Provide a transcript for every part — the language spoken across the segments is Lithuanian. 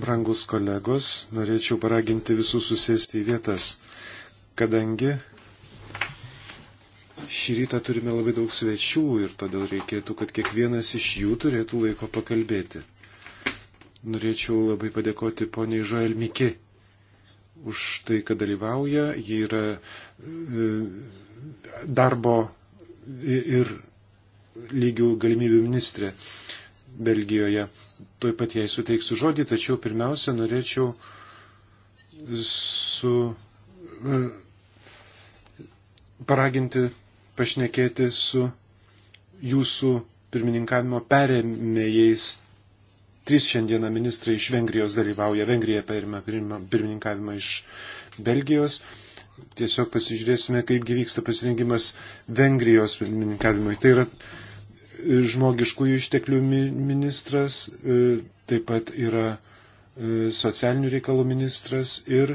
Brangus kolegos, norėčiau paraginti visus susėsti į vietas, kadangi šį rytą turime labai daug svečių ir todėl reikėtų, kad kiekvienas iš jų turėtų laiko pakalbėti. Norėčiau labai padėkoti poniai Žoel Miki už tai, kad dalyvauja. Ji yra e, darbo ir lygių galimybių ministrė Belgijoje tuoj pat jai suteiksiu žodį, tačiau pirmiausia norėčiau su, e, paraginti pašnekėti su jūsų pirmininkavimo perėmėjais. Trys šiandieną ministrai iš Vengrijos dalyvauja. Vengrija perima pirmininkavimą iš Belgijos. Tiesiog pasižiūrėsime, kaip vyksta pasirinkimas Vengrijos pirmininkavimui. Tai yra žmogiškųjų išteklių ministras, e, taip pat yra e, socialinių reikalų ministras ir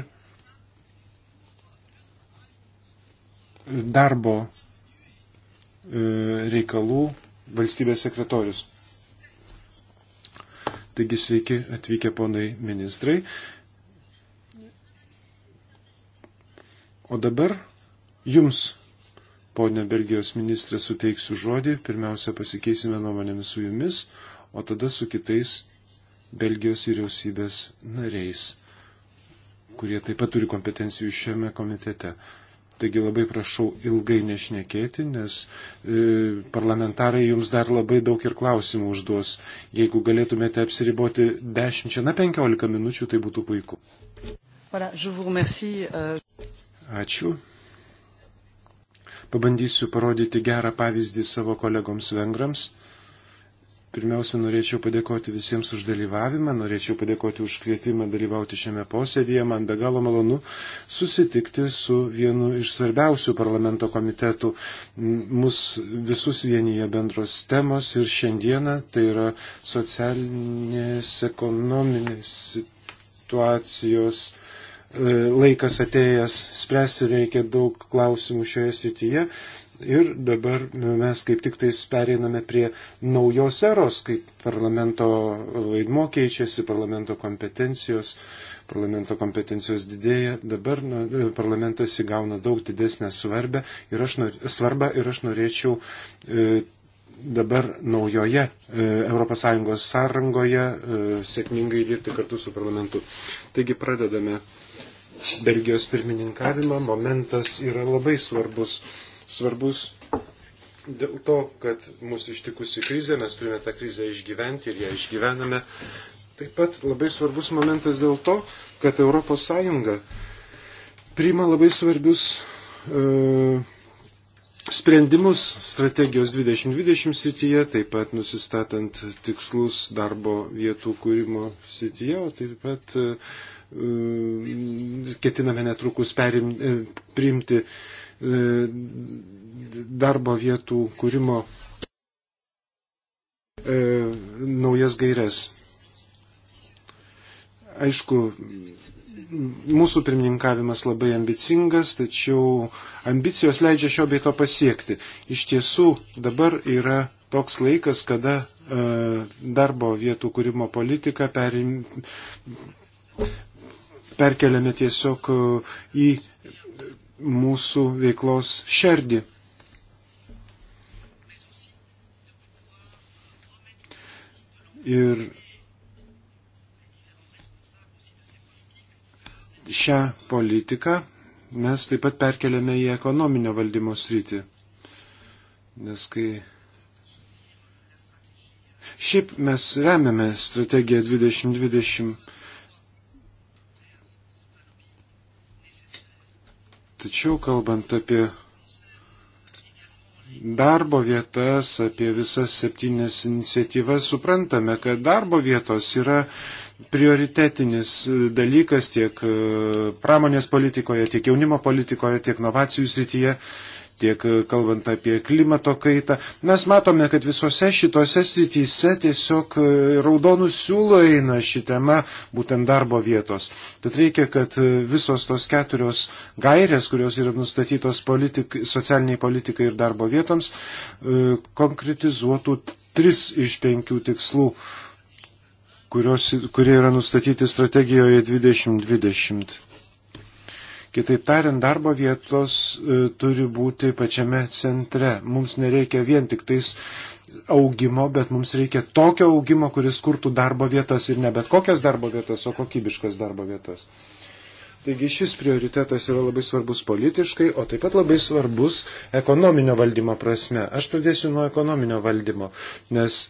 darbo e, reikalų valstybės sekretorius. Taigi sveiki atvykę ponai ministrai. O dabar jums ponė Belgijos ministrė, suteiksiu žodį. Pirmiausia, pasikeisime nuomonėmis su jumis, o tada su kitais Belgijos vyriausybės nariais, kurie taip pat turi kompetencijų šiame komitete. Taigi labai prašau ilgai nešnekėti, nes e, parlamentarai jums dar labai daug ir klausimų užduos. Jeigu galėtumėte apsiriboti 10, na 15 minučių, tai būtų puiku. Voilà, euh, Ačiū. Pabandysiu parodyti gerą pavyzdį savo kolegoms vengrams. Pirmiausia, norėčiau padėkoti visiems už dalyvavimą, norėčiau padėkoti už kvietimą dalyvauti šiame posėdėje. Man be galo malonu susitikti su vienu iš svarbiausių parlamento komitetų. Mus visus vienyje bendros temos ir šiandieną tai yra socialinės, ekonominės situacijos E, laikas atėjęs spręsti reikia daug klausimų šioje srityje. Ir dabar mes kaip tik tais pereiname prie naujos eros, kaip parlamento vaidmo keičiasi, parlamento kompetencijos, parlamento kompetencijos didėja, dabar nu, parlamentas įgauna daug didesnę svarbę ir aš, nor, svarbą ir aš norėčiau e, dabar naujoje e, ES sąrangoje e, sėkmingai dirbti kartu su parlamentu. Taigi pradedame Belgijos pirmininkavimą. Momentas yra labai svarbus. Svarbus dėl to, kad mūsų ištikusi krizė, mes turime tą krizę išgyventi ir ją išgyvename. Taip pat labai svarbus momentas dėl to, kad ES priima labai svarbius e, sprendimus strategijos 2020 srityje, taip pat nusistatant tikslus darbo vietų kūrimo srityje, o taip pat e, E, ketiname netrukus perim, e, priimti e, darbo vietų kūrimo naujas gairias. Aišku, mūsų pirmininkavimas labai ambicingas, tačiau ambicijos leidžia šio bei to pasiekti. Iš tiesų dabar yra toks laikas, kada e, darbo vietų kūrimo politika perim, perkeliame tiesiog e, į mūsų veiklos šerdį. Ir šią politiką mes taip pat perkeliame į ekonominio valdymo sritį. Nes kai Šiaip mes remiame strategiją 2020 Tačiau kalbant apie darbo vietas, apie visas septynes iniciatyvas, suprantame, kad darbo vietos yra prioritetinis dalykas tiek e, pramonės politikoje, tiek jaunimo politikoje, tiek inovacijų srityje tiek e, kalbant apie klimato kaitą. Mes matome, kad visose šitose srityse tiesiog e, raudonų siūlo eina ši tema, būtent darbo vietos. Tad reikia, kad e, visos tos keturios gairės, kurios yra nustatytos politik, socialiniai politikai ir darbo vietoms, konkretizuotų tris iš penkių tikslų. Kurios, kurie yra nustatyti strategijoje 2020. Kitaip tariant, darbo vietos e, turi būti pačiame centre. Mums nereikia vien tik tais augimo, bet mums reikia tokio augimo, kuris kurtų darbo vietas ir ne bet kokias darbo vietas, o kokybiškas darbo vietas. Taigi šis prioritetas yra labai svarbus politiškai, o taip pat labai svarbus ekonominio valdymo prasme. Aš pradėsiu nuo ekonominio valdymo, nes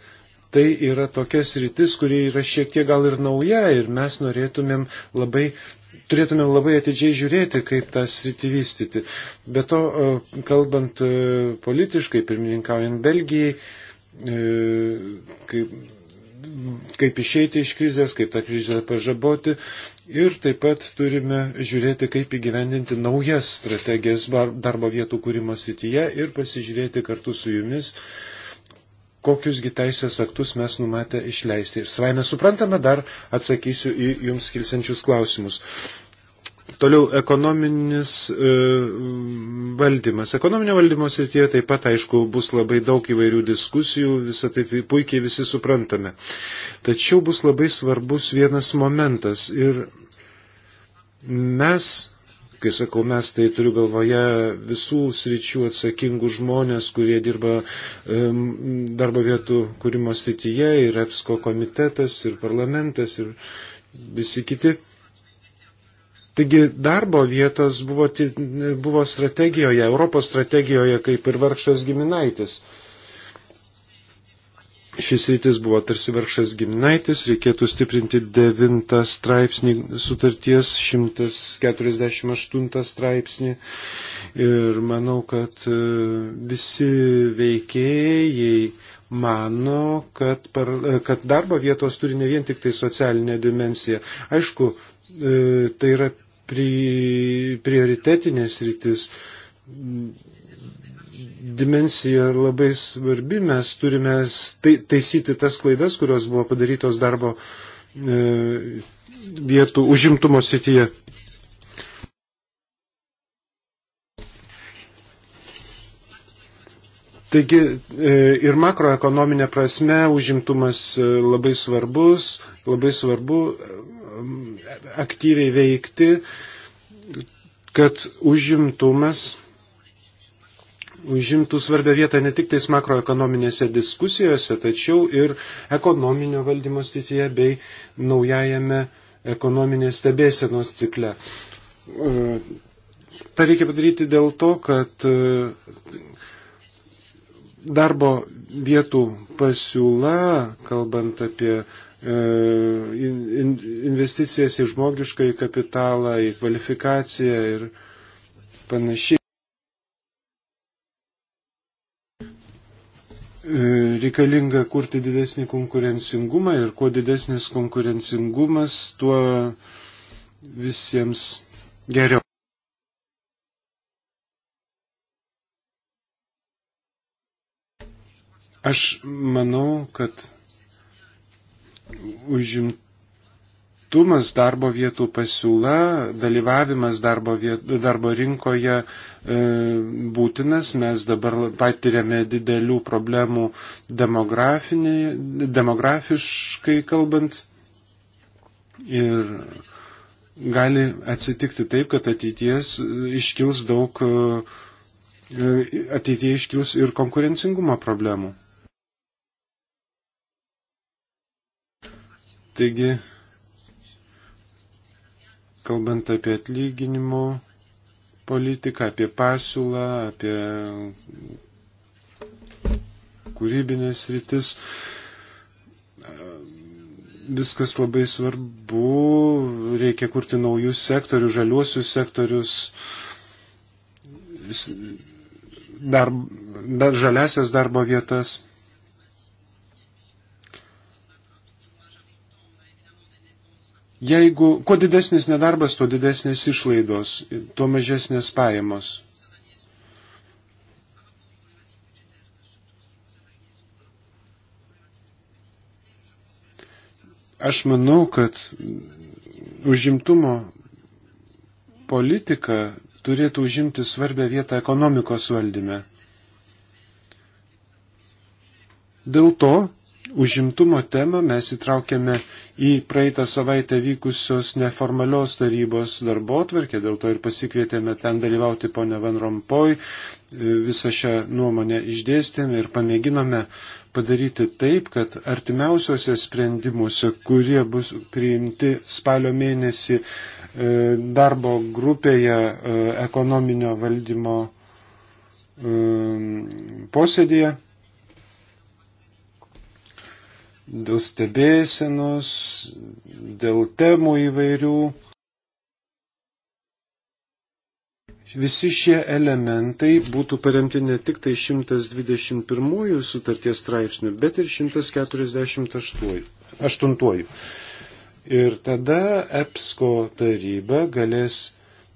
tai yra tokia sritis, kuri yra šiek tiek gal ir nauja ir mes norėtumėm labai turėtume labai atidžiai žiūrėti, kaip tą sritį vystyti. Be to, e, kalbant e, politiškai, pirmininkaujant Belgijai, e, kaip, kaip išeiti iš krizės, kaip tą krizę pažaboti ir taip pat turime žiūrėti, kaip įgyvendinti naujas strategijas darbo vietų kūrimo srityje ir pasižiūrėti kartu su jumis, kokiusgi teisės aktus mes numatę išleisti. Ir svaime suprantame, dar atsakysiu į jums kilsiančius klausimus. Toliau ekonominis e, valdymas. Ekonominio valdymo srityje taip pat, aišku, bus labai daug įvairių diskusijų, visą taip puikiai visi suprantame. Tačiau bus labai svarbus vienas momentas ir mes Kai sakau mes, tai turiu galvoje visų sričių atsakingų žmonės, kurie dirba um, darbo vietų kūrimo srityje, ir EPSCO komitetas, ir parlamentas, ir visi kiti. Taigi darbo vietos buvo, buvo strategijoje, Europos strategijoje, kaip ir vargšas giminaitis šis rytis buvo tarsi vargšas giminaitis, reikėtų stiprinti 9 straipsnį sutarties, 148 straipsnį. Ir manau, kad e, visi veikėjai mano, kad, par, e, kad darbo vietos turi ne vien tik tai socialinę dimensiją. Aišku, e, tai yra pri, prioritetinės rytis dimensija labai svarbi. Mes turime taisyti tas klaidas, kurios buvo padarytos darbo e, vietų užimtumo sityje. Taigi e, ir makroekonominė prasme užimtumas e, labai svarbus, labai svarbu aktyviai veikti, kad užimtumas užimtų svarbę vietą ne tik tais makroekonominėse diskusijose, tačiau ir ekonominio valdymo stityje bei naujajame ekonominės stebėsenos cikle. E, Ta reikia padaryti dėl to, kad e, darbo vietų pasiūla, kalbant apie e, investicijas į žmogišką į kapitalą, į kvalifikaciją ir panašiai. E, reikalinga kurti didesnį konkurencingumą ir kuo didesnis konkurencingumas, tuo visiems geriau. Aš manau, kad užimtų užimtumas, darbo vietų pasiūla, dalyvavimas darbo, viet, darbo rinkoje e, būtinas. Mes dabar patiriame didelių problemų demografiškai kalbant. Ir gali atsitikti taip, kad ateities iškils daug, e, ateitie iškils ir konkurencingumo problemų. Taigi kalbant apie atlyginimų politiką, apie pasiūlą, apie kūrybinės rytis. Viskas labai svarbu, reikia kurti naujus sektorius, žaliuosius sektorius, dar, dar žaliasias darbo vietas. Jeigu kuo didesnis nedarbas, tuo didesnės išlaidos, tuo mažesnės pajamos. Aš manau, kad užimtumo politika turėtų užimti svarbę vietą ekonomikos valdyme. Dėl to užimtumo temą mes įtraukėme į praeitą savaitę vykusios neformalios tarybos darbo atvarkę, dėl to ir pasikvietėme ten dalyvauti ponę Van Rompoj, visą šią nuomonę išdėstėme ir pamėginome padaryti taip, kad artimiausiuose sprendimuose, kurie bus priimti spalio mėnesį e, darbo grupėje e, ekonominio valdymo e, posėdėje, dėl stebėsenos, dėl temų įvairių. Visi šie elementai būtų paremti ne tik tai 121 sutarties straipsnių, bet ir 148. Ir tada EPSCO taryba galės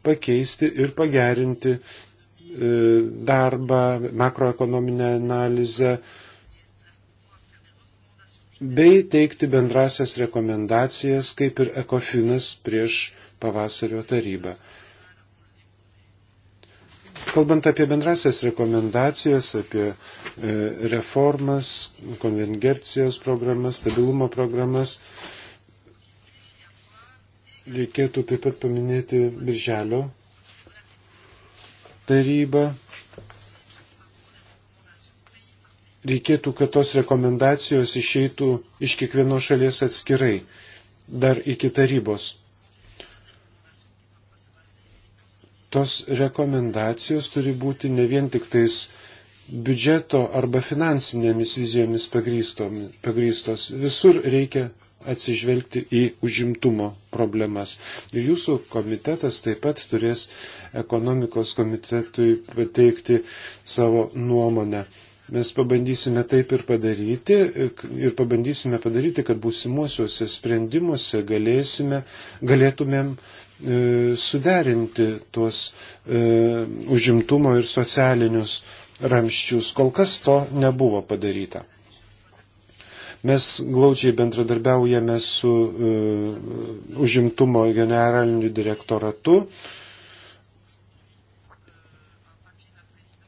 pakeisti ir pagerinti e, darbą, makroekonominę analizę, bei teikti bendrasias rekomendacijas, kaip ir ekofinas prieš pavasario tarybą. Kalbant apie bendrasias rekomendacijas, apie e, reformas, konvergencijos programas, stabilumo programas, reikėtų taip pat paminėti Birželio tarybą reikėtų, kad tos rekomendacijos išeitų iš kiekvienos šalies atskirai, dar iki tarybos. Tos rekomendacijos turi būti ne vien tik tais biudžeto arba finansinėmis vizijomis pagrystos. Visur reikia atsižvelgti į užimtumo problemas. Ir jūsų komitetas taip pat turės ekonomikos komitetui pateikti savo nuomonę. Mes pabandysime taip ir padaryti ir pabandysime padaryti, kad būsimuosiuose sprendimuose galėsime, galėtumėm e, suderinti tuos e, užimtumo ir socialinius ramščius. Kol kas to nebuvo padaryta. Mes glaudžiai bendradarbiaujame su e, užimtumo generaliniu direktoratu. E,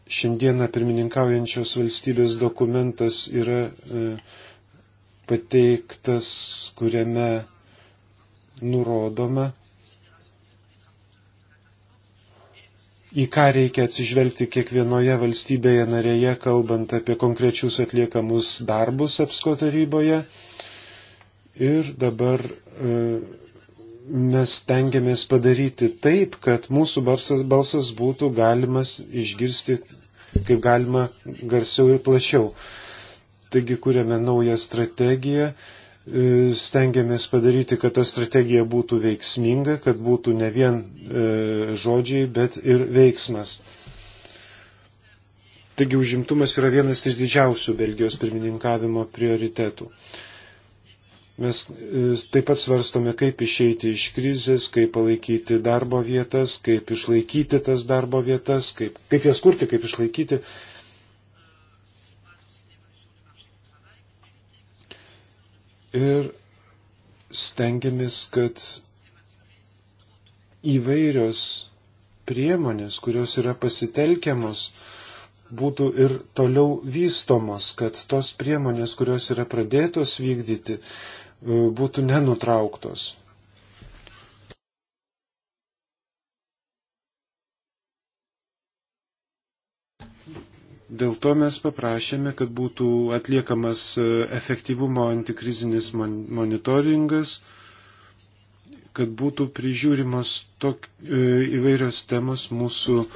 Šiandieną pirmininkaujančios valstybės dokumentas yra e, pateiktas, kuriame nurodoma, į ką reikia atsižvelgti kiekvienoje valstybėje narėje, kalbant apie konkrečius atliekamus darbus EPSCO taryboje. Ir dabar e, mes tengiamės padaryti taip, kad mūsų balsas, balsas būtų galimas išgirsti kaip galima garsiau ir plačiau. Taigi kūrėme naują strategiją, e, stengiamės padaryti, kad ta strategija būtų veiksminga, kad būtų ne vien e, žodžiai, bet ir veiksmas. Taigi užimtumas yra vienas iš didžiausių Belgijos pirmininkavimo prioritetų. Mes e, taip pat svarstome, kaip išeiti iš krizės, kaip palaikyti darbo vietas, kaip išlaikyti tas darbo vietas, kaip, kaip jas kurti, kaip išlaikyti. Ir stengiamės, kad įvairios priemonės, kurios yra pasitelkiamos, būtų ir toliau vystomos, kad tos priemonės, kurios yra pradėtos vykdyti, būtų nenutrauktos. Dėl to mes paprašėme, kad būtų atliekamas e, efektyvumo antikrizinis monitoringas, kad būtų prižiūrimos tok, e, įvairios temos mūsų e,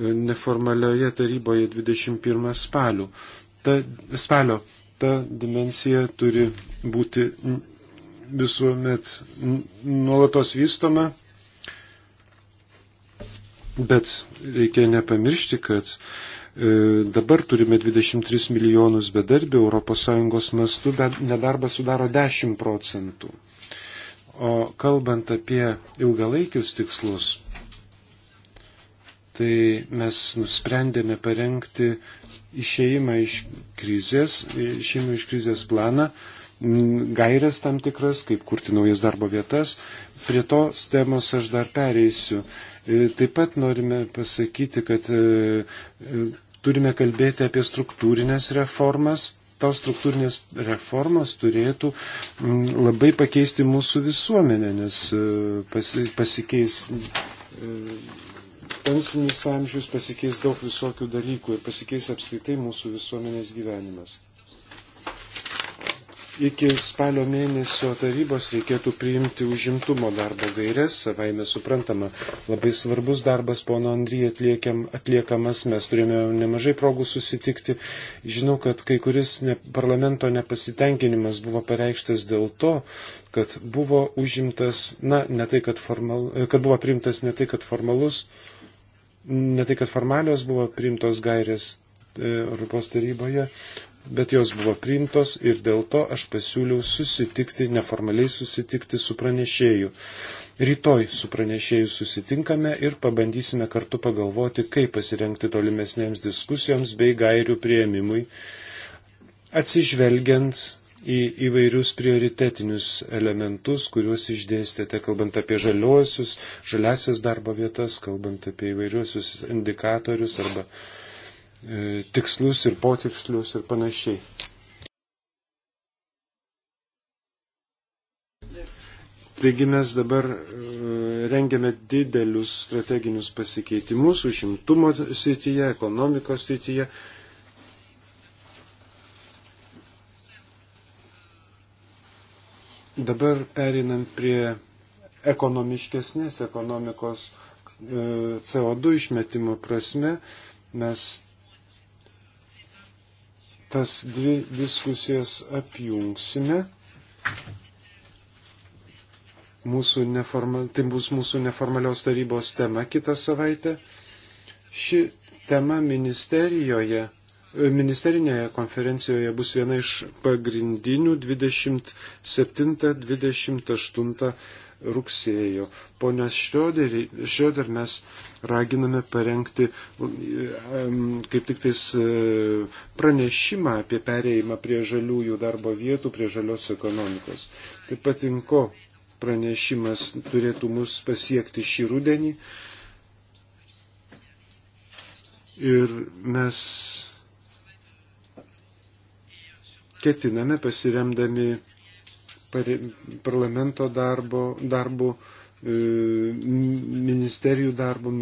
neformalioje taryboje 21 spalių. Ta, spalio ta dimensija turi būti visuomet nuolatos vystoma, bet reikia nepamiršti, kad e, dabar turime 23 milijonus bedarbių, ES mastu nedarbas sudaro 10 procentų. O kalbant apie ilgalaikius tikslus, tai mes nusprendėme parengti išeimą iš krizės, išeimą iš krizės planą, gairias tam tikras, kaip kurti naujas darbo vietas. Prie tos temos aš dar pereisiu. E, taip pat norime pasakyti, kad e, e, turime kalbėti apie struktūrinės reformas. Tos struktūrinės reformos turėtų labai pakeisti mūsų visuomenę, nes pasikeis pensinis amžius, pasikeis daug visokių dalykų ir pasikeis apskritai mūsų visuomenės gyvenimas. Iki spalio mėnesio tarybos reikėtų priimti užimtumo darbo gairias, savaime suprantama, labai svarbus darbas pono Andrijai atliekam, atliekamas, mes turėjome nemažai progų susitikti. Žinau, kad kai kuris ne, parlamento nepasitenkinimas buvo pareikštas dėl to, kad buvo užimtas, na, ne tai, kad, formal, kad buvo priimtas ne tai, kad formalus ne tai, kad formalios buvo priimtos gairės e, Europos taryboje, bet jos buvo priimtos ir dėl to aš pasiūliau susitikti, neformaliai susitikti su pranešėju. Rytoj su pranešėju susitinkame ir pabandysime kartu pagalvoti, kaip pasirengti tolimesnėms diskusijoms bei gairių prieimimui, atsižvelgiant į įvairius prioritetinius elementus, kuriuos išdėstėte, kalbant apie žaliuosius, žaliasias darbo vietas, kalbant apie įvairiuosius indikatorius arba e, tikslus ir potikslius ir panašiai. Taigi mes dabar e, rengiame didelius strateginius pasikeitimus užimtumo srityje, ekonomikos srityje, Dabar perinant prie ekonomiškesnės ekonomikos e, CO2 išmetimo prasme, mes tas dvi diskusijas apjungsime. Mūsų neformal, tai bus mūsų neformalios tarybos tema kitą savaitę. Ši tema ministerijoje Ministerinėje konferencijoje bus viena iš pagrindinių 27-28 rugsėjo. Pone Šrioder mes raginame parengti kaip tik tais e, pranešimą apie pereimą prie žaliųjų darbo vietų, prie žalios ekonomikos. Taip pat inko pranešimas turėtų mus pasiekti šį rudenį. Ir mes ketiname pasiremdami parlamento darbo, darbo e, ministerijų darbo,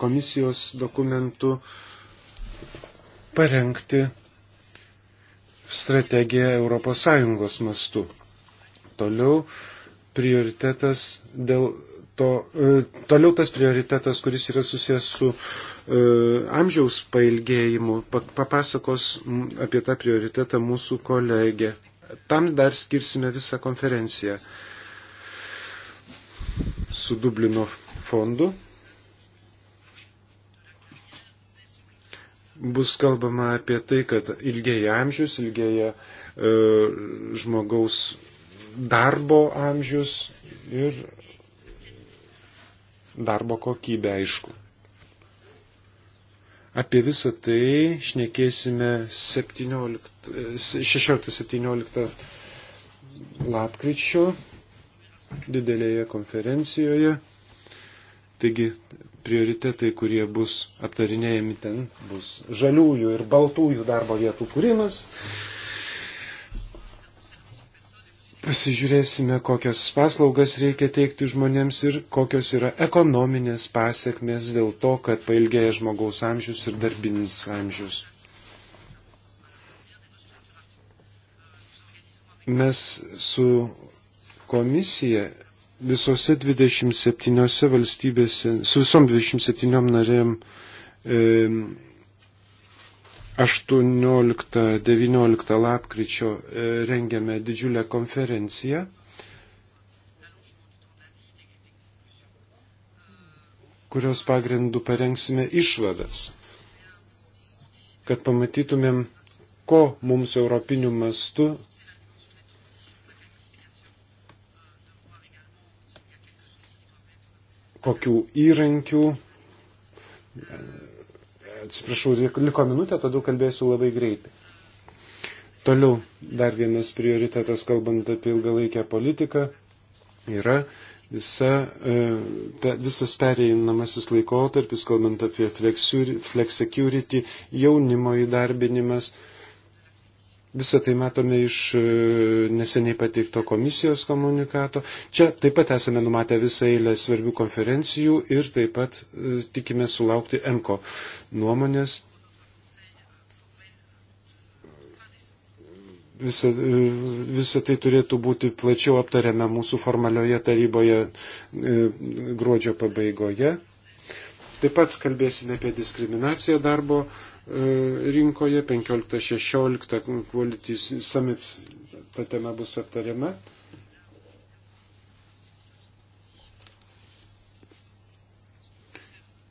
komisijos dokumentų parengti strategiją ES mastu. Toliau prioritetas dėl to, e, toliau tas prioritetas, kuris yra susijęs su e, amžiaus pailgėjimu, papasakos apie tą prioritetą mūsų kolegė. Tam dar skirsime visą konferenciją su Dublino fondu. Bus kalbama apie tai, kad ilgėja amžius, ilgėja e, žmogaus darbo amžius ir darbo kokybę aišku. Apie visą tai šnekėsime 16-17 lapkričio didelėje konferencijoje. Taigi prioritetai, kurie bus aptarinėjami ten, bus žaliųjų ir baltųjų darbo vietų kūrimas, Pasižiūrėsime, kokias paslaugas reikia teikti žmonėms ir kokios yra ekonominės pasiekmes dėl to, kad pailgėja žmogaus amžius ir darbinis amžius. Mes su komisija visose 27 valstybėse, su visom 27 narėm e, 18-19 lapkričio e, rengiame didžiulę konferenciją. kurios pagrindų parengsime išvadas, kad pamatytumėm, ko mums europiniu mastu kokių įrankių Atsiprašau, liko minutė, todėl kalbėsiu labai greitai. Toliau dar vienas prioritetas, kalbant apie ilgalaikę politiką, yra visa, e, visas pereinamasis laikotarpis, kalbant apie flexsecurity, jaunimo įdarbinimas. Visą tai matome iš e, neseniai pateikto komisijos komunikato. Čia taip pat esame numatę visą eilę svarbių konferencijų ir taip pat e, tikime sulaukti EMCO nuomonės. Visa, e, visa tai turėtų būti plačiau aptariama mūsų formalioje taryboje gruodžio pabaigoje. Taip pat kalbėsime apie diskriminaciją darbo E, rinkoje, 15-16 Quality Summits ta tema bus aptariama.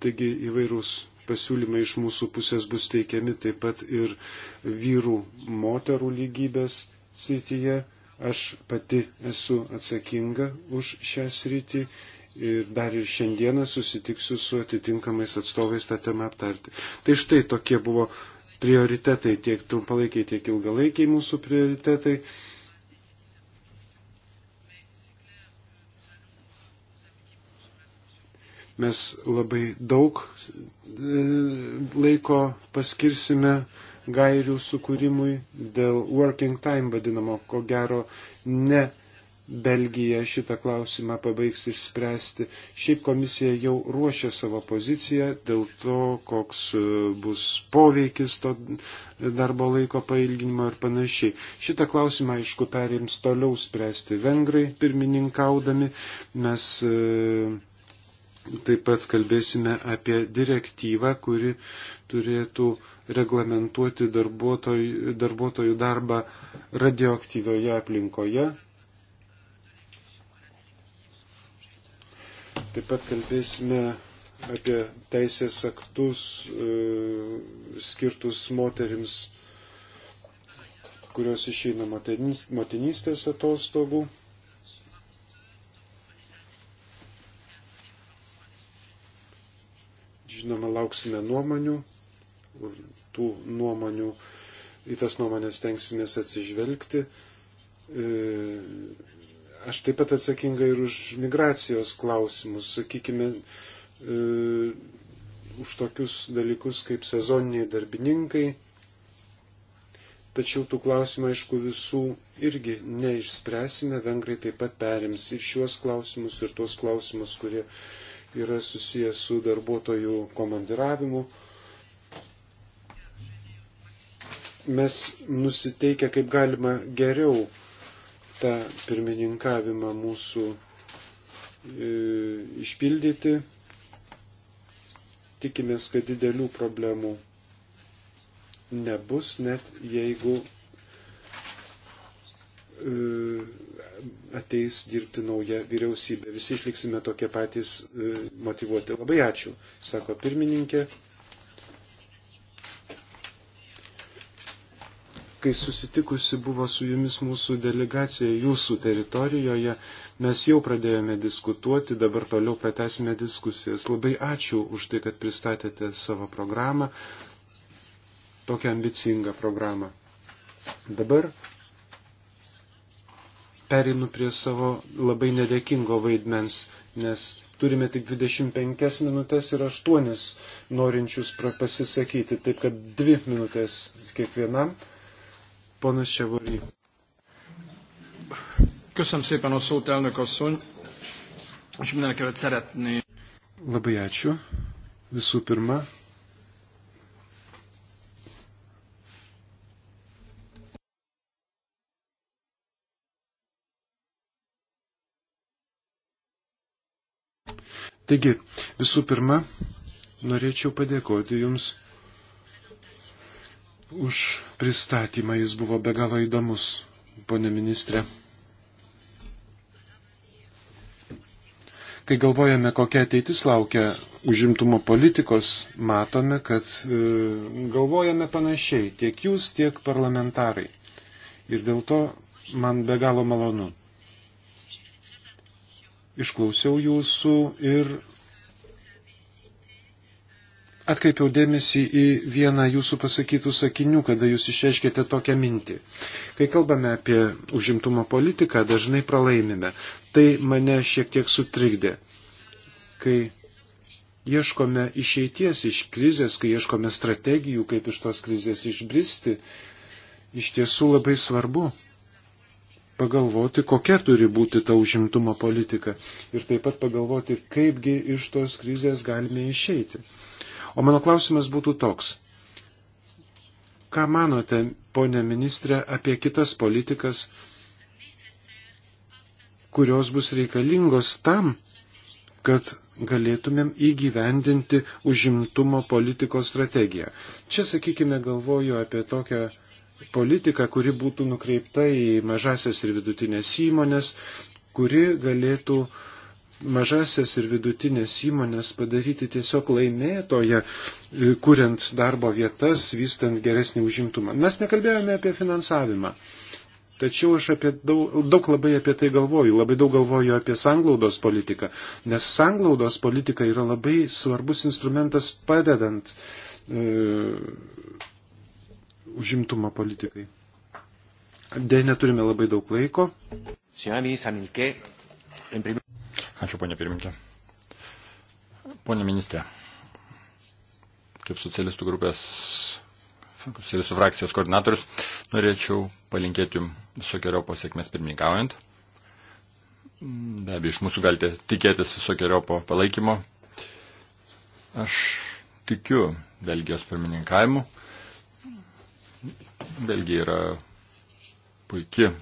Taigi įvairūs pasiūlymai iš mūsų pusės bus teikiami taip pat ir vyrų moterų lygybės srityje. Aš pati esu atsakinga už šią sritį ir dar ir šiandieną susitiksiu su atitinkamais atstovais tą temą aptarti. Tai štai tokie buvo prioritetai, tiek trumpalaikiai, tiek ilgalaikiai mūsų prioritetai. Mes labai daug e, laiko paskirsime gairių sukūrimui dėl working time vadinamo, ko gero ne Belgija šitą klausimą pabaigs išspręsti. Šiaip komisija jau ruošia savo poziciją dėl to, koks e, bus poveikis to darbo laiko pailginimo ir panašiai. Šitą klausimą, aišku, perims toliau spręsti vengrai pirmininkaudami. Mes e, taip pat kalbėsime apie direktyvą, kuri turėtų reglamentuoti darbuotojų, darbuotojų darbą radioaktyvioje aplinkoje Taip pat kalbėsime apie teisės aktus e, skirtus moterims, kurios išeina motinystės atostogų. Žinoma, lauksime nuomonių, tų nuomonių, į tas nuomonės tenksimės atsižvelgti. E, Aš taip pat atsakinga ir už migracijos klausimus, sakykime, e, už tokius dalykus kaip sezoniniai darbininkai. Tačiau tų klausimų, aišku, visų irgi neišspręsime, vengrai taip pat perims ir šiuos klausimus, ir tuos klausimus, kurie yra susijęs su darbuotojų komandiravimu. Mes nusiteikę kaip galima geriau tą pirmininkavimą mūsų e, išpildyti. Tikimės, kad didelių problemų nebus, net jeigu e, ateis dirbti nauja vyriausybė. Visi išliksime tokie patys e, motivuoti. Labai ačiū, sako pirmininkė. kai susitikusi buvo su jumis mūsų delegacija jūsų teritorijoje, mes jau pradėjome diskutuoti, dabar toliau pratesime diskusijas. Labai ačiū už tai, kad pristatėte savo programą, tokią ambicingą programą. Dabar perinu prie savo labai nedėkingo vaidmens, nes turime tik 25 minutės ir 8 norinčius pasisakyti, taip kad 2 minutės kiekvienam. Ponas Čevory. Köszönöm szépen a szót, elnök asszony, és mindenekelőtt szeretné. Labai ačiū. Visų pirma, Taigi, visų pirma, norėčiau padėkoti Jums už pristatymą. Jis buvo be galo įdomus, ponė ministrė. Kai galvojame, kokia ateitis laukia užimtumo politikos, matome, kad e, galvojame panašiai tiek jūs, tiek parlamentarai. Ir dėl to man be galo malonu. Išklausiau jūsų ir atkreipiau dėmesį į vieną jūsų pasakytų sakinių, kada jūs išreiškėte tokią mintį. Kai kalbame apie užimtumo politiką, dažnai pralaimime. Tai mane šiek tiek sutrikdė. Kai ieškome išeities iš krizės, kai ieškome strategijų, kaip iš tos krizės išbristi, iš tiesų labai svarbu pagalvoti, kokia turi būti ta užimtumo politika ir taip pat pagalvoti, kaipgi iš tos krizės galime išeiti. O mano klausimas būtų toks. Ką manote, ponė ministrė, apie kitas politikas, kurios bus reikalingos tam, kad galėtumėm įgyvendinti užimtumo politikos strategiją. Čia, sakykime, galvoju apie tokią politiką, kuri būtų nukreipta į mažasias ir vidutinės įmonės, kuri galėtų uh, mažasias ir vidutinės įmonės padaryti tiesiog laimėtoje, e, kuriant darbo vietas, vystant geresnį užimtumą. Mes nekalbėjome apie finansavimą. Tačiau aš apie daug, daug labai apie tai galvoju, labai daug galvoju apie sanglaudos politiką, nes sanglaudos politika yra labai svarbus instrumentas padedant e, užimtumo politikai. Dėja, neturime labai daug laiko. Señora ministra Milke, en primer Ačiū, ponė pirminkė. Pone ministrė, kaip socialistų grupės, socialistų frakcijos koordinatorius, norėčiau palinkėti jums visokiojo pasiekmes pirmininkaujant. Be abejo, iš mūsų galite tikėtis visokiojo palaikymo. Aš tikiu Belgijos pirmininkavimu. Belgija yra puikia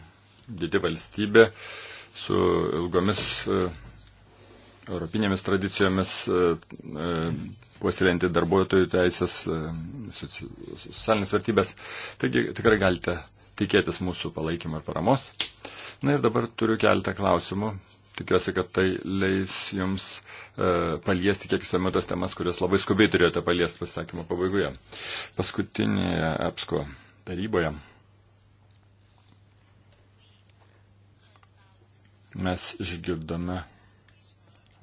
didi valstybė su ilgomis europinėmis tradicijomis, e, e, puoselėjantį darbuotojų teisės, e, socialinės vertybės. Taigi tikrai galite tikėtis mūsų palaikymo ir paramos. Na ir dabar turiu keletą klausimų. Tikiuosi, kad tai leis jums e, paliesti kiek įsamiau tas temas, kurias labai skubiai turėjote paliesti pasakymo pabaigoje. Paskutinėje EPSCO taryboje mes išgirdome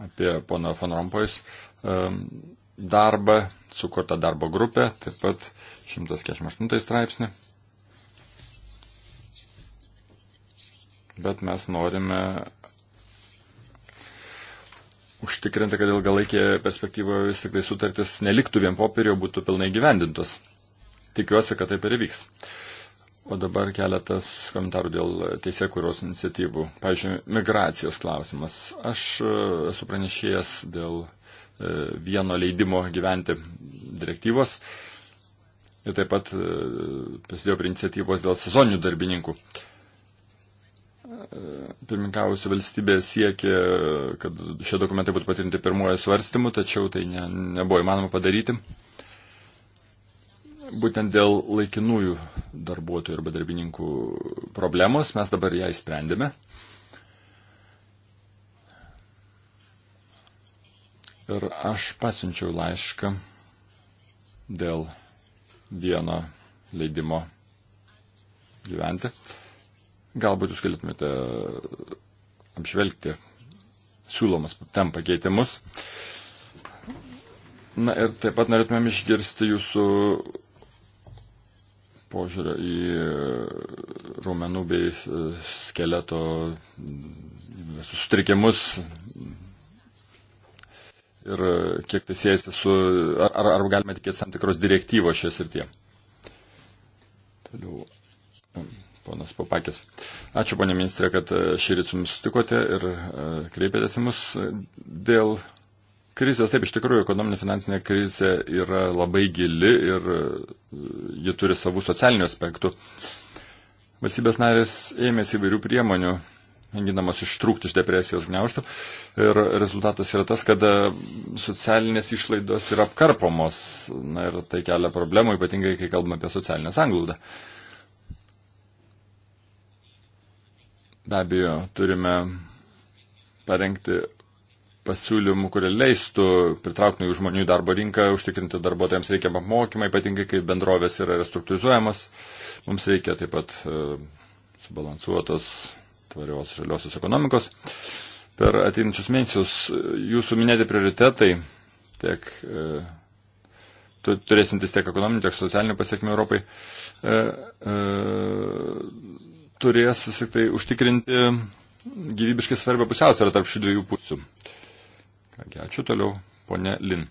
apie pono Van Rompojus darbą, sukurtą darbo grupę, taip pat 148 straipsnį. Bet mes norime užtikrinti, kad ilgalaikėje perspektyvoje vis tik tai sutartis neliktų vien popierio, būtų pilnai gyvendintos. Tikiuosi, kad taip ir įvyks. Uh, O dabar keletas komentarų dėl teisėkūros iniciatyvų. Pavyzdžiui, migracijos klausimas. Aš e, esu pranešėjęs dėl e, vieno leidimo gyventi direktyvos ir taip pat e, prisidėjau prie iniciatyvos dėl sezoninių darbininkų. Pirminkavusi valstybė siekė, kad šie dokumentai būtų patrinti pirmuoju svarstymu, tačiau tai ne, nebuvo įmanoma padaryti būtent dėl laikinųjų darbuotojų arba darbininkų problemos mes dabar ją įsprendėme. Ir aš pasiunčiau laišką dėl vieno leidimo gyventi. Galbūt jūs galėtumėte apžvelgti siūlomas ten pakeitimus. Na ir taip pat norėtumėm išgirsti jūsų požiūrio į raumenų bei e, skeleto sutrikimus ir e, kiek tai siejasi su, ar, ar, ar galime tikėtis tam tikros direktyvos šioje srityje. Toliau, ponas Papakis. Ačiū, ponė ministrė, kad e, šį rytį su mumis sutikote ir kreipėtės į mus dėl Krizės, taip, iš tikrųjų, ekonominė finansinė krizė yra labai gili ir e, ji turi savų socialinių aspektų. Valstybės narės ėmėsi įvairių priemonių, mėginamas ištrūkti iš depresijos gniauštų. Ir rezultatas yra tas, kad e, socialinės išlaidos yra apkarpomos. Na ir tai kelia problemų, ypatingai, kai kalbame apie socialinę sanglaudą. Be abejo, turime parengti pasiūlymų, kurie leistų pritraukti naujų žmonių į darbo rinką, užtikrinti darbuotojams reikiamą apmokymą, ypatingai kai bendrovės yra restruktūrizuojamas. Mums reikia taip pat e, subalansuotos tvarios žaliosios ekonomikos. Per ateinančius mėnesius e, jūsų minėti prioritetai tiek e, turėsintis tiek ekonominių, tiek socialinių pasiekmių Europai, e, e, turės vis tik tai užtikrinti gyvybiškai svarbią pusiausvyrą tarp šių dviejų pusių. E, Kągi, ačiū toliau, ponė Lin.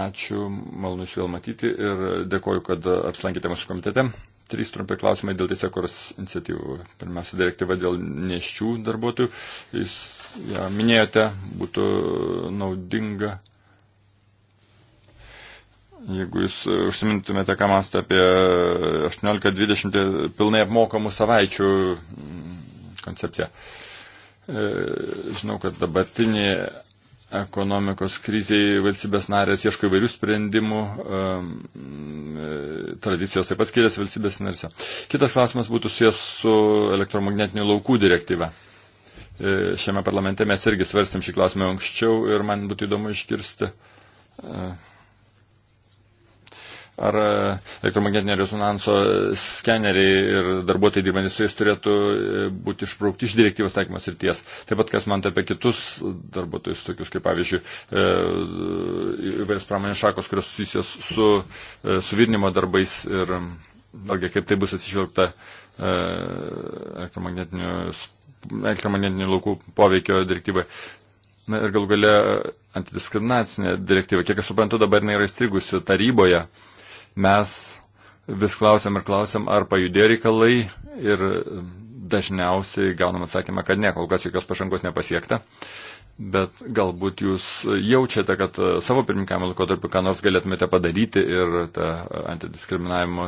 Ačiū, malonu jūs vėl matyti ir dėkoju, kad apsilankėte mūsų komitete. Trys trumpi klausimai dėl teisėkuros iniciatyvų. Pirmiausia, direktyva dėl neščių darbuotojų. Jūs ją minėjote, būtų naudinga, jeigu jūs užsimintumėte, ką mąstote apie 18-20 pilnai apmokamų savaičių koncepciją. Uh, E, žinau, kad dabartinė ekonomikos kriziai valstybės narės ieško įvairių sprendimų, e, tradicijos taip pat skiriasi valstybės narėse. Kitas klausimas būtų susijęs su elektromagnetinių laukų direktyva. E, šiame parlamente mes irgi svarstėm šį klausimą anksčiau ir man būtų įdomu iškirsti ar e, elektromagnetinio rezonanso skeneriai ir darbuotojai dirbantys su jais turėtų e, būti išbraukti iš direktyvos taikymas ir ties. Taip pat, kas man apie kitus darbuotojus, tokius kaip pavyzdžiui e, įvairias pramonės šakos, kurios susijusios su suvirnimo darbais ir, vėlgi, kaip tai bus atsižvelgta elektromagnetinių, elektromagnetinių laukų poveikio direktyvai. Na ir gal galia antidiskriminacinė direktyva. Kiek aš suprantu, dabar jinai yra įstrigusi taryboje. Uh, mes vis klausiam ir klausiam, ar pajudėjo reikalai ir dažniausiai gaunam atsakymą, kad ne, kol kas jokios pažangos nepasiekta. Bet galbūt jūs jaučiate, kad savo pirmininkavimo laikotarpiu ką nors galėtumėte padaryti ir ta antidiskriminavimo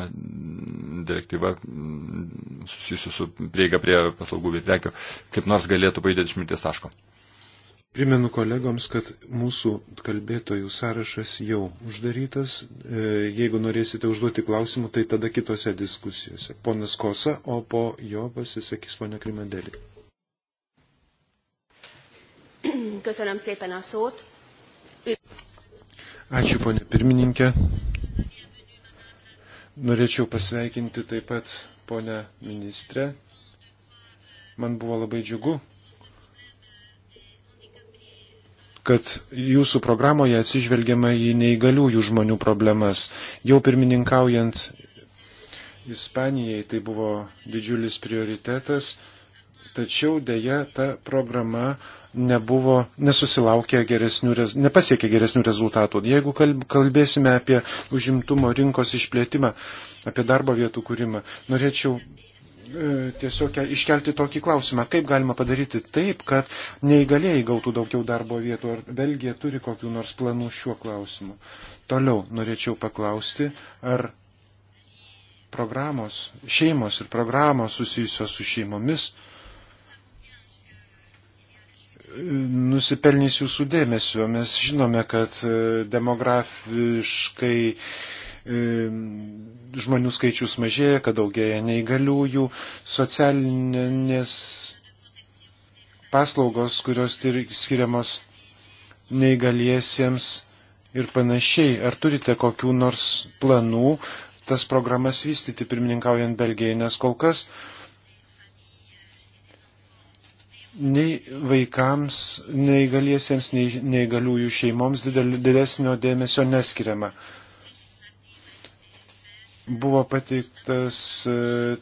direktyva susijusi su prieiga prie paslaugų bei prekių kaip nors galėtų pajudėti iš mirties taško. Primenu kolegoms, kad mūsų kalbėtojų sąrašas jau uždarytas. E, jeigu norėsite užduoti klausimų, tai tada kitose diskusijose. Ponas Kosa, o po jo pasisakys ponia Krimandelė. Ačiū, ponė pirmininkė. Norėčiau pasveikinti taip pat ponę ministrę. Man buvo labai džiugu kad jūsų programoje atsižvelgiama į neįgaliųjų žmonių problemas. Jau pirmininkaujant Ispanijai tai buvo didžiulis prioritetas, tačiau dėja ta programa nebuvo, nesusilaukė geresnių, nepasiekė geresnių rezultatų. Jeigu kalbėsime apie užimtumo rinkos išplėtimą, apie darbo vietų kūrimą, norėčiau E, tiesiog iškelti tokį klausimą, kaip galima padaryti taip, kad neįgalėjai gautų daugiau darbo vietų, ar Belgija turi kokių nors planų šiuo klausimu. Toliau norėčiau paklausti, ar programos, šeimos ir programos susijusios su šeimomis e, nusipelnys jūsų dėmesio. Mes žinome, kad e, demografiškai žmonių skaičius mažėja, kad daugėja neįgaliųjų, socialinės paslaugos, kurios skiriamos neįgaliesiems ir panašiai. Ar turite kokių nors planų tas programas vystyti pirmininkaujant Belgijai, nes kol kas nei vaikams, neįgaliesiems, nei neįgaliųjų šeimoms didel, didesnio dėmesio neskiriama. Uh, buvo pateiktas e,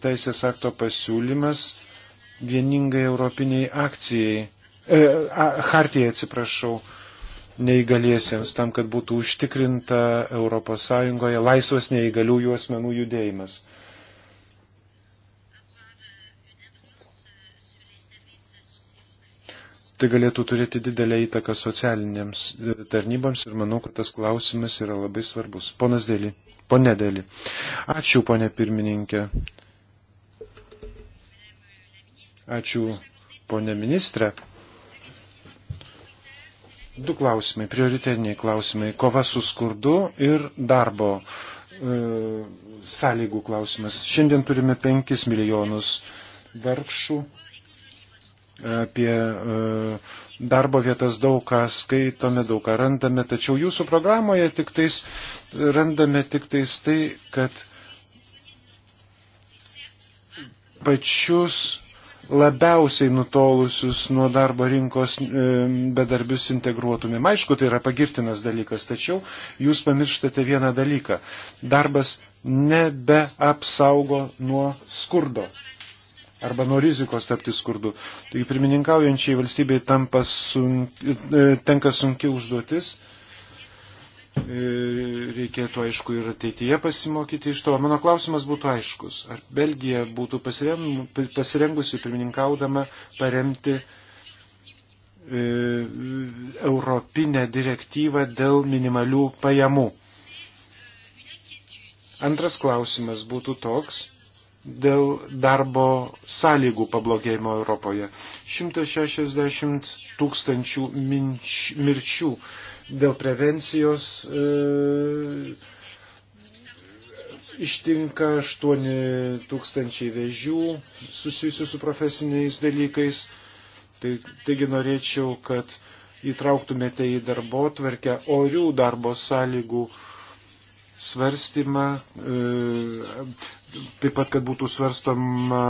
teisės akto pasiūlymas vieningai europiniai akcijai, e, a, hartijai atsiprašau, neįgaliesiems, tam, kad būtų užtikrinta ES laisvas neįgaliųjų asmenų judėjimas. Tai galėtų turėti didelę įtaką socialinėms e, tarnyboms ir manau, kad tas klausimas yra labai svarbus. Ponas Dėlį. Pone Deli. Ačiū, ponė pirmininkė. Ačiū, ponė ministrė. Du klausimai, prioritetiniai klausimai. Kova su skurdu ir darbo e, sąlygų klausimas. Šiandien turime 5 milijonus vargšų e, apie e, darbo vietas daug ką skaitome, daug ką randame, tačiau jūsų programoje tik tais randame tik tais tai, kad pačius labiausiai nutolusius nuo darbo rinkos e, bedarbius integruotumėm. Aišku, tai yra pagirtinas dalykas, tačiau jūs pamirštate vieną dalyką. Darbas nebeapsaugo nuo skurdo arba nuo rizikos tapti skurdu. Tai pirmininkaujančiai valstybei tampa sunk, e, tenka sunki užduotis. E, reikėtų, aišku, ir ateityje pasimokyti iš to. Mano klausimas būtų aiškus. Ar Belgija būtų pasirengusi pirmininkaudama paremti e, europinę direktyvą dėl minimalių pajamų? Antras klausimas būtų toks dėl darbo sąlygų pablogėjimo Europoje. 160 tūkstančių minč, mirčių dėl prevencijos e, ištinka 8 tūkstančiai vėžių susijusių su profesiniais dalykais. Tai, taigi norėčiau, kad įtrauktumėte į darbo tvarkę orių darbo sąlygų svarstymą, e, taip pat, kad būtų svarstoma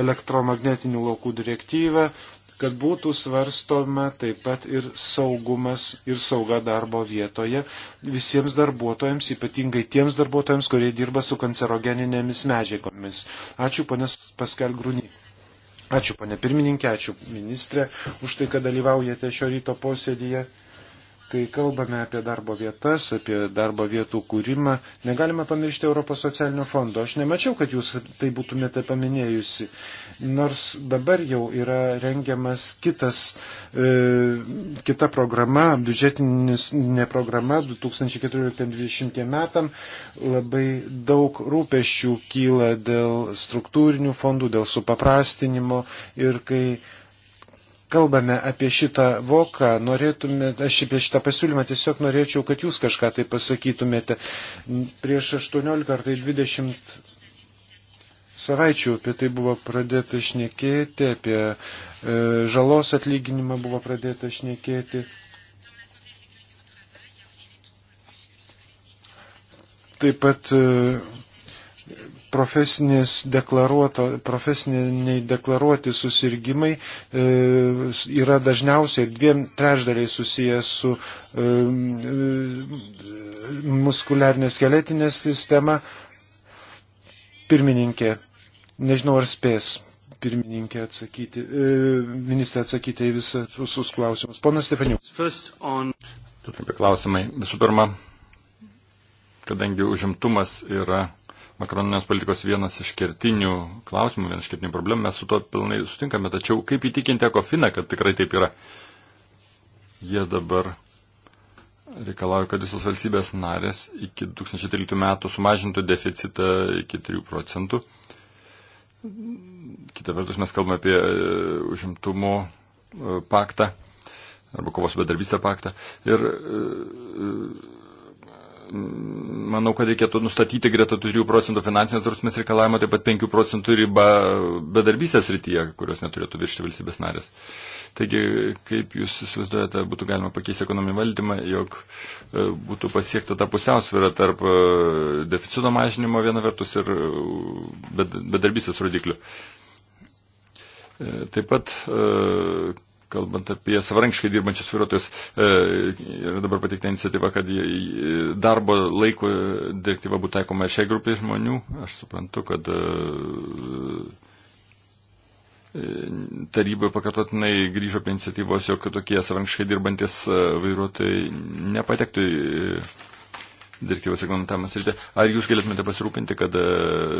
elektromagnetinių laukų direktyva, kad būtų svarstoma taip pat ir saugumas ir sauga darbo vietoje visiems darbuotojams, ypatingai tiems darbuotojams, kurie dirba su kancerogeninėmis medžiagomis. Ačiū, ponės Paskel Grūny. Ačiū, ponė pirmininkė, ačiū ministrė, už tai, kad dalyvaujate šio ryto posėdėje. Kai kalbame apie darbo vietas, apie darbo vietų kūrimą, negalime pamiršti Europos socialinio fondo. Aš nemačiau, kad jūs tai būtumėte paminėjusi. Nors dabar jau yra rengiamas kitas, e, kita programa, biudžetinė programa 2014-2020 metam. Labai daug rūpešių kyla dėl struktūrinių fondų, dėl supaprastinimo ir kai kalbame apie šitą voką, norėtume, aš apie šitą pasiūlymą tiesiog norėčiau, kad jūs kažką tai pasakytumėte. Prieš 18 ar tai 20 savaičių apie tai buvo pradėta šnekėti, apie e, žalos atlyginimą buvo pradėta šnekėti. Taip pat e, profesiniai deklaruoti susirgymai e, yra dažniausiai dviem trečdaliai susijęs su e, muskuliarinė skeletinė sistema. Pirmininkė, nežinau ar spės pirmininkė atsakyti, e, ministrė atsakyti į visus, visus klausimus. Ponas Stefaniu. On... Trumpi klausimai. Visų pirma, kadangi užimtumas yra makroninės politikos vienas iš kertinių klausimų, vienas iš kertinių problemų, mes su to pilnai sutinkame, tačiau kaip įtikinti Ekofiną, kad tikrai taip yra? Jie dabar reikalauja, kad visos valstybės narės iki 2013 metų sumažintų deficitą iki 3 procentų. Kita vertus mes kalbame apie e, užimtumo e, paktą arba kovos bedarbystę paktą. Ir e, manau, kad reikėtų nustatyti greta 3 procentų finansinės drausmės reikalavimo, taip pat 5 procentų ribą bedarbysės rytyje, kurios neturėtų viršti valstybės narės. Taigi, kaip jūs įsivaizduojate, būtų galima pakeisti ekonominį valdymą, jog e, būtų pasiekta ta pusiausvėra tarp e, deficito mažinimo viena vertus ir e, bedarbysės rodiklių. Taip pat kalbant apie savarankiškai dirbančius vairuotojus, e, yra dabar pateikta iniciatyva, kad darbo laiko direktyva būtų taikoma šiai grupiai žmonių. Aš suprantu, kad e, e, taryboje pakartotinai grįžo prie iniciatyvos, jog tokie savarankiškai dirbantis vairuotojai nepatektų į direktyvos reglamentavimas rytė. Ar jūs galėtumėte pasirūpinti, kad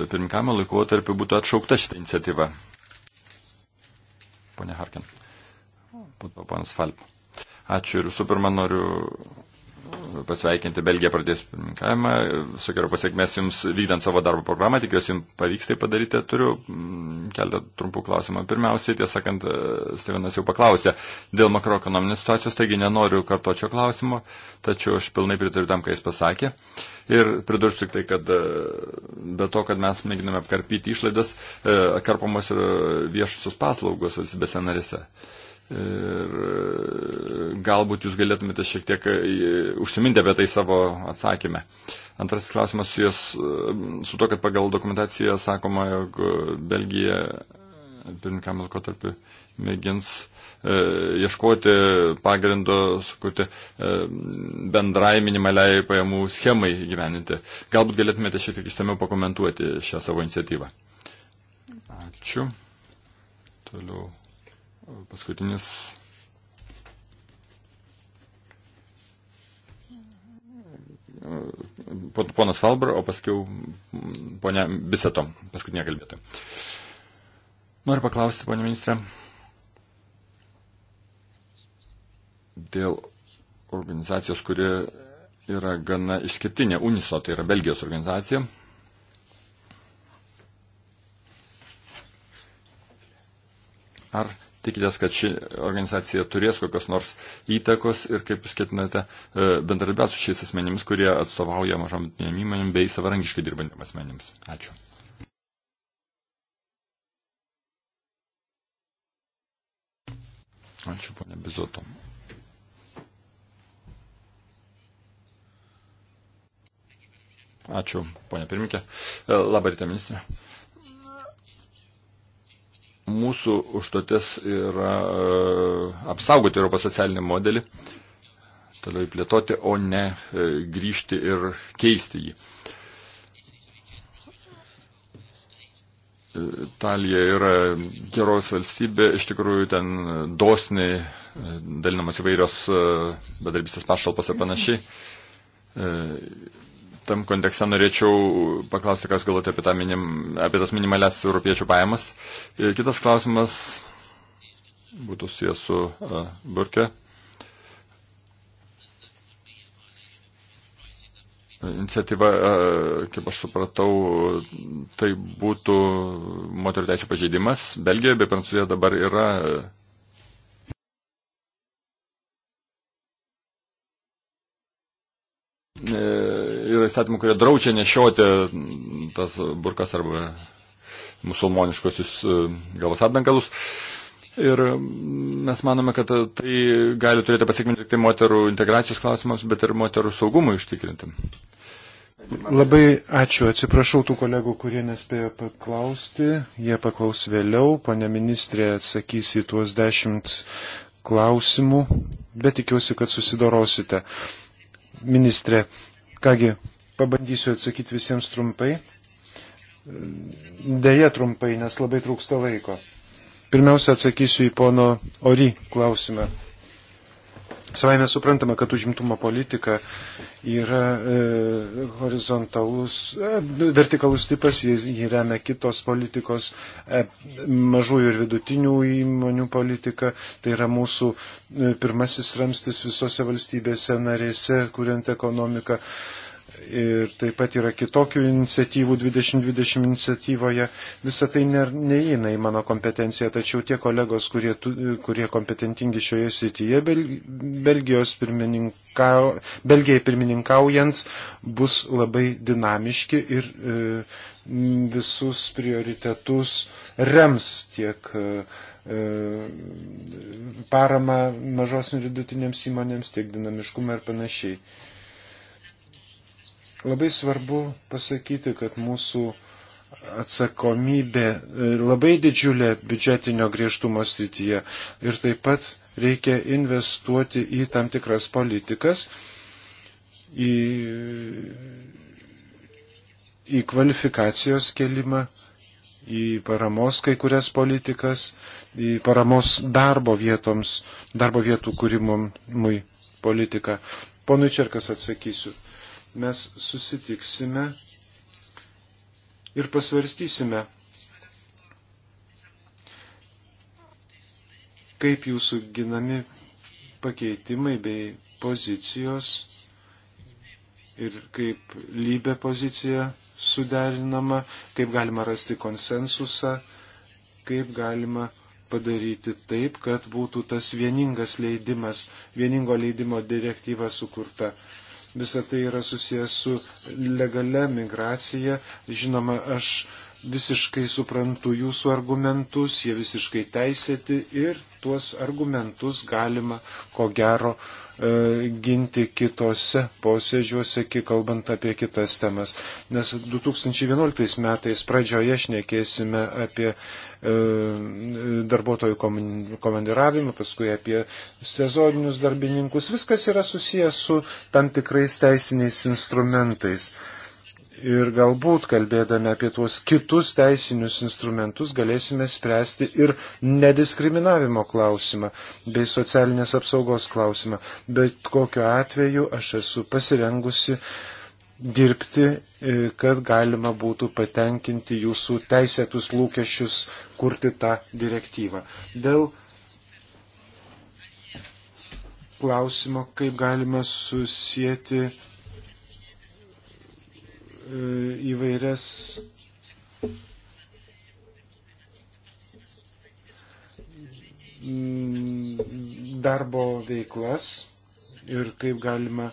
pirminkamo laikotarpiu būtų atšaukta šitą iniciatyvą? Pone Harkin po to panas Falp. Ačiū ir visų pirma noriu pasveikinti Belgiją pradės pirmininkavimą. Sukeriu pasiekmes jums vykdant savo darbo programą, tikiuosi jums pavyks tai padaryti. Turiu mm, keletą trumpų klausimų. Pirmiausiai, tiesąkant, Stevenas jau paklausė dėl makroekonominės situacijos, taigi nenoriu kartočio klausimo, tačiau aš pilnai pritariu tam, ką jis pasakė. Ir pridursiu tai, kad e, be to, kad mes mėginame apkarpyti išlaidas, e, karpamos ir viešusios paslaugos valstybėse narėse. Ir e, galbūt jūs galėtumėte šiek tiek e, užsiminti apie tai savo atsakymę. Antrasis klausimas su, jos, e, su to, kad pagal dokumentaciją sakoma, jog Belgija pirmininkam laikotarpiu mėgins e, ieškoti pagrindo sukurti e, bendrai minimaliai pajamų schemai gyveninti. Galbūt galėtumėte šiek tiek įsamiau pakomentuoti šią savo iniciatyvą. Ačiū. Toliau paskutinis ponas Falbr, o paskiau ponia Biseto, paskutinė kalbėtoja. Noriu paklausti, ponia ministrė, dėl organizacijos, kuri yra gana išskirtinė, UNISO, tai yra Belgijos organizacija. Ar tikitės, kad ši organizacija turės kokios nors įtakos ir kaip jūs ketinate e, bendradarbiauti su šiais asmenimis, kurie atstovauja mažom įmonėm bei savarankiškai dirbantiems asmenims. Ačiū. Ačiū, ponė Bizoto. Ačiū, ponė pirmininkė. E, labą rytą, ministrė. Mūsų užduotis yra e, apsaugoti Europos socialinį modelį, toliau įplėtoti, o ne e, grįžti ir keisti jį. Italija yra geros valstybė, iš tikrųjų ten dosniai e, dalinamas įvairios bedarbystės pašalpos ir panašiai tam kontekste norėčiau paklausti, ką jūs galvote apie, minim, apie tas minimalias europiečių pajamas. E, kitas klausimas būtų susijęs su uh, Burke. Iniciatyva, e, kaip aš supratau, tai būtų moterų teisų pažeidimas. Belgijoje bei Prancūzijoje dabar yra įstatymų, kurie draučia nešioti tas burkas arba musulmoniškosius e, galvos apdangalus. Ir mes manome, kad tai gali turėti pasiekmių tik tai moterų integracijos klausimams, bet ir moterų saugumui užtikrinti. Labai ačiū, atsiprašau tų kolegų, kurie nespėjo paklausti, jie paklaus vėliau, pane ministrė atsakys į tuos dešimt klausimų, bet tikiuosi, kad susidorosite. Ministrė, kągi, Pabandysiu atsakyti visiems trumpai. Deja trumpai, nes labai trūksta laiko. Pirmiausia, atsakysiu į pono Ori klausimą. Savai mes suprantame, kad užimtumo politika yra e, horizontalus, e, vertikalus tipas, jį remia kitos politikos, e, mažųjų ir vidutinių įmonių politika. Tai yra mūsų e, pirmasis ramstis visose valstybėse narėse, kuriant ekonomiką. E, ir taip pat yra kitokių iniciatyvų 2020 iniciatyvoje. Visa tai neįeina į mano kompetenciją, tačiau tie kolegos, kurie, tu, kurie kompetentingi šioje srityje, Bel, Belgijos pirmininka, Belgijai pirmininkaujant, bus labai dinamiški ir e, visus prioritetus rems tiek. E, e parama mažos ir vidutinėms įmonėms, tiek dinamiškumą ir panašiai. Labai svarbu pasakyti, kad mūsų atsakomybė e, labai didžiulė biudžetinio griežtumo srityje ir taip pat reikia investuoti į tam tikras politikas, į, į kvalifikacijos kelimą, į paramos kai kurias politikas, į paramos darbo vietoms, darbo vietų kūrimui politiką. Ponui Čerkas atsakysiu mes susitiksime ir pasvarstysime, kaip jūsų ginami pakeitimai bei pozicijos ir kaip lybė pozicija suderinama, kaip galima rasti konsensusą, kaip galima padaryti taip, kad būtų tas vieningas leidimas, vieningo leidimo direktyva sukurta. Visa tai yra susijęs su legale migracija. Žinoma, aš visiškai suprantu jūsų argumentus, jie visiškai teisėti ir tuos argumentus galima, ko gero, uh, E, ginti kitose posėdžiuose, kalbant apie kitas temas. Nes 2011 metais pradžioje šnekėsime apie e, darbuotojų komandiravimą, paskui apie sezoninius darbininkus. Viskas yra susijęs su tam tikrais teisiniais instrumentais. Ir galbūt kalbėdami apie tuos kitus teisinius instrumentus galėsime spręsti ir nediskriminavimo klausimą bei socialinės apsaugos klausimą. Bet kokiu atveju aš esu pasirengusi dirbti, e, kad galima būtų patenkinti jūsų teisėtus lūkesčius kurti tą direktyvą. Dėl klausimo, kaip galima susijęti E, įvairias darbo veiklas ir kaip galima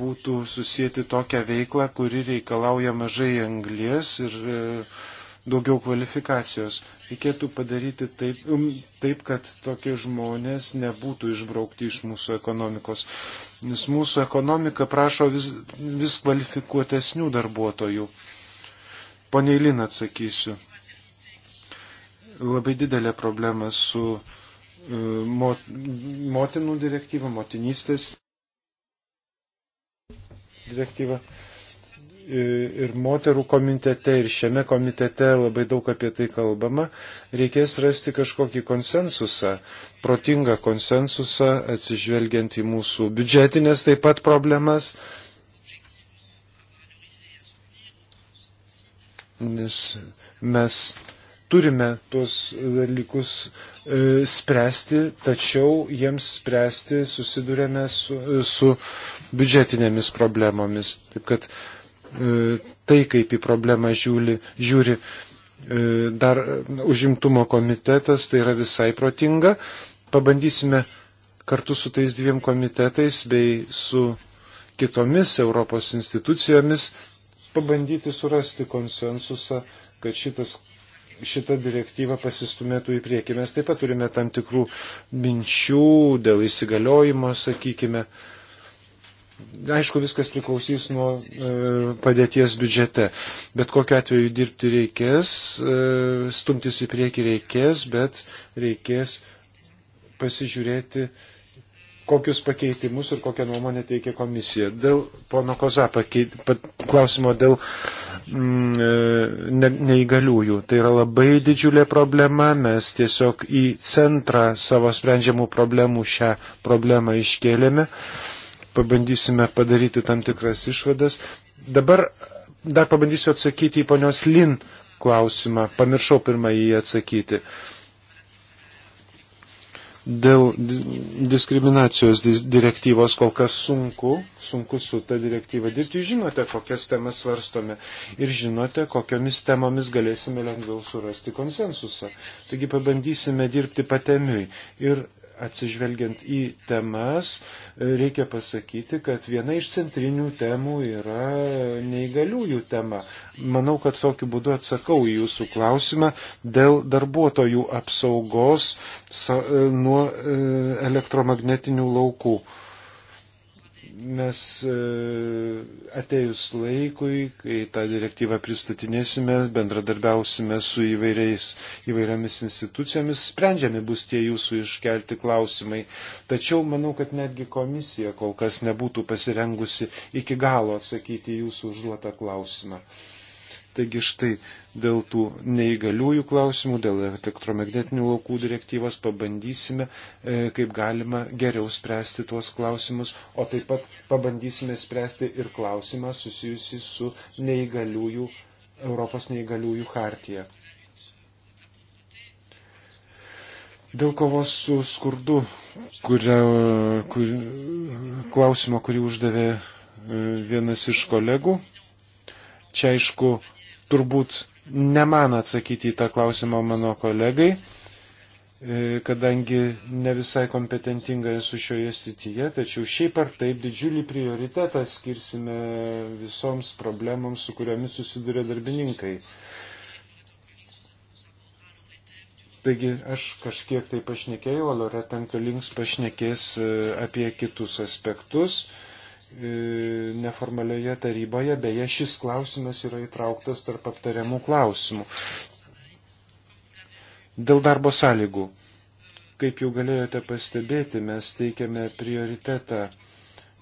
būtų susijęti tokią veiklą, kuri reikalauja mažai anglies ir e, daugiau kvalifikacijos. Reikėtų padaryti taip, um, taip, kad tokie žmonės nebūtų išbraukti iš mūsų ekonomikos. Nes mūsų ekonomika prašo vis, vis kvalifikuotesnių darbuotojų. Pone Ilin atsakysiu. Labai didelė problema su e, mot, motinų direktyva, motinystės direktyva ir moterų komitete, ir šiame komitete labai daug apie tai kalbama, reikės rasti kažkokį konsensusą, protingą konsensusą, atsižvelgiant į mūsų biudžetinės taip pat problemas. Nes mes turime tuos dalykus e, spręsti, tačiau jiems spręsti susidurėme su, e, su biudžetinėmis problemomis. Taip kad e, E, tai, kaip į problemą žiūri, žiūri e, dar e, užimtumo komitetas, tai yra visai protinga. Pabandysime kartu su tais dviem komitetais bei su kitomis Europos institucijomis pabandyti surasti konsensusą, kad šitas, šita direktyva pasistumėtų į priekį. Mes taip pat turime tam tikrų minčių dėl įsigaliojimo, sakykime, uh, Aišku, viskas priklausys nuo e, padėties biudžete, bet kokiu atveju dirbti reikės, e, stumtis į priekį reikės, bet reikės pasižiūrėti, kokius pakeitimus ir kokią nuomonę teikia komisija. Dėl pono Koza pakeit, pat, klausimo dėl mm, e, ne, neįgaliųjų. Tai yra labai didžiulė problema. Mes tiesiog į centrą savo sprendžiamų problemų šią problemą iškėlėme. E, pabandysime padaryti tam tikras išvadas. Dabar dar pabandysiu atsakyti į ponios Lin klausimą. Pamiršau pirmąjį atsakyti. Dėl diskriminacijos direktyvos kol kas sunku, sunku su ta direktyva dirbti. Žinote, kokias temas svarstome ir žinote, kokiomis temomis galėsime lengviau surasti konsensusą. Taigi pabandysime dirbti patemiui ir atsižvelgiant į temas, reikia pasakyti, kad viena iš centrinių temų yra neįgaliųjų tema. Manau, kad tokiu būdu atsakau į jūsų klausimą dėl darbuotojų apsaugos e, nuo e, elektromagnetinių laukų mes e, atejus laikui, kai tą direktyvą pristatinėsime, bendradarbiausime su įvairiais, įvairiamis institucijomis, sprendžiami bus tie jūsų iškelti klausimai. Tačiau manau, kad netgi komisija kol kas nebūtų pasirengusi iki galo atsakyti jūsų užduotą klausimą. Uh, Taigi štai dėl tų neįgaliųjų klausimų, dėl elektromagnetinių laukų direktyvos pabandysime, e, kaip galima geriau spręsti tuos klausimus, o taip pat pabandysime spręsti ir klausimą susijusi su neįgaliųjų, Europos neįgaliųjų hartija. Dėl kovos su skurdu, kurio, kur, klausimo, kurį uždavė e, vienas iš kolegų, čia aišku turbūt ne man atsakyti į tą klausimą mano kolegai, e, kadangi ne visai kompetentinga esu šioje srityje, tačiau šiaip ar taip didžiulį prioritetą skirsime visoms problemams, su kuriomis susiduria darbininkai. Taigi aš kažkiek tai pašnekėjau, o Loreta Ankalinks pašnekės e, apie kitus aspektus. E, neformalioje taryboje, beje, šis klausimas yra įtrauktas tarp aptariamų klausimų. Dėl darbo sąlygų. Kaip jau galėjote pastebėti, mes teikiame prioritetą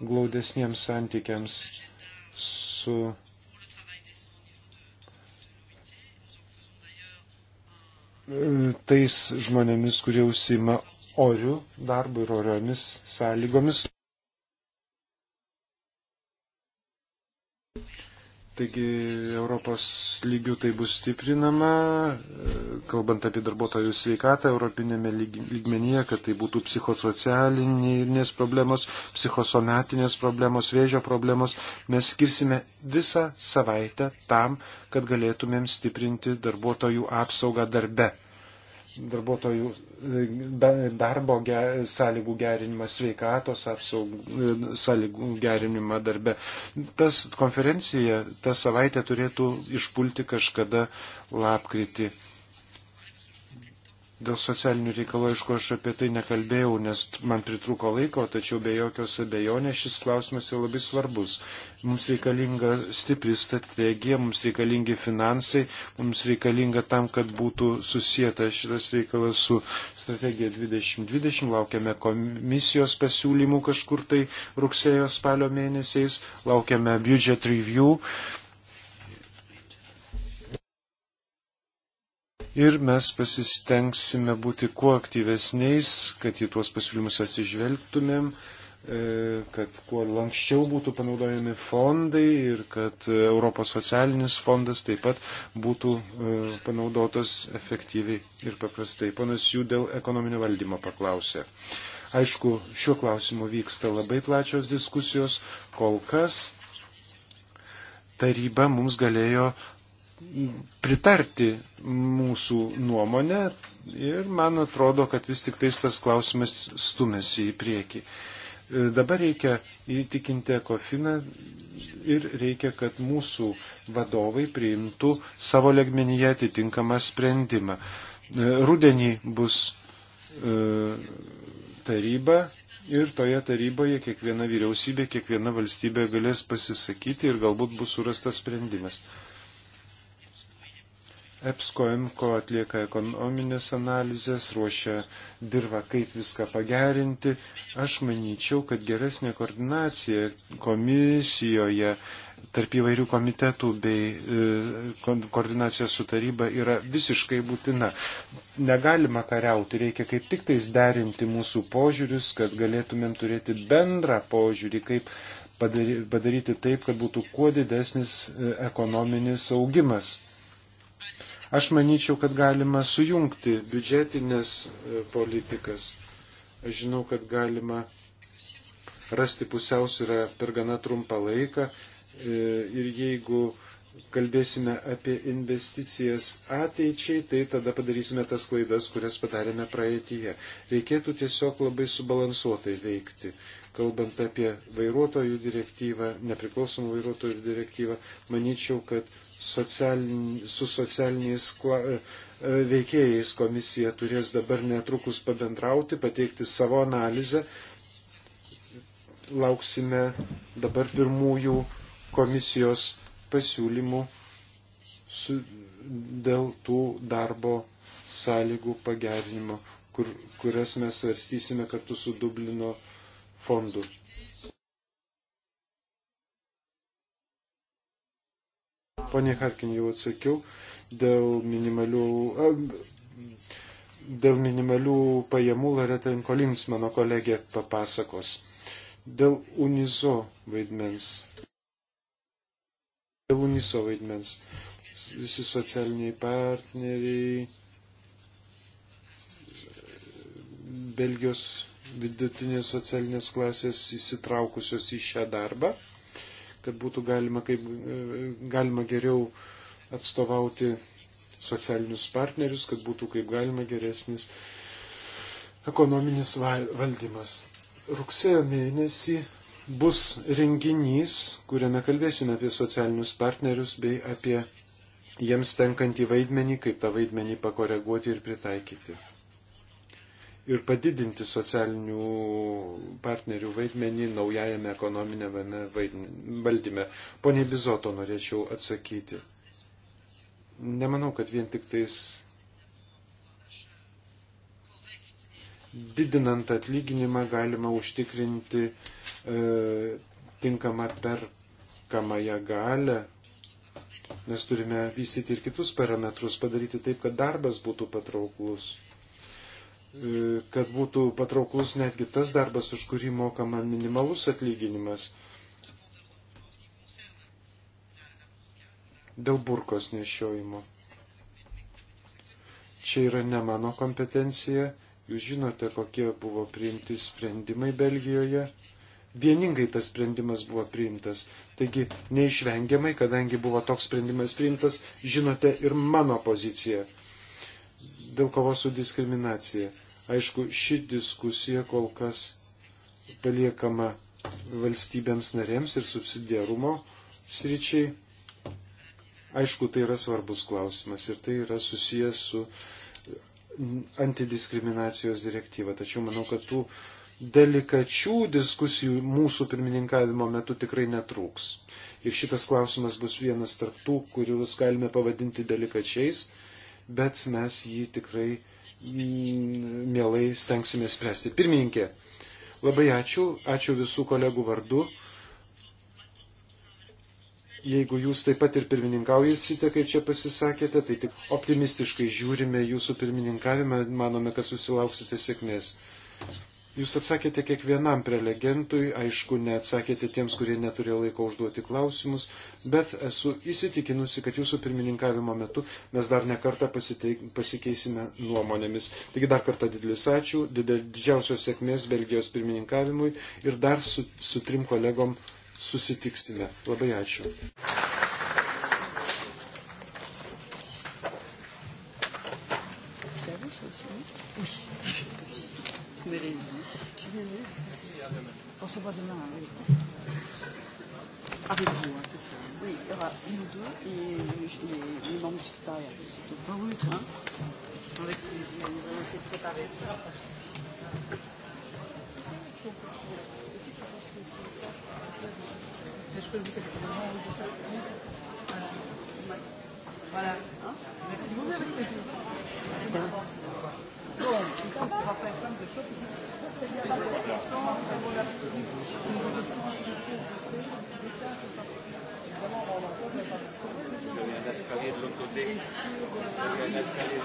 glaudesniems santykiams su tais žmonėmis, kurie užsima orių darbų ir oriomis sąlygomis. Taigi Europos lygių tai bus stiprinama, e, kalbant apie darbuotojų sveikatą Europinėme lygmenyje, kad tai būtų psichosocialinės problemos, psichosomatinės problemos, vėžio problemos. Mes skirsime visą savaitę tam, kad galėtumėm stiprinti darbuotojų apsaugą darbe. Darbuotojų darbo ger, sąlygų gerinimą, sveikatos apsaugų e, sąlygų gerinimą darbe. Tas konferencija, ta savaitė turėtų išpulti kažkada lapkritį. Dėl socialinių reikalų, aišku, aš apie tai nekalbėjau, nes man pritruko laiko, tačiau be jokios abejonės šis klausimas yra labai svarbus. Mums reikalinga stipri strategija, mums reikalingi finansai, mums reikalinga tam, kad būtų susijęta šitas reikalas su strategija 2020. Laukiame komisijos pasiūlymų kažkur tai rugsėjo spalio mėnesiais, laukiame budget review ir mes pasistengsime būti kuo aktyvesniais, kad į tuos pasiūlymus atsižvelgtumėm, e, kad kuo lankščiau būtų panaudojami fondai ir kad Europos socialinis fondas taip pat būtų e, panaudotas efektyviai ir paprastai. Ponas jų dėl ekonominio valdymo paklausė. Aišku, šiuo klausimu vyksta labai plačios diskusijos. Kol kas taryba mums galėjo pritarti mūsų nuomonę ir man atrodo, kad vis tik tais tas klausimas stumėsi į priekį. E, dabar reikia įtikinti Ekofiną ir reikia, kad mūsų vadovai priimtų savo legmenyje atitinkamą sprendimą. E, rudenį bus e, taryba ir toje taryboje kiekviena vyriausybė, kiekviena valstybė galės pasisakyti ir galbūt bus surastas sprendimas. EPSCO, EMCO atlieka ekonominės analizės, ruošia dirba, kaip viską pagerinti. Aš manyčiau, kad geresnė koordinacija komisijoje tarp įvairių komitetų bei e, koordinacija su taryba yra visiškai būtina. Negalima kariauti, reikia kaip tik tais derinti mūsų požiūrius, kad galėtumėm turėti bendrą požiūrį, kaip padaryti taip, kad būtų kuo didesnis e, ekonominis augimas. Aš manyčiau, kad galima sujungti biudžetinės e, politikas. Aš žinau, kad galima rasti pusiausvyrą per gana trumpą laiką. E, ir jeigu kalbėsime apie investicijas ateičiai, tai tada padarysime tas klaidas, kurias padarėme praeitie. Reikėtų tiesiog labai subalansuotai veikti. Kalbant apie vairuotojų direktyvą, nepriklausomų vairuotojų direktyvą, manyčiau, kad socialin, su socialiniais kla, e, veikėjais komisija turės dabar netrukus pabendrauti, pateikti savo analizę. Lauksime dabar pirmųjų komisijos pasiūlymų su, dėl tų darbo sąlygų pagerinimo, kur, kurias mes svarstysime kartu su Dublino fondų. Pone Harkin jau atsakiau dėl minimalių, dėl minimalių pajamų Loreta Inkolins mano kolegė papasakos. Dėl unizo vaidmens. Dėl uniso vaidmens. Visi socialiniai partneriai, Belgijos vidutinės socialinės klasės įsitraukusios į šią darbą, kad būtų galima, kaip, e, galima geriau atstovauti socialinius partnerius, kad būtų kaip galima geresnis ekonominis valdymas. Rugsėjo mėnesį bus renginys, kuriame kalbėsime apie socialinius partnerius bei apie jiems tenkantį vaidmenį, kaip tą vaidmenį pakoreguoti ir pritaikyti ir padidinti socialinių partnerių vaidmenį naujajame ekonominėme valdyme. Pone Bizoto norėčiau atsakyti. Nemanau, kad vien tik tais didinant atlyginimą galima užtikrinti e, tinkamą perkamąją galę Mes turime vystyti ir kitus parametrus, padaryti taip, kad darbas būtų patrauklus. E, kad būtų patrauklus netgi tas darbas, už kurį mokama minimalus atlyginimas. Dėl burkos nešiojimo. Čia yra ne mano kompetencija. Jūs žinote, kokie buvo priimti sprendimai Belgijoje. Vieningai tas sprendimas buvo priimtas. Taigi, neišvengiamai, kadangi buvo toks sprendimas priimtas, žinote ir mano poziciją dėl kovos su diskriminacija. Aišku, ši diskusija kol kas paliekama valstybėms narėms ir subsidiarumo sričiai. Aišku, tai yra svarbus klausimas ir tai yra susijęs su antidiskriminacijos direktyva. Tačiau manau, kad tų delikačių diskusijų mūsų pirmininkavimo metu tikrai netrūks. Ir šitas klausimas bus vienas tarptų, kuriuos galime pavadinti delikačiais bet mes jį tikrai mielai stengsime spręsti. Pirmininkė, labai ačiū, ačiū visų kolegų vardu. Jeigu jūs taip pat ir pirmininkaujasite, kaip čia pasisakėte, tai tik optimistiškai žiūrime jūsų pirmininkavimą, manome, kad susilauksite sėkmės. Jūs atsakėte kiekvienam prelegentui, aišku, neatsakėte tiems, kurie neturėjo laiko užduoti klausimus, bet esu įsitikinusi, kad jūsų pirmininkavimo metu mes dar nekartą pasikeisime nuomonėmis. Taigi dar kartą didelis ačiū, didel, didžiausios sėkmės Belgijos pirmininkavimui ir dar su, su trim kolegom susitiksime. Labai ačiū. On se voit demain, oui. Avec vous, hein, c'est ça. Oui, il y aura nous deux et les, les membres du secrétariat. Ah oui, très bien. Avec plaisir. Nous allons essayer de préparer ça. Je peux vous Voilà. Hein Merci beaucoup, avec plaisir. Bon, on va faire plein de choses. Je viens d'escalier de l'autre côté. Je viens d'escalier.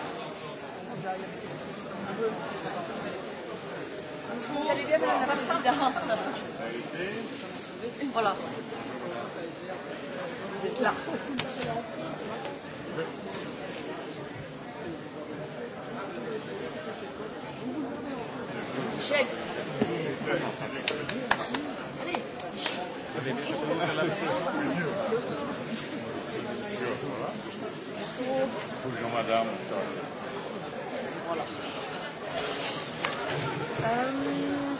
Vous allez bien, madame la présidente. Voilà. Vous êtes là. Michel. Allez. Bonjour madame. Voilà. Um, euh...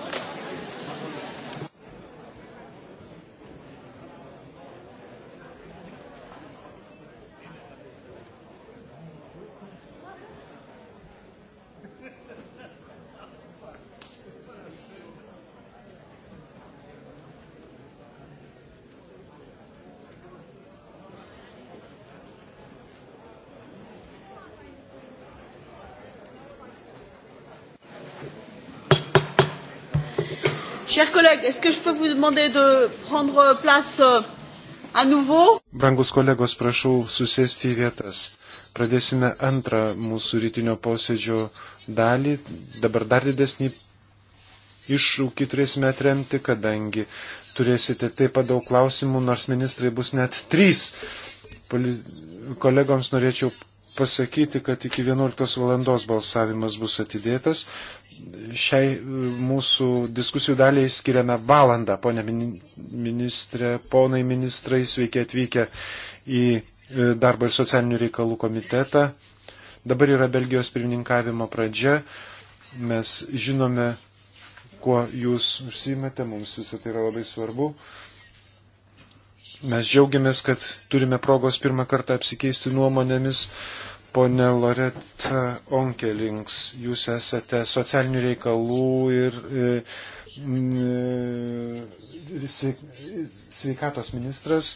Chers collègues, est-ce que je peux vous demander de prendre place euh, à nouveau Brangus kolegos, prašau susėsti į vietas. Pradėsime antrą mūsų rytinio posėdžio dalį. Dabar dar didesnį iššūkį turėsime atremti, kadangi turėsite taip pat daug klausimų, nors ministrai bus net trys. Poli kolegoms norėčiau pasakyti, kad iki 11 valandos balsavimas bus atidėtas šiai e, mūsų diskusijų daliai skiriame valandą, ponė ministrė, ponai ministrai, sveiki atvykę į e, darbo ir socialinių reikalų komitetą. Dabar yra Belgijos pirmininkavimo pradžia. Mes žinome, kuo jūs užsimete, mums visą tai yra labai svarbu. Mes džiaugiamės, kad turime progos pirmą kartą apsikeisti nuomonėmis Pone Loreta Onkelings, jūs esate socialinių reikalų ir e, e, sveikatos ministras.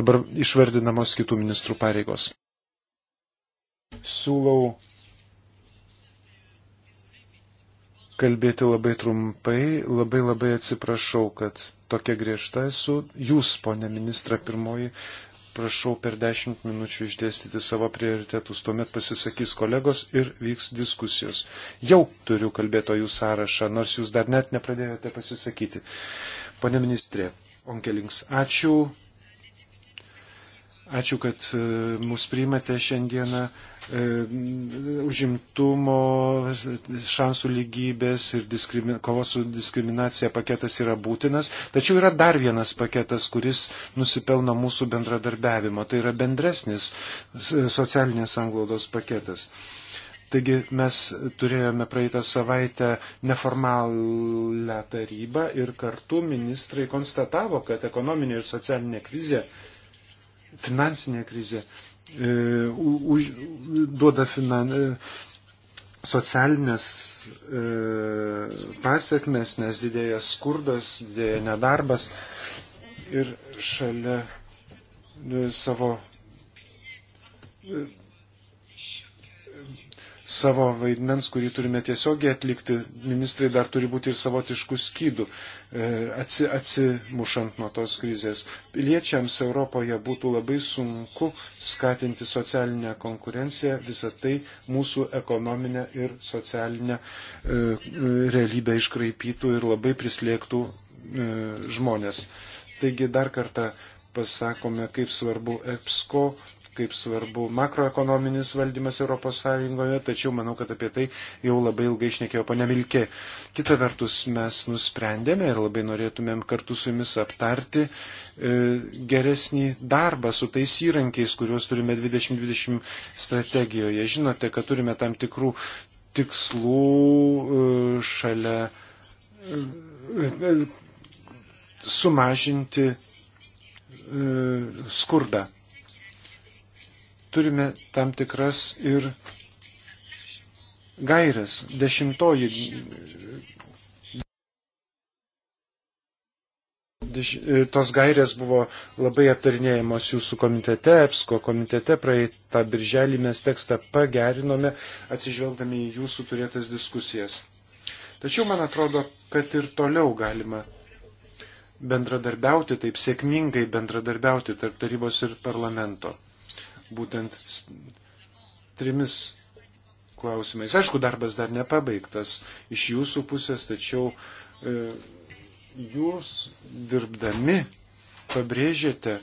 Dabar išvardinamos kitų ministrų pareigos. Siūlau kalbėti labai trumpai, labai labai atsiprašau, kad tokia griežta esu. Jūs, ponė ministra, pirmoji, prašau per dešimt minučių išdėstyti savo prioritetus. Tuomet pasisakys kolegos ir vyks diskusijos. Jau turiu kalbėtojų sąrašą, nors jūs dar net nepradėjote pasisakyti. Pone ministrė, Onkelings, ačiū. Ačiū, kad e, mus priimate šiandieną e, užimtumo, šansų lygybės ir diskrimi, kovos su diskriminacija paketas yra būtinas. Tačiau yra dar vienas paketas, kuris nusipelno mūsų bendradarbiavimo. Tai yra bendresnis socialinės anglaudos paketas. Taigi mes turėjome praeitą savaitę neformalę tarybą ir kartu ministrai konstatavo, kad ekonominė ir socialinė krizė finansinė krizė e, už, duoda finan, e, socialinės e, pasiekmes, nes didėja skurdas, didėja nedarbas ir šalia e, savo e, savo vaidmens, kurį turime tiesiogiai atlikti, ministrai dar turi būti ir savotiškų skydų, e, atsi, atsimušant nuo tos krizės. Piliečiams Europoje būtų labai sunku skatinti socialinę konkurenciją, visą tai mūsų ekonominę ir socialinę e, realybę iškraipytų ir labai prislėgtų e, žmonės. Taigi dar kartą pasakome, kaip svarbu EPSCO kaip svarbu makroekonominis valdymas ES, tačiau manau, kad apie tai jau labai ilgai išnekėjo ponia Vilkė. Kita vertus, mes nusprendėme ir labai norėtumėm kartu su jumis aptarti e, geresnį darbą su tais įrankiais, kuriuos turime 2020 strategijoje. Žinote, kad turime tam tikrų tikslų e, šalia e, sumažinti skurdą turime tam tikras ir gairias. Dešimtoji. Deš, e, tos gairės buvo labai aptarinėjamos jūsų komitete, EPSCO komitete. Praeitą birželį mes tekstą pagerinome, atsižvelgdami į jūsų turėtas diskusijas. Tačiau man atrodo, kad ir toliau galima bendradarbiauti, taip sėkmingai bendradarbiauti tarp tarybos ir parlamento būtent trimis klausimais. Aišku, darbas dar nepabaigtas iš jūsų pusės, tačiau e, jūs dirbdami pabrėžėte,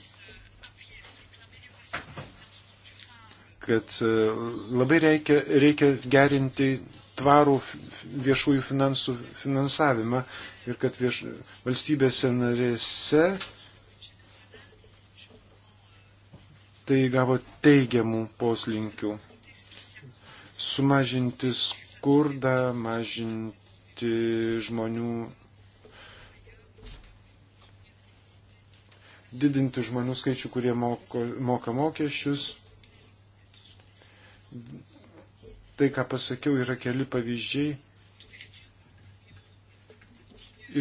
kad e, labai reikia, reikia gerinti tvarų viešųjų finansų finansavimą ir kad vieš, valstybėse narėse tai gavo teigiamų poslinkių. Sumažinti skurdą, mažinti žmonių, didinti žmonių skaičių, kurie moko, moka mokesčius. Tai, ką pasakiau, yra keli pavyzdžiai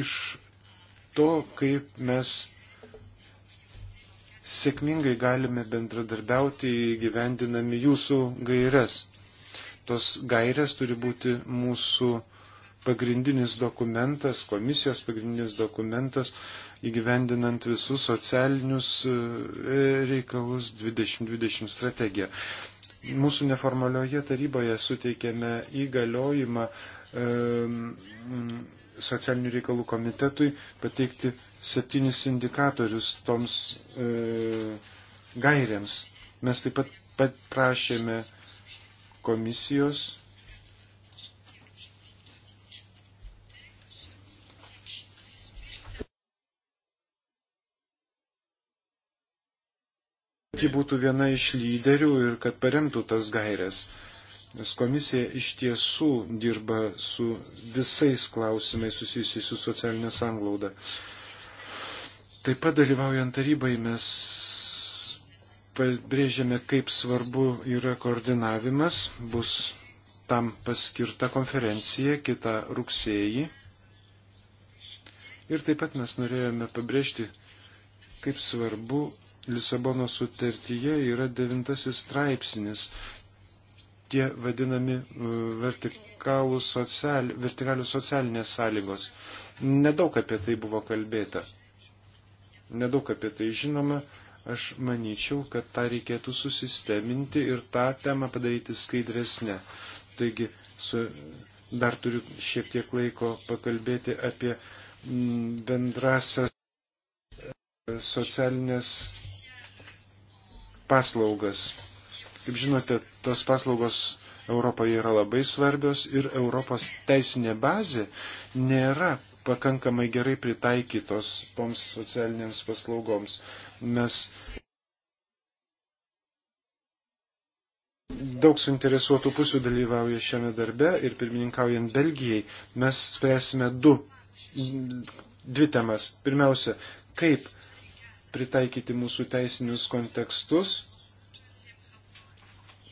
iš to, kaip mes sėkmingai galime bendradarbiauti įgyvendinami jūsų gairias. Tos gairias turi būti mūsų pagrindinis dokumentas, komisijos pagrindinis dokumentas įgyvendinant visus socialinius e, reikalus 2020 strategiją. Mūsų neformalioje taryboje suteikėme įgaliojimą e, socialinių reikalų komitetui pateikti septynis indikatorius toms e, gairiams. Mes taip pat, pat prašėme komisijos ji būtų viena iš lyderių ir kad paremtų tas gairias nes komisija iš tiesų dirba su visais klausimais susijusiais su socialinė sanglauda. Taip pat dalyvaujant tarybai mes pabrėžėme, kaip svarbu yra koordinavimas, bus tam paskirta konferencija kitą rugsėjį. Ir taip pat mes norėjome pabrėžti, kaip svarbu Lisabono sutartyje yra devintasis straipsnis tie vadinami e, vertikalūs social, socialinės sąlygos. Nedaug apie tai buvo kalbėta. Nedaug apie tai žinoma. Aš manyčiau, kad tą reikėtų susisteminti ir tą temą padaryti skaidresnę. Taigi, su, dar turiu šiek tiek laiko pakalbėti apie mm, bendrasias e, socialinės paslaugas. Kaip žinote, tos paslaugos Europoje yra labai svarbios ir Europos teisinė bazė nėra pakankamai gerai pritaikytos toms socialinėms paslaugoms. Mes daug suinteresuotų pusių dalyvauja šiame darbe ir pirmininkaujant Belgijai mes spręsime du, dvi temas. Pirmiausia, kaip pritaikyti mūsų teisinius kontekstus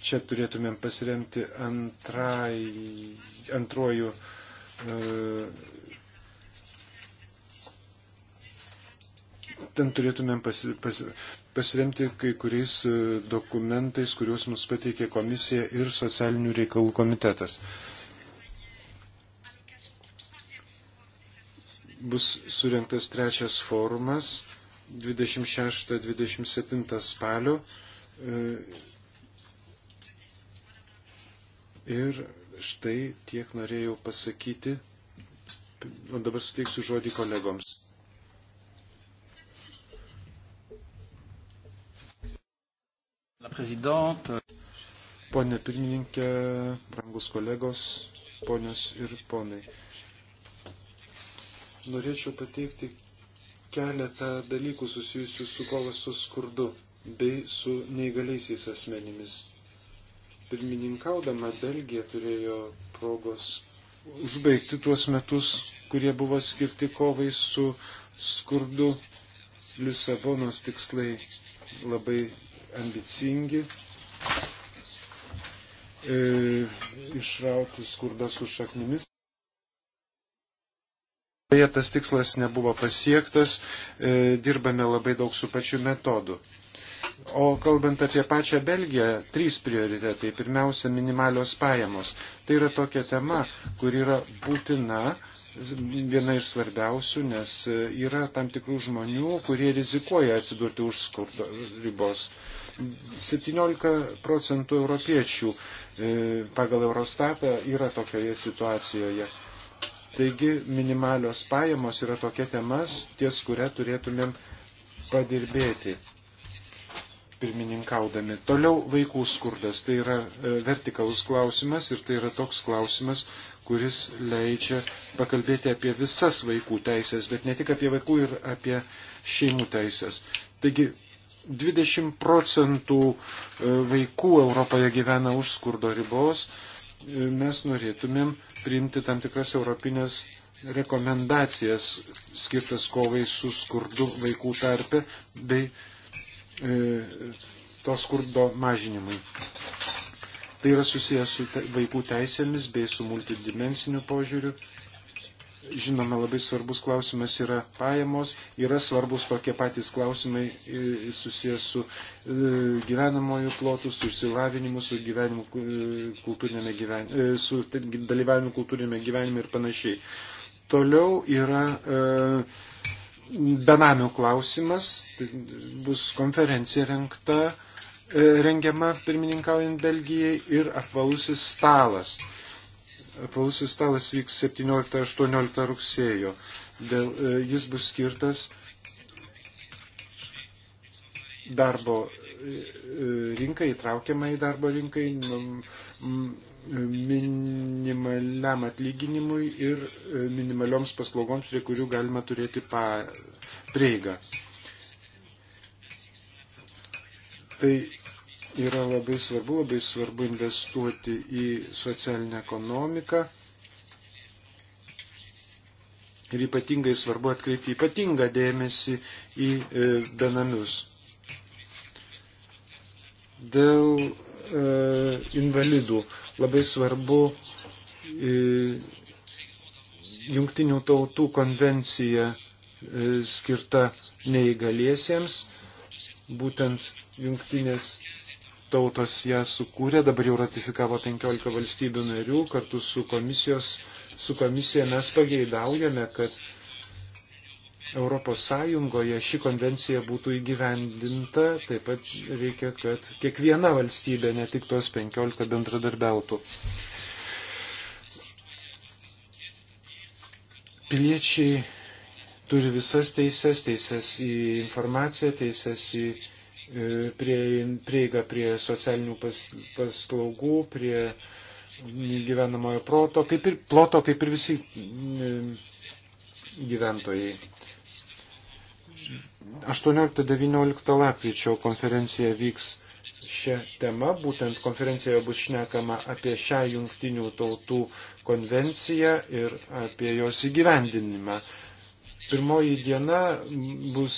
čia turėtumėm pasiremti antrai, antrojų e, ten turėtumėm pasi, pasi, pasiremti kai kuriais e, dokumentais, kuriuos mums pateikė komisija ir socialinių reikalų komitetas. Bus surinktas trečias forumas 26-27 spalio. E, Ir štai tiek norėjau pasakyti. O dabar suteiksiu žodį kolegoms. Pone pirmininkė, brangus kolegos, ponios ir ponai. Norėčiau pateikti keletą dalykų susijusių su kova su skurdu bei su neįgaliaisiais asmenimis. Pirmininkaudama Belgija turėjo progos užbaigti tuos metus, kurie buvo skirti kovai su skurdu. Lisabonos tikslai labai ambicingi. E, išrauti skurdą su šaknimis. Beje, tas tikslas nebuvo pasiektas, e, dirbame labai daug su pačiu metodu. O kalbant apie pačią Belgiją, trys prioritetai. Pirmiausia, minimalios pajamos. Tai yra tokia tema, kur yra būtina, viena iš svarbiausių, nes yra tam tikrų žmonių, kurie rizikuoja atsidurti už skurdo ribos. 17 procentų europiečių e, pagal Eurostatą yra tokioje situacijoje. Taigi minimalios pajamos yra tokia temas, ties kuria turėtumėm padirbėti pirmininkaudami. Toliau vaikų skurdas. Tai yra e, vertikalus klausimas ir tai yra toks klausimas, kuris leidžia pakalbėti apie visas vaikų teisės, bet ne tik apie vaikų ir apie šeimų teisės. Taigi 20 procentų e, vaikų Europoje gyvena už skurdo ribos. E, mes norėtumėm priimti tam tikras europinės rekomendacijas skirtas kovai su skurdu vaikų tarpe bei E, to skurdo mažinimui. Tai yra susijęs su te, vaikų teisėmis bei su multidimensiniu požiūriu. Žinoma, labai svarbus klausimas yra pajamos, yra svarbus tokie patys klausimai e, susijęs su e, gyvenamoju plotu, su išsilavinimu, su, gyvenimu, gyven, su dalyvavimu kultūrinėme gyvenime ir panašiai. Toliau yra e, benamių klausimas, tai bus konferencija renkta, e, rengiama pirmininkaujant Belgijai ir apvalusis stalas. Apvalusis stalas vyks 17-18 rugsėjo. Dėl, e, jis bus skirtas darbo e, rinkai, įtraukiamai darbo rinkai, minimaliam atlyginimui ir e, minimalioms paslaugoms, prie kurių galima turėti pa, prieigą. Tai yra labai svarbu, labai svarbu investuoti į socialinę ekonomiką. Ir ypatingai svarbu atkreipti ypatingą dėmesį į e, benamius. Dėl e, invalidų. E, Labai svarbu e, jungtinių tautų konvencija e, skirta neįgaliesiems. Būtent jungtinės tautos ją sukūrė, dabar jau ratifikavo 15 valstybių narių, kartu su, komisijos, su komisija mes pageidaujame, kad ES ši konvencija būtų įgyvendinta, taip pat reikia, kad kiekviena valstybė, ne tik tos 15, bendradarbiautų. Piliečiai turi visas teises, teises į informaciją, teises į e, prieigą prie socialinių paslaugų, prie gyvenamojo proto, kaip ir, ploto, kaip ir visi gyventojai. 18-19 lapkričio konferencija vyks šią temą. Būtent konferencijoje bus šnekama apie šią jungtinių tautų konvenciją ir apie jos įgyvendinimą. Pirmoji diena bus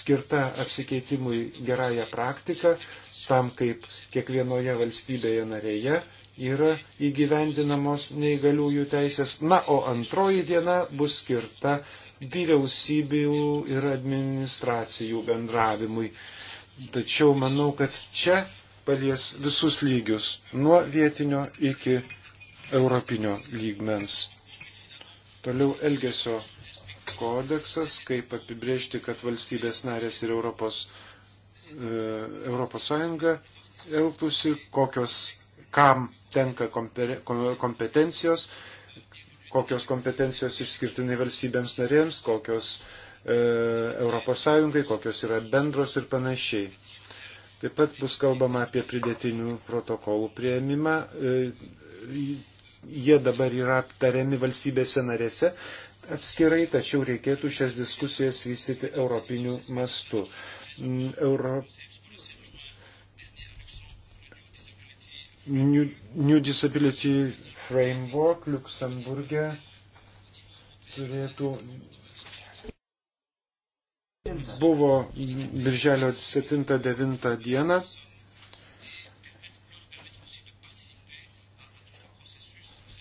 skirta apsikeitimui gerąją praktiką, tam kaip kiekvienoje valstybėje narėje yra įgyvendinamos neįgaliųjų teisės. Na, o antroji diena bus skirta vyriausybių ir administracijų bendravimui. Tačiau manau, kad čia palies visus lygius, nuo vietinio iki europinio lygmens. Toliau Elgesio kodeksas, kaip apibriežti, kad valstybės narės ir Europos, e, Europos Sąjunga elgtųsi, kokios, kam tenka kompetencijos, kokios kompetencijos išskirtinai valstybėms narėms, kokios e, ES, kokios yra bendros ir panašiai. Taip pat bus kalbama apie pridėtinių protokolų prieimimą. E, jie dabar yra aptariami valstybėse narėse atskirai, tačiau reikėtų šias diskusijas vystyti europiniu mastu. Mm, Euro... New, New Disability Framework Luxemburgė turėtų. Buvo birželio 7-9 dieną.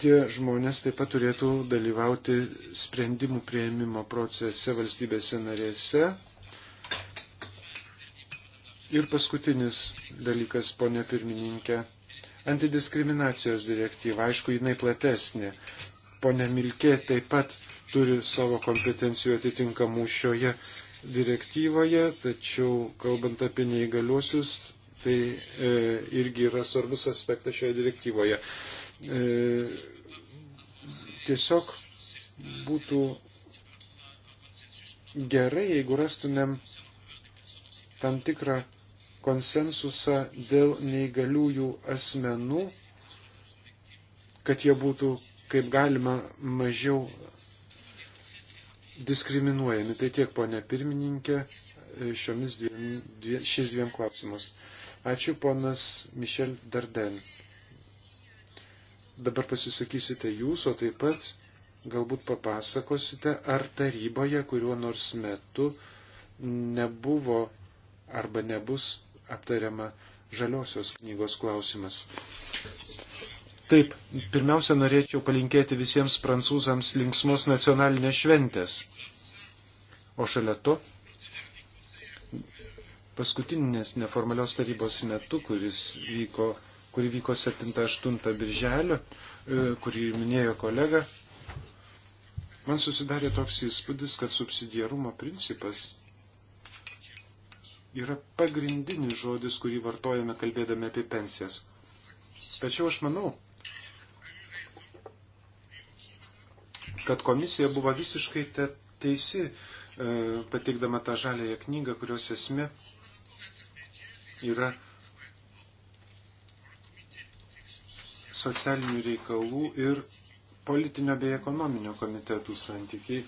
Tie žmonės taip pat turėtų dalyvauti sprendimų prieimimo procese valstybėse narėse. Ir paskutinis dalykas, ponė pirmininkė. Antidiskriminacijos direktyva, aišku, jinai platesnė. Pone Milkė taip pat turi savo kompetencijų atitinkamų šioje direktyvoje, tačiau kalbant apie neįgaliuosius, tai e, irgi yra svarbus aspektas šioje direktyvoje. E, tiesiog būtų gerai, jeigu rastumėm tam tikrą konsensusą dėl neįgaliųjų asmenų, kad jie būtų kaip galima mažiau diskriminuojami. Tai tiek, ponė pirmininkė, šiomis dviem, dvie, šiais dviem klausimus. Ačiū, ponas Mišel Darden. Dabar pasisakysite jūs, o taip pat galbūt papasakosite, ar taryboje kuriuo nors metu nebuvo arba nebus aptariama žaliosios knygos klausimas. Taip, pirmiausia, norėčiau palinkėti visiems prancūzams linksmos nacionalinės šventės. O šalia to, paskutinės neformalios tarybos metu, kuris vyko, kuri vyko 7-8 birželio, e, kurį minėjo kolega, man susidarė toks įspūdis, kad subsidiarumo principas yra pagrindinis žodis, kurį vartojame kalbėdami apie pensijas. Tačiau aš manau, kad komisija buvo visiškai te, teisi e, pateikdama tą žalėją knygą, kurios esmė yra socialinių reikalų ir politinio bei ekonominio komitetų santykiai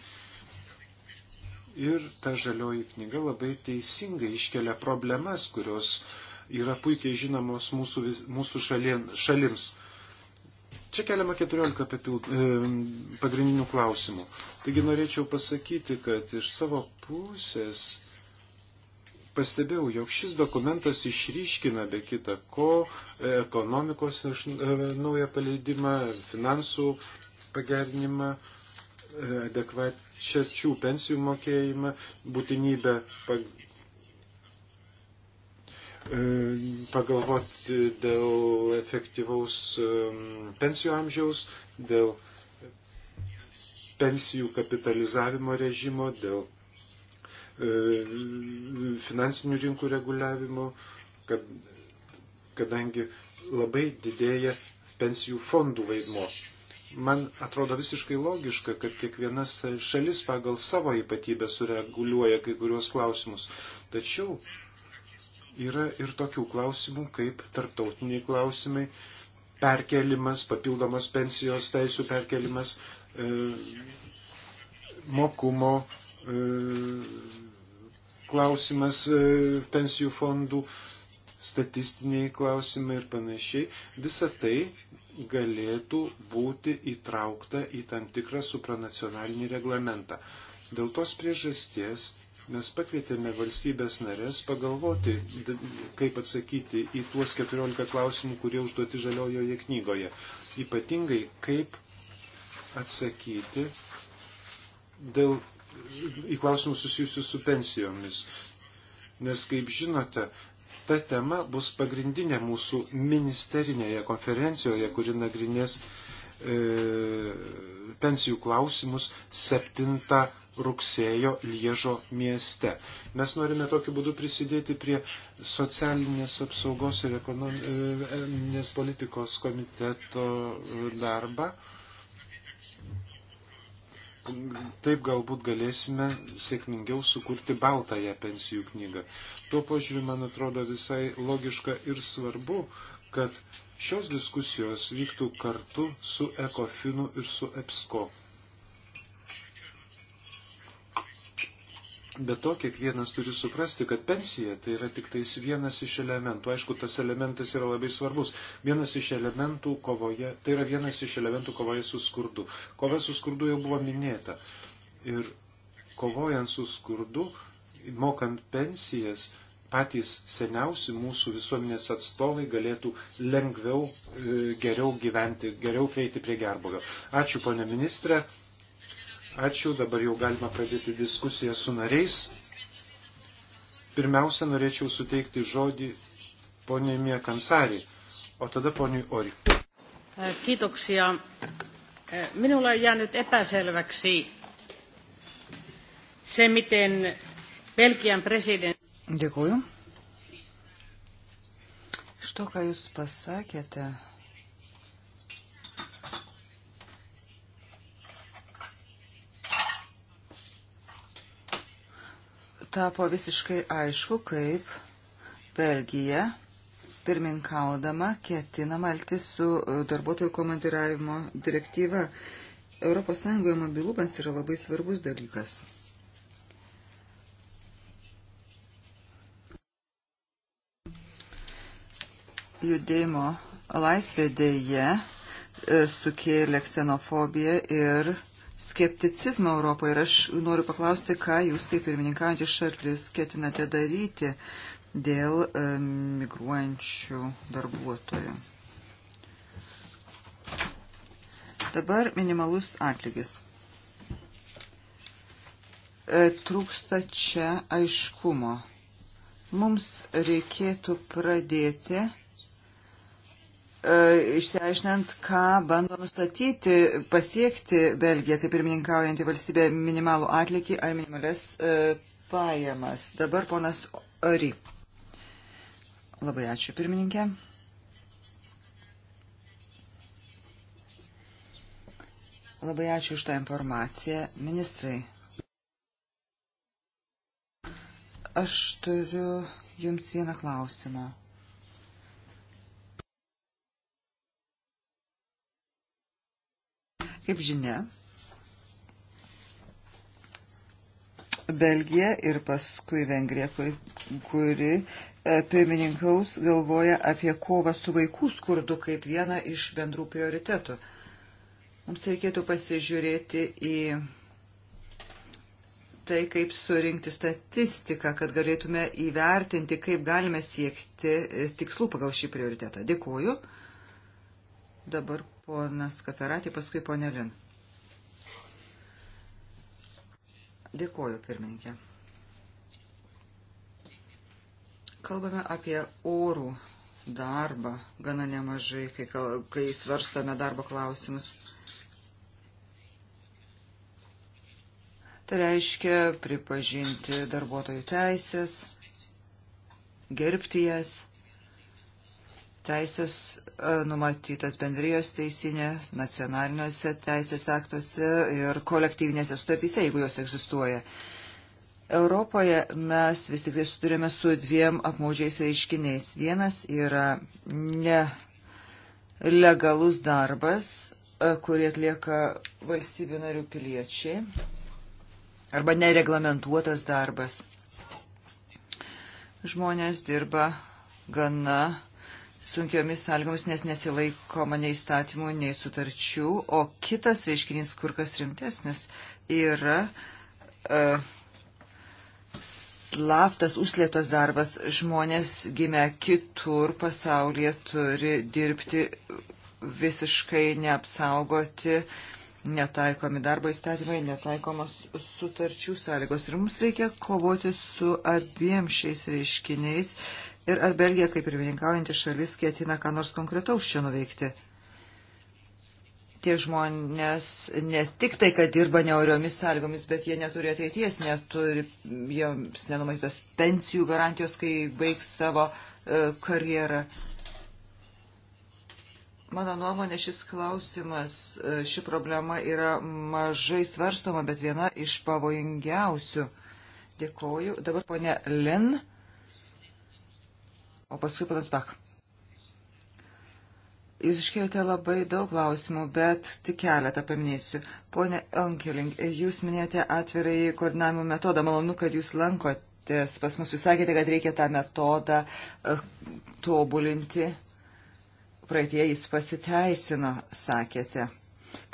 Ir ta žalioji knyga labai teisingai iškelia problemas, kurios yra puikiai žinomos mūsų, mūsų šalien, šalims. Čia keliama 14 papild, e, pagrindinių klausimų. Taigi norėčiau pasakyti, kad iš savo pusės pastebėjau, jog šis dokumentas išryškina be kita ko e, ekonomikos e, naują paleidimą, finansų pagerinimą, adekvačiačių pensijų mokėjimą, būtinybę pag... E, pagalvoti dėl efektyvaus pensijų amžiaus, dėl pensijų kapitalizavimo režimo, dėl e, finansinių rinkų reguliavimo, kad, kadangi labai didėja pensijų fondų vaidmo. Man atrodo visiškai logiška, kad kiekviena šalis pagal savo ypatybę sureguliuoja kai kuriuos klausimus. Tačiau yra ir tokių klausimų, kaip tarptautiniai klausimai, perkelimas, papildomos pensijos teisų perkelimas, e, mokumo e, klausimas e, pensijų fondų, statistiniai klausimai ir panašiai. Visa tai galėtų būti įtraukta į tam tikrą supranacionalinį reglamentą. Dėl tos priežasties mes pakvietėme valstybės narės pagalvoti, kaip atsakyti į tuos 14 klausimų, kurie užduoti žaliojoje knygoje. Ypatingai, kaip atsakyti dėl, į klausimus susijusius su pensijomis. Nes, kaip žinote, ta tema bus pagrindinė mūsų ministerinėje konferencijoje, kuri nagrinės e, pensijų klausimus 7 rugsėjo Liežo mieste. Mes norime tokiu būdu prisidėti prie socialinės apsaugos ir ekonominės e, e, politikos komiteto e, darbą. E, taip galbūt galėsime sėkmingiau sukurti baltąją pensijų knygą. Tuo požiūriu, man atrodo, visai logiška ir svarbu, kad šios diskusijos vyktų kartu su Ekofinu ir su EPSCO. Bet to kiekvienas turi suprasti, kad pensija tai yra tik tais vienas iš elementų. Aišku, tas elementas yra labai svarbus. Vienas iš elementų kovoje, tai yra vienas iš elementų kovoje su skurdu. Kova su skurdu jau buvo minėta. Ir kovojant su skurdu, mokant pensijas, patys seniausi mūsų visuomenės atstovai galėtų lengviau, e, geriau gyventi, geriau prieiti prie gerbogio. Ačiū, ponė ministrė. Ačiū, dabar jau galima pradėti diskusiją su nariais. Pirmiausia, norėčiau suteikti žodį poniai Miekansari, o tada poniai Ori. Äh, kiitoksia. Äh, minulle on jäänyt epäselväksi se, miten Belgian presidentti. Dėkuoju. Iš to, ką Jūs pasakėte, tapo visiškai aišku, kaip Belgija pirminkaudama ketina malti su darbuotojų komandiravimo direktyva. ES mobilumas yra labai svarbus dalykas. Judėjimo laisvė dėje e, sukėlė ksenofobiją ir skepticizmą Europoje. Ir aš noriu paklausti, ką jūs kaip pirmininkaujantys šalis ketinate daryti dėl migruojančių darbuotojų. Dabar minimalus atlygis. E, trūksta čia aiškumo. Mums reikėtų pradėti E, išsiaiškinant, ką bando nustatyti, pasiekti Belgija, kaip pirmininkaujantį valstybę, minimalų atlikį ar minimales e, pajamas. Dabar ponas Ori. Labai ačiū, pirmininkė. Labai ačiū už tą informaciją, ministrai. Aš turiu jums vieną klausimą. Kaip žinia, Belgija ir paskui Vengrija, kuri, kuri e, pirmininkaus galvoja apie kovą su vaikų skurdu kaip vieną iš bendrų prioritetų. Mums reikėtų pasižiūrėti į tai, kaip surinkti statistiką, kad galėtume įvertinti, kaip galime siekti e, tikslų pagal šį prioritetą. Dėkuoju. Dabar ponas Kaferatė, paskui ponė Lin. Dėkoju, pirmininkė. Kalbame apie orų darbą gana nemažai, kai, kai svarstame darbo klausimus. Tai reiškia pripažinti darbuotojų teisės, gerbti jas teisės e, numatytas bendrijos teisinė, nacionaliniuose teisės aktuose ir kolektyvinėse sutartyse, jeigu jos egzistuoja. Europoje mes vis tik tai suturime su dviem apmaudžiais reiškiniais. Vienas yra nelegalus darbas, e, kurį atlieka valstybių narių piliečiai, arba nereglamentuotas darbas. Žmonės dirba gana sunkiomis sąlygomis, nes nesilaikoma nei įstatymų, nei sutarčių, o kitas reiškinys kur kas rimtesnis yra uh, slaptas, užslėptas darbas. Žmonės gimę kitur pasaulyje turi dirbti visiškai neapsaugoti uh, netaikomi darbo įstatymai, netaikomos sutarčių sąlygos. Ir mums reikia kovoti su abiem šiais reiškiniais ir ar Belgija, kaip ir vieninkaujantį šalis, ketina ką nors konkretaus čia nuveikti. Tie žmonės ne tik tai, kad dirba neoriomis sąlygomis, bet jie neturi ateities, neturi, jiems nenumatytos pensijų garantijos, kai baigs savo e, karjerą. Mano nuomonė, šis klausimas, e, ši problema yra mažai svarstoma, bet viena iš pavojingiausių. Dėkoju. Dabar ponė Lin o paskui panas Bach. Jūs iškėlėte labai daug klausimų, bet tik keletą paminėsiu. Pone Onkeling, jūs minėjote atvirai koordinavimo metodą. Malonu, kad jūs lankotės pas mus. Jūs sakėte, kad reikia tą metodą eh, tobulinti. Praeitie jis pasiteisino, sakėte.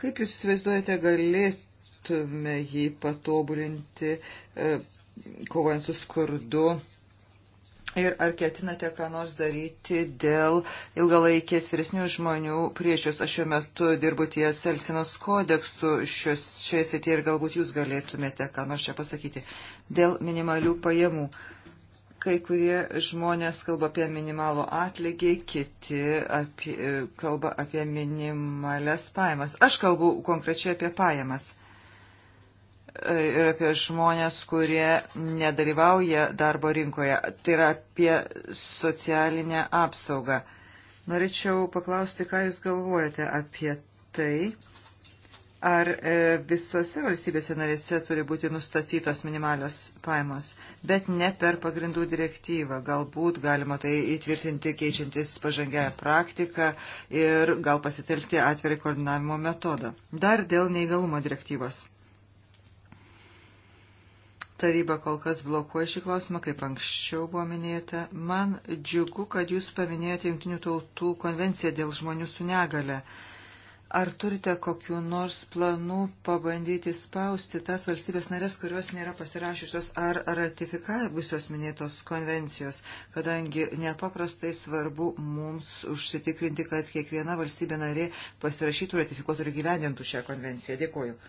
Kaip jūs įsivaizduojate, galėtume jį patobulinti, eh, kovojant su skurdu? Ir ar ketinate ką nors daryti dėl ilgalaikės vyresnių žmonių priešios? Aš šiuo metu dirbu ties Elsinos kodeksu šios, šioje srityje ir galbūt jūs galėtumėte ką nors čia pasakyti. Dėl minimalių pajamų. Kai kurie žmonės kalba apie minimalų atlygį, kiti apie, kalba apie minimales pajamas. Aš kalbu konkrečiai apie pajamas ir apie žmonės, kurie nedalyvauja darbo rinkoje. Tai yra apie socialinę apsaugą. Norėčiau paklausti, ką Jūs galvojate apie tai. Ar e, visose valstybėse narėse turi būti nustatytos minimalios paimos, bet ne per pagrindų direktyvą. Galbūt galima tai įtvirtinti keičiantis pažangiają praktiką ir gal pasitelkti atvirai koordinavimo metodą. Dar dėl neįgalumo direktyvos. Taryba kol kas blokuoja šį klausimą, kaip anksčiau buvo minėta. Man džiugu, kad jūs paminėjote Junktinių tautų konvenciją dėl žmonių su negale. Ar turite kokiu nors planų pabandyti spausti tas valstybės narės, kurios nėra pasirašiusios ar ratifikavusios minėtos konvencijos, kadangi nepaprastai svarbu mums užsitikrinti, kad kiekviena valstybė narė pasirašytų, ratifikuotų ir gyvendintų šią konvenciją. Dėkuoju.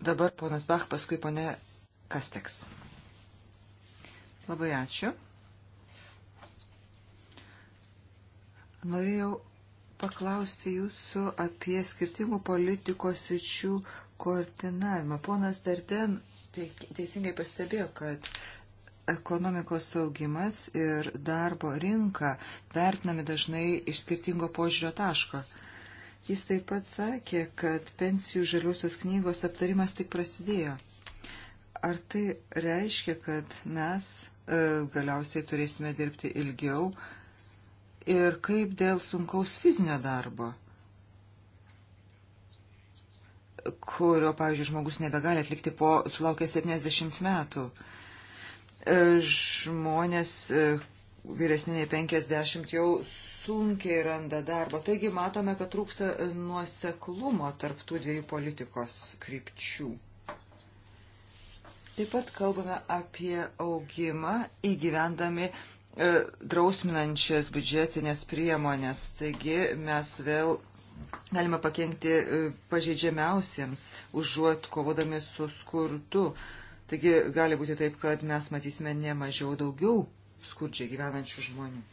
Dabar ponas Bach, paskui ponė Kasteks. Labai ačiū. Norėjau paklausti jūsų apie skirtingų politikos ryčių koordinavimą. Ponas Darden teisingai pastebėjo, kad ekonomikos augimas ir darbo rinka vertinami dažnai iš skirtingo požiūrio taško. Jis taip pat sakė, kad pensijų žaliosios knygos aptarimas tik prasidėjo. Ar tai reiškia, kad mes e, galiausiai turėsime dirbti ilgiau ir kaip dėl sunkaus fizinio darbo? kurio, pavyzdžiui, žmogus nebegali atlikti po sulaukę 70 metų. E, žmonės e, vyresniniai 50 jau sunkiai randa darbo. Taigi matome, kad trūksta nuoseklumo tarptų dviejų politikos krypčių. Taip pat kalbame apie augimą įgyvendami e, drausminančias biudžetinės priemonės. Taigi mes vėl galime pakengti e, pažeidžiamiausiems, užuot kovodami su skurdu. Taigi gali būti taip, kad mes matysime ne mažiau daugiau skurdžiai gyvenančių žmonių.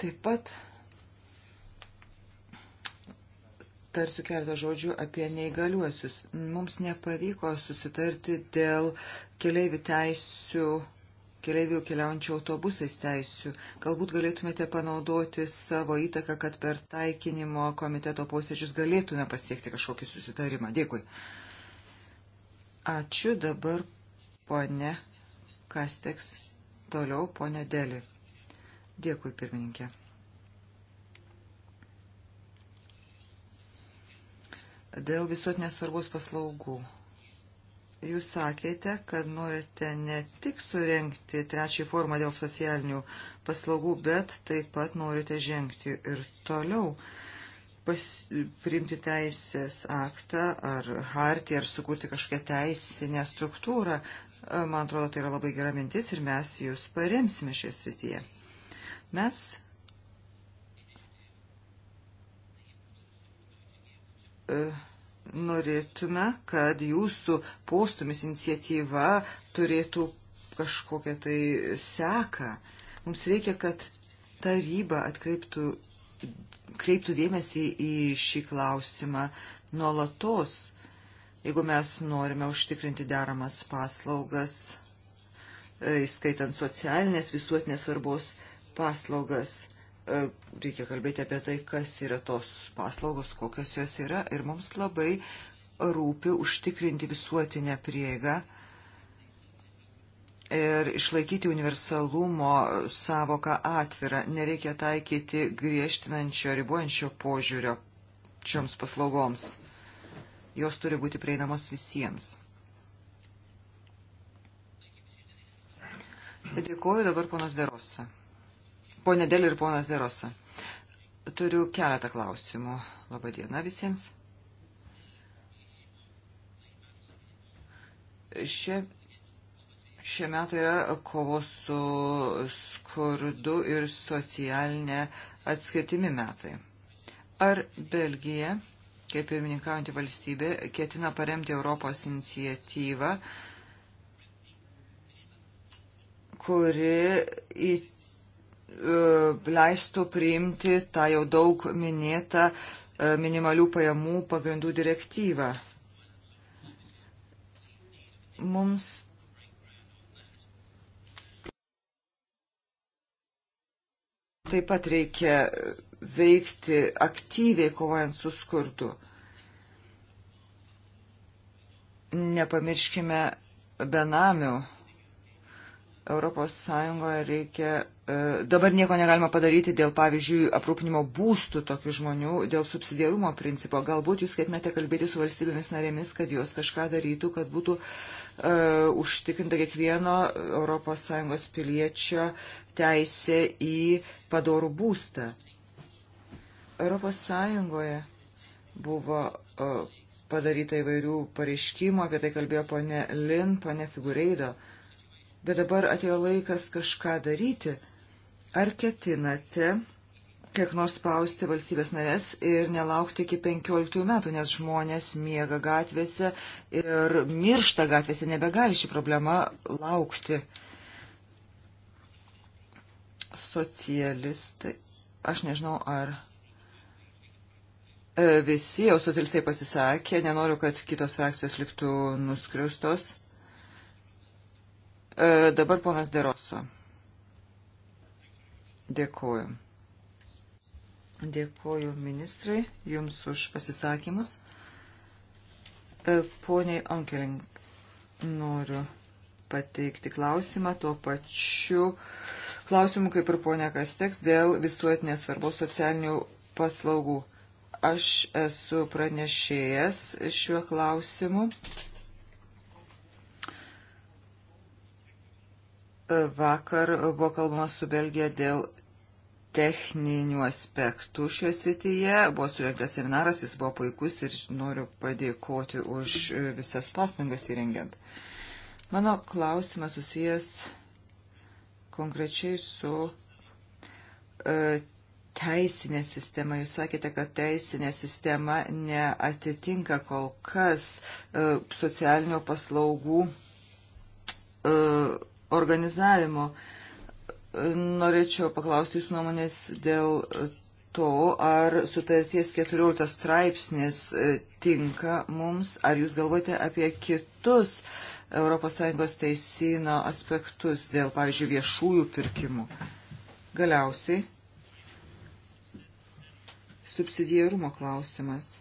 Taip pat tarsiu keletą žodžių apie neįgaliuosius. Mums nepavyko susitarti dėl keliaivių teisių, keliaivių keliaujančių autobusais teisių. Galbūt galėtumėte panaudoti savo įtaką, kad per taikinimo komiteto posėdžius galėtume pasiekti kažkokį susitarimą. Dėkui. Ačiū dabar, ponė Kasteks. Toliau, ponė Deli. Dėkui, pirmininkė. Dėl visuotinės svarbos paslaugų. Jūs sakėte, kad norite ne tik surenkti trečią formą dėl socialinių paslaugų, bet taip pat norite žengti ir toliau pas, priimti teisės aktą ar hartį ar sukurti kažkokią teisinę struktūrą. Man atrodo, tai yra labai gera mintis ir mes jūs paremsime šioje srityje. Mes e, norėtume, kad jūsų postumis iniciatyva turėtų kažkokią tai seką. Mums reikia, kad taryba atkreiptų kreiptų dėmesį į šį klausimą nuolatos, jeigu mes norime užtikrinti deramas paslaugas, e, įskaitant socialinės visuotinės svarbos paslaugas paslaugas. E, reikia kalbėti apie tai, kas yra tos paslaugos, kokios jos yra. Ir mums labai rūpi užtikrinti visuotinę prieigą ir išlaikyti universalumo savoką atvirą. Nereikia taikyti griežtinančio, ribuojančio požiūrio šioms paslaugoms. Jos turi būti prieinamos visiems. Dėkuoju dabar ponas Derosa. Pone Dėl ir ponas Derosa. Turiu keletą klausimų. Labadiena visiems. Šie, šie metai yra kovos su skurdu ir socialinė atskirtimi metai. Ar Belgija, kaip pirmininkaujantį valstybė, ketina paremti Europos iniciatyvą, kuri į E, leistų priimti tą jau daug minėtą e, minimalių pajamų pagrindų direktyvą. Mums taip pat reikia veikti aktyviai kovojant su skurdu. Nepamirškime benamių. Europos Sąjungoje reikia E, dabar nieko negalima padaryti dėl, pavyzdžiui, aprūpinimo būstų tokių žmonių, dėl subsidiarumo principo. Galbūt jūs ketinate kalbėti su valstybėmis narėmis, kad jos kažką darytų, kad būtų uh, užtikrinta kiekvieno ES piliečio teisė į padorų būstą. ES buvo uh, padaryta įvairių pareiškimų, apie tai kalbėjo ponė Lin, ponė Figureido. Bet dabar atėjo laikas kažką daryti Ar ketinate kiek nors spausti valstybės narės ir nelaukti iki 15 metų, nes žmonės miega gatvėse ir miršta gatvėse, nebegali ši problema laukti. Socialistai, aš nežinau, ar e, visi jau socialistai pasisakė, nenoriu, kad kitos frakcijos liktų nuskriustos. E, dabar ponas Deroso. Dėkuoju. Dėkuoju ministrai Jums už pasisakymus. E, poniai Onkeling, noriu pateikti klausimą tuo pačiu klausimu, kaip ir ponia Kasteks, dėl visuotinės svarbos socialinių paslaugų. Aš esu pranešėjęs šiuo klausimu. E, vakar buvo kalbama su Belgija dėl techninių aspektų šioje srityje. Buvo surinktas seminaras, jis buvo puikus ir noriu padėkoti už e, visas pastangas įrengiant. Mano klausimas susijęs konkrečiai su e, teisinė sistema. Jūs sakėte, kad teisinė sistema neatitinka kol kas e, socialinio paslaugų e, organizavimo. E, norėčiau paklausti jūsų nuomonės dėl to, ar sutarties 14 straipsnis e, tinka mums, ar jūs galvojate apie kitus ES teisino aspektus dėl, pavyzdžiui, viešųjų pirkimų. Galiausiai subsidijarumo klausimas.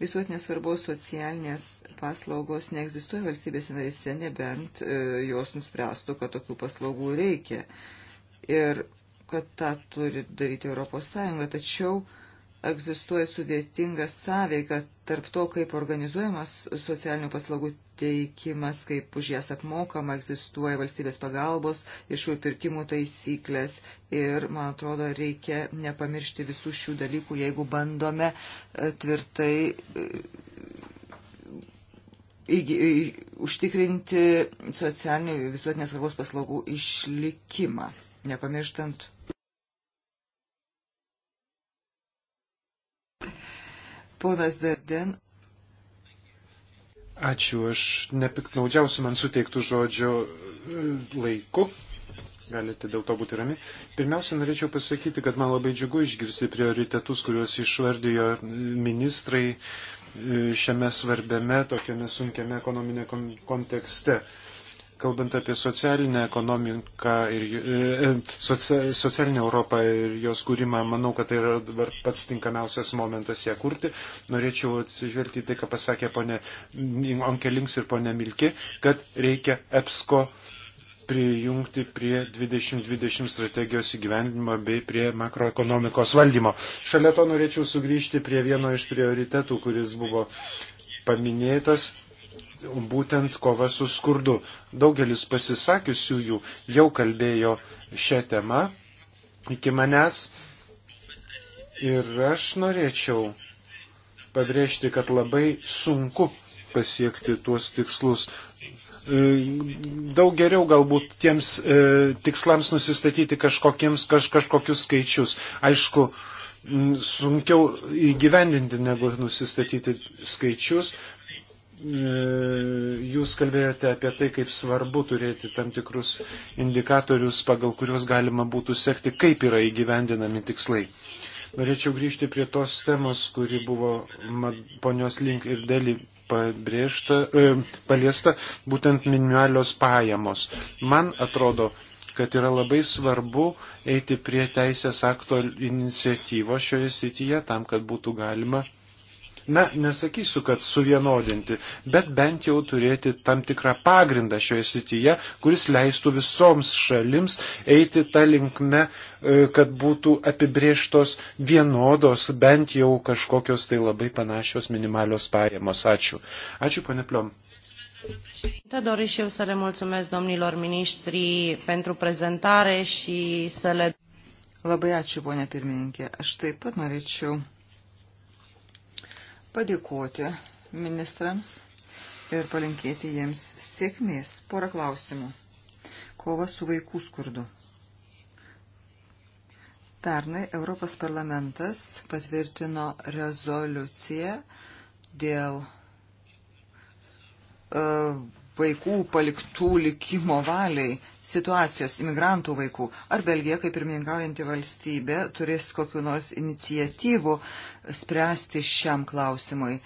Visuotinės svarbos socialinės paslaugos neegzistuoja valstybės narėse, nebent e, jos nuspręstų, kad tokių paslaugų reikia ir kad tą turi daryti ES. Tačiau egzistuoja sudėtinga sąveika tarp to, kaip organizuojamas socialinių paslaugų teikimas, kaip už jas apmokama, egzistuoja valstybės pagalbos, viešųjų pirkimų taisyklės ir, man atrodo, reikia nepamiršti visų šių dalykų, jeigu bandome e, tvirtai e, užtikrinti socialinių visuotinės svarbos paslaugų išlikimą, nepamirštant Ponas Darden. Ačiū, aš nepiknaudžiausiu man suteiktų žodžio e, laiku. Galite dėl to būti rami. Pirmiausia, norėčiau pasakyti, kad man labai džiugu išgirsti prioritetus, kuriuos išvardijo ministrai e, šiame svarbiame, tokiame sunkiame ekonominė kontekste. Kalbant apie socialinę ekonomiką ir e, e, socia, socialinę Europą ir jos kūrimą, manau, kad tai yra dabar pats tinkamiausias momentas ją kurti. Norėčiau atsižvelgti tai, ką pasakė ponė Ankelings ir ponė Milki, kad reikia EPSCO prijungti prie 2020 strategijos įgyvendinimo bei prie makroekonomikos valdymo. Šalia to norėčiau sugrįžti prie vieno iš prioritetų, kuris buvo paminėtas būtent kova su skurdu. Daugelis pasisakiusiųjų jau kalbėjo šią temą iki manęs ir aš norėčiau pabrėžti, kad labai sunku pasiekti tuos tikslus. E, daug geriau galbūt tiems e, tikslams nusistatyti kažkokiems, kaž, kažkokius skaičius. Aišku, sunkiau įgyvendinti negu nusistatyti skaičius, E, jūs kalbėjote apie tai, kaip svarbu turėti tam tikrus indikatorius, pagal kuriuos galima būtų sekti, kaip yra įgyvendinami tikslai. Norėčiau grįžti prie tos temos, kuri buvo ponios Link ir Deli pabrėžta, e, paliesta, būtent minimalios pajamos. Man atrodo, kad yra labai svarbu eiti prie teisės akto iniciatyvos šioje srityje tam, kad būtų galima na, nesakysiu, kad suvienodinti, bet bent jau turėti tam tikrą pagrindą šioje srityje, kuris leistų visoms šalims eiti tą linkmę, e, kad būtų apibrieštos vienodos bent jau kažkokios tai labai panašios minimalios pajamos. Ačiū. Ačiū, pane Pliom. Doresc și eu să le mulțumesc domnilor miniștri pentru prezentare și să le... Labai ačiū, ponė pirmininkė. Aš taip pat norėčiau padėkoti ministrams ir palinkėti jiems sėkmės. Porą klausimų. Kova su vaikų skurdu. Pernai Europos parlamentas patvirtino rezoliuciją dėl uh, vaikų paliktų likimo valiai situacijos imigrantų vaikų. Ar Belgija, kaip pirmininkaujanti valstybė, turės kokiu nors iniciatyvų spręsti šiam klausimui?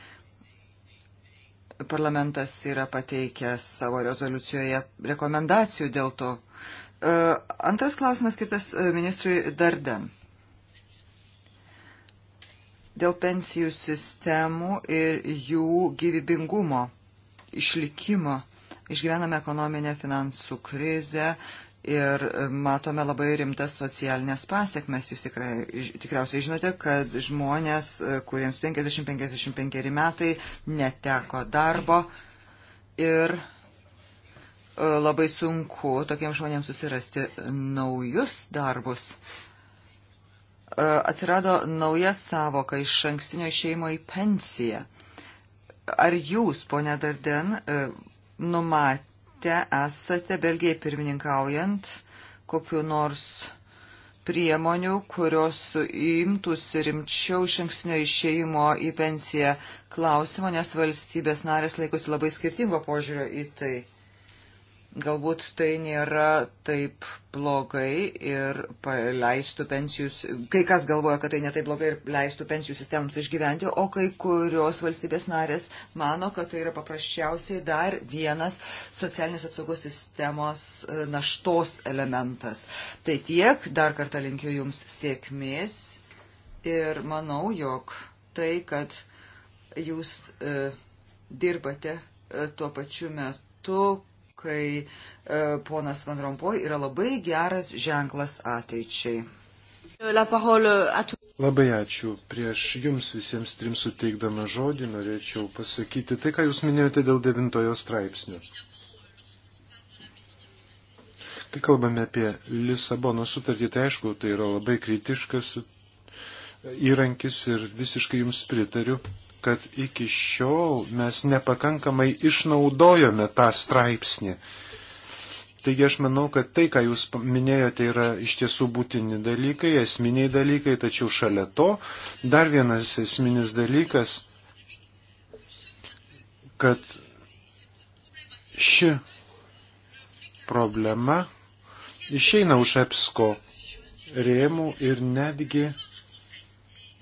Parlamentas yra pateikęs savo rezoliucijoje rekomendacijų dėl to. E, antras klausimas skirtas e, ministrui Darden dėl pensijų sistemų ir jų gyvybingumo, išlikimo. Išgyvename ekonominę finansų krizę ir matome labai rimtas socialinės pasiekmes. Jūs tikrai, tikriausiai žinote, kad žmonės, e, kuriems 50-55 metai neteko darbo ir e, labai sunku tokiems žmonėms susirasti naujus darbus. E, atsirado nauja savoka iš ankstinio išeimo į pensiją. Ar jūs, ponė Darden, numatę esate Belgijai pirmininkaujant kokiu nors priemonių, kurios imtųsi rimčiau iš anksnio išėjimo į pensiją klausimo, nes valstybės narės laikosi labai skirtingo požiūrio į tai galbūt tai nėra taip blogai ir leistų pensijus, kai kas galvoja, kad tai netaip blogai ir leistų pensijų sistemams išgyventi, o kai kurios valstybės narės mano, kad tai yra paprasčiausiai dar vienas socialinės apsaugos sistemos e, naštos elementas. Tai tiek, dar kartą linkiu Jums sėkmės ir manau, jog tai, kad Jūs e, dirbate e, tuo pačiu metu, kai e, ponas Van Rompoj yra labai geras ženklas ateičiai. Labai ačiū. Prieš jums visiems trims suteikdama žodį norėčiau pasakyti tai, ką jūs minėjote dėl devintojo straipsnio. Kai kalbame apie Lisabono sutartį, tai aišku, tai yra labai kritiškas įrankis ir visiškai jums pritariu kad iki šiol mes nepakankamai išnaudojome tą straipsnį. Taigi aš manau, kad tai, ką jūs minėjote, yra iš tiesų būtini dalykai, esminiai dalykai, tačiau šalia to dar vienas esminis dalykas, kad ši problema išeina už EPSCO rėmų ir netgi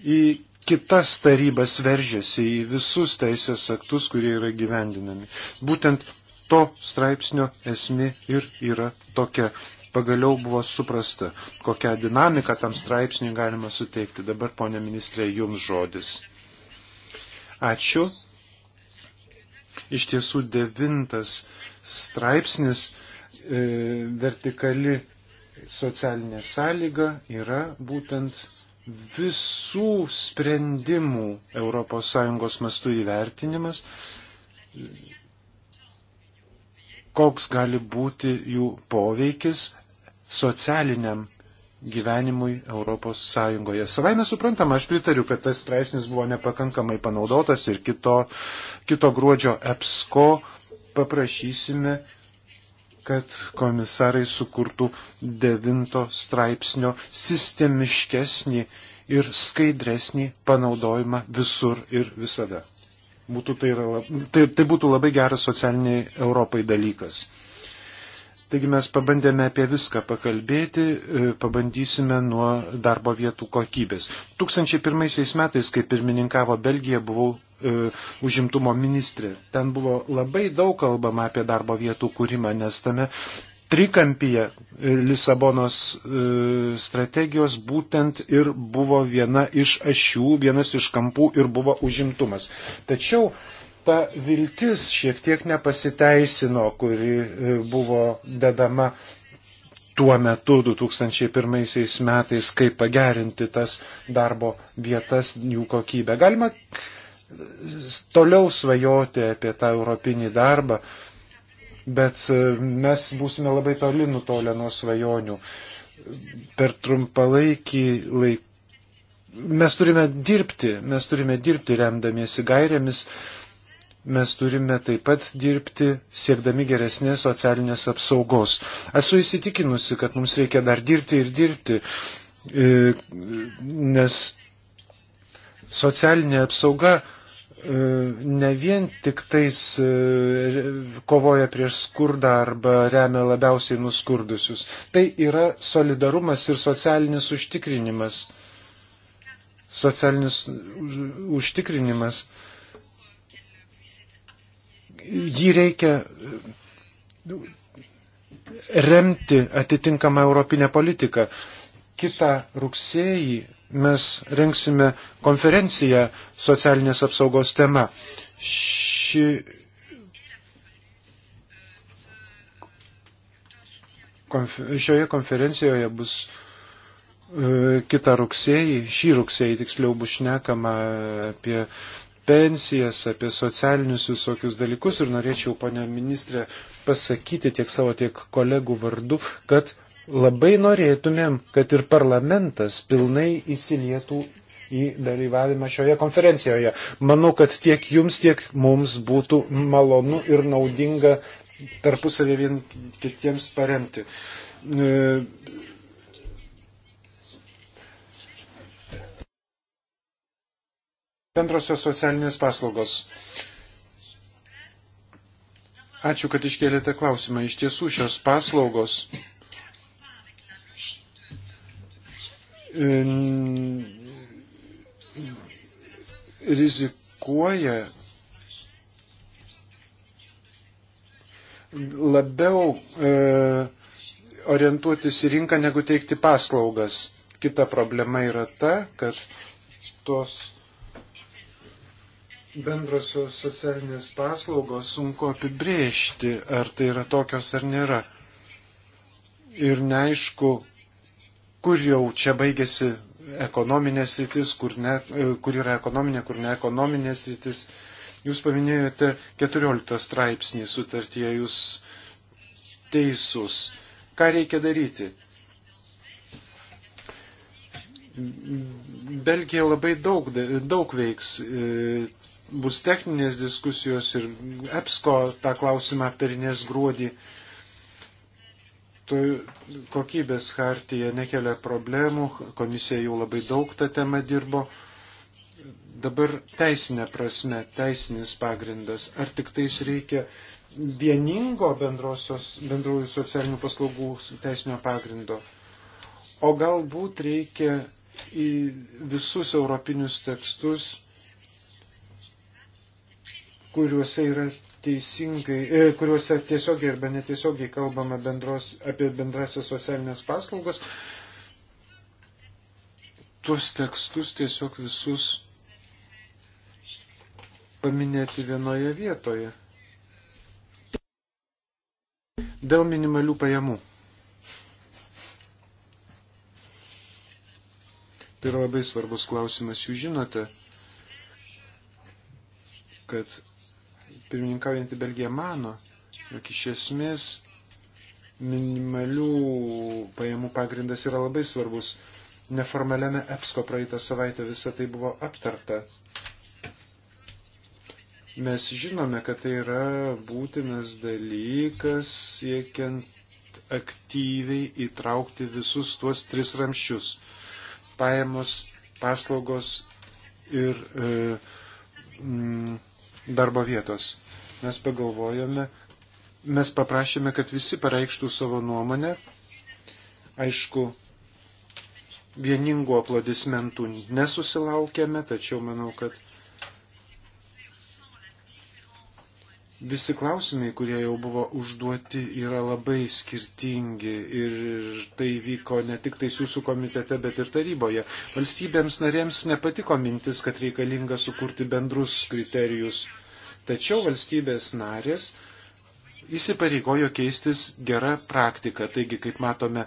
į kitas tarybas veržiasi į visus teisės aktus, kurie yra gyvendinami. Būtent to straipsnio esmė ir yra tokia. Pagaliau buvo suprasta, kokią dinamiką tam straipsniui galima suteikti. Dabar, ponė ministrė, jums žodis. Ačiū. Iš tiesų, devintas straipsnis e, vertikali socialinė sąlyga yra būtent visų sprendimų ES mastų įvertinimas, koks gali būti jų poveikis socialiniam gyvenimui Europos Sąjungoje. Savai mes suprantama, aš pritariu, kad tas straipsnis buvo nepakankamai panaudotas ir kito, kito gruodžio EPSCO paprašysime kad komisarai sukurtų devinto straipsnio sistemiškesnį ir skaidresnį panaudojimą visur ir visada. Būtų tai, yra, tai, tai būtų labai geras socialiniai Europai dalykas. Taigi mes pabandėme apie viską pakalbėti, e, pabandysime nuo darbo vietų kokybės. 2001 metais, kai pirmininkavo Belgija, buvau E, užimtumo ministrė. Ten buvo labai daug kalbama apie darbo vietų kūrimą, nes tame trikampyje e, Lisabonos e, strategijos būtent ir buvo viena iš ašių, vienas iš kampų ir buvo užimtumas. Tačiau ta viltis šiek tiek nepasiteisino, kuri buvo dedama tuo metu 2001 metais, kaip pagerinti tas darbo vietas, jų kokybę. Galima toliau svajoti apie tą europinį darbą, bet e, mes būsime labai toli nutolę nuo svajonių. Per trumpalaikį laiką mes turime dirbti, mes turime dirbti remdamiesi gairėmis, mes turime taip pat dirbti siekdami geresnės socialinės apsaugos. Esu įsitikinusi, kad mums reikia dar dirbti ir dirbti, e, nes socialinė apsauga E, ne vien tik tais e, kovoja prieš skurdą arba remia labiausiai nuskurdusius. Tai yra solidarumas ir socialinis užtikrinimas. Socialinis užtikrinimas. Jį reikia remti atitinkamą europinę politiką. Kita rugsėjį mes renksime konferenciją socialinės apsaugos tema. Ši konf šioje konferencijoje bus e, kitą rugsėjį, šį rugsėjį tiksliau bus šnekama apie pensijas, apie socialinius visokius dalykus ir norėčiau, ponė ministrė, pasakyti tiek savo, tiek kolegų vardu, kad Labai norėtumėm, kad ir parlamentas pilnai įsilietų į dalyvavimą šioje konferencijoje. Manau, kad tiek jums, tiek mums būtų malonu ir naudinga tarpusavį vien kitiems paremti. E, Bendrosios socialinės paslaugos. Ačiū, kad iškėlėte klausimą. Iš tiesų šios paslaugos rizikuoja labiau e, orientuotis į rinką negu teikti paslaugas. Kita problema yra ta, kad tos bendrosios socialinės paslaugos sunku apibriežti, ar tai yra tokios ar nėra. Ir neaišku, kur jau čia baigėsi ekonominės rytis, kur, ne, e, kur yra ekonominė, kur ne ekonominės rytis. Jūs paminėjote 14 straipsnį sutartyje, jūs teisūs. Ką reikia daryti? Belgija labai daug, daug veiks. E, bus techninės diskusijos ir EPSCO tą klausimą aptarinės gruodį to, tai kokybės hartija nekelia problemų, komisija jau labai daug tą temą dirbo. Dabar teisinė prasme, teisinis pagrindas, ar tik tais reikia vieningo bendrųjų socialinių paslaugų teisinio pagrindo, o galbūt reikia į visus europinius tekstus kuriuose yra teisingai, e, kuriuose tiesiogiai arba netiesiogiai kalbame bendros, apie bendrasias socialinės paslaugas, tuos tekstus tiesiog visus paminėti vienoje vietoje. Dėl minimalių pajamų. Tai yra labai svarbus klausimas, jūs žinote, kad pirmininkaujantį Belgiją mano, jog iš esmės minimalių pajamų pagrindas yra labai svarbus. Neformaliame EPSCO praeitą savaitę visą tai buvo aptarta. Mes žinome, kad tai yra būtinas dalykas siekiant aktyviai įtraukti visus tuos tris ramščius - pajamos, paslaugos ir e, mm, darbo vietos. Mes pagalvojome, mes paprašėme, kad visi pareikštų savo nuomonę. Aišku, vieningų aplodismentų nesusilaukėme, tačiau manau, kad Visi klausimai, kurie jau buvo užduoti, yra labai skirtingi ir tai vyko ne tik tais jūsų komitete, bet ir taryboje. Valstybėms narėms nepatiko mintis, kad reikalinga sukurti bendrus kriterijus. Tačiau valstybės narės įsipareigojo keistis gerą praktiką. Taigi, kaip matome,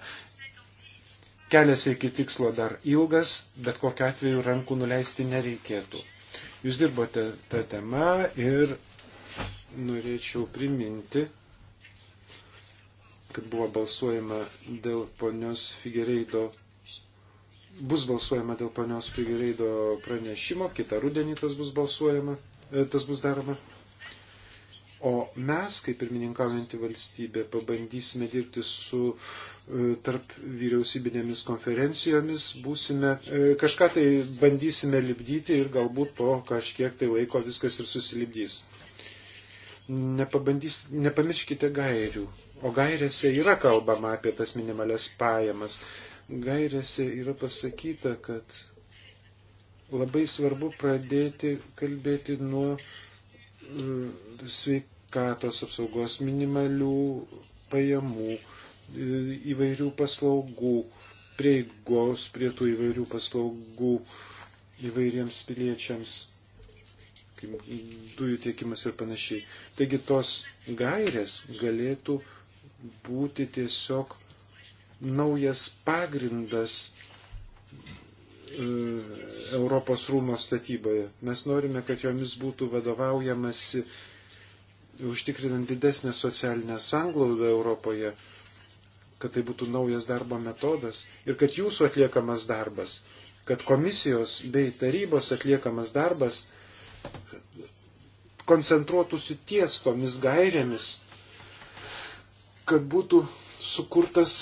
kelias iki tikslo dar ilgas, bet kokiu atveju rankų nuleisti nereikėtų. Jūs dirbote tą temą ir norėčiau priminti, kad buvo balsuojama dėl ponios Figereido, bus balsuojama dėl ponios Figereido pranešimo, kitą rudenį tas bus balsuojama, e, tas bus daroma. O mes, kaip pirmininkaujantį valstybę, pabandysime dirbti su e, tarp vyriausybinėmis konferencijomis, būsime, e, kažką tai bandysime libdyti ir galbūt to kažkiek tai laiko viskas ir susilibdys nepamirškite gairių. O gairėse yra kalbama apie tas minimales pajamas. Gairėse yra pasakyta, kad labai svarbu pradėti kalbėti nuo mm, sveikatos apsaugos minimalių pajamų, e, įvairių paslaugų, prieigos prie tų įvairių paslaugų įvairiems piliečiams dujų tiekimas ir panašiai. Taigi tos gairės galėtų būti tiesiog naujas pagrindas e, Europos rūmo statyboje. Mes norime, kad jomis būtų vadovaujamasi užtikrinant didesnę socialinę sanglaudą Europoje, kad tai būtų naujas darbo metodas ir kad jūsų atliekamas darbas, kad komisijos bei tarybos atliekamas darbas koncentruotųsi ties tomis gairėmis, kad būtų sukurtas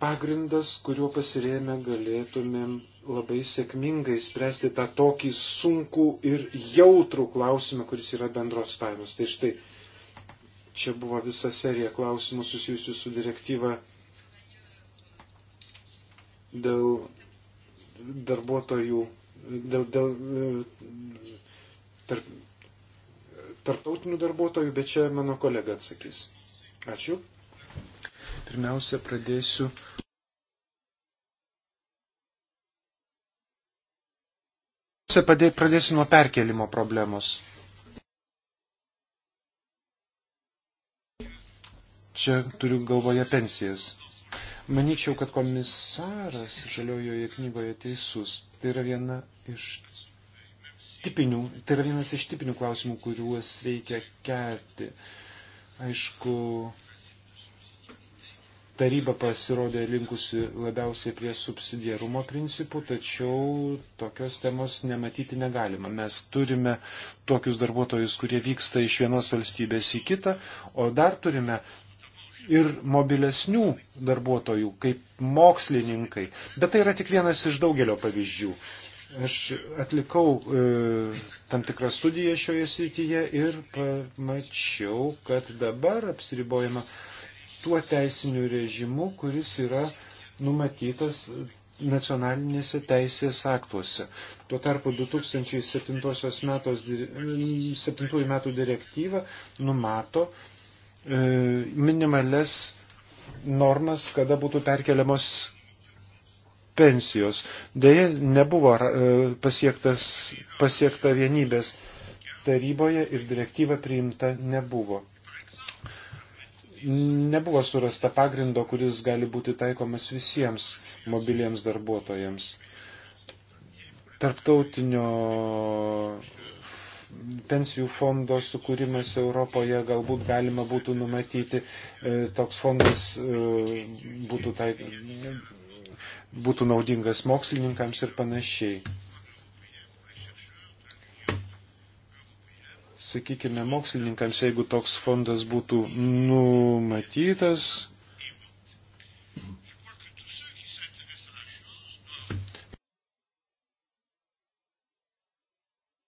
pagrindas, kuriuo pasirėmę galėtumėm labai sėkmingai spręsti tą tokį sunkų ir jautrų klausimą, kuris yra bendros pajamos. Tai štai čia buvo visa serija klausimų susijusių su direktyva dėl darbuotojų, dėl, dėl e, tarp, tarptautinių darbuotojų, bet čia mano kolega atsakys. Ačiū. Pirmiausia, pradėsiu. Pirmiausia, pradėsiu nuo perkelimo problemos. Čia turiu galvoje pensijas. Manyčiau, kad komisaras žaliojoje knygoje teisus. Tai yra viena iš tipinių, tai yra vienas iš tipinių klausimų, kuriuos reikia kelti. Aišku, taryba pasirodė linkusi labiausiai prie subsidiarumo principų, tačiau tokios temos nematyti negalima. Mes turime tokius darbuotojus, kurie vyksta iš vienos valstybės į kitą, o dar turime ir mobilesnių darbuotojų, kaip mokslininkai. Bet tai yra tik vienas iš daugelio pavyzdžių. Aš atlikau e, tam tikrą studiją šioje srityje ir pamačiau, kad dabar apsiribojama tuo teisiniu režimu, kuris yra numatytas nacionalinėse teisės aktuose. Tuo tarpu 2007 metos, 7 metų direktyva numato e, minimales normas, kada būtų perkeliamos pensijos. Deja, nebuvo e, pasiektas, pasiekta vienybės taryboje ir direktyva priimta nebuvo. Nebuvo surasta pagrindo, kuris gali būti taikomas visiems mobiliems darbuotojams. Tarptautinio pensijų fondo sukūrimas Europoje galbūt galima būtų numatyti, e, toks fondas e, būtų taikomas būtų naudingas mokslininkams ir panašiai. Sakykime, mokslininkams, jeigu toks fondas būtų numatytas,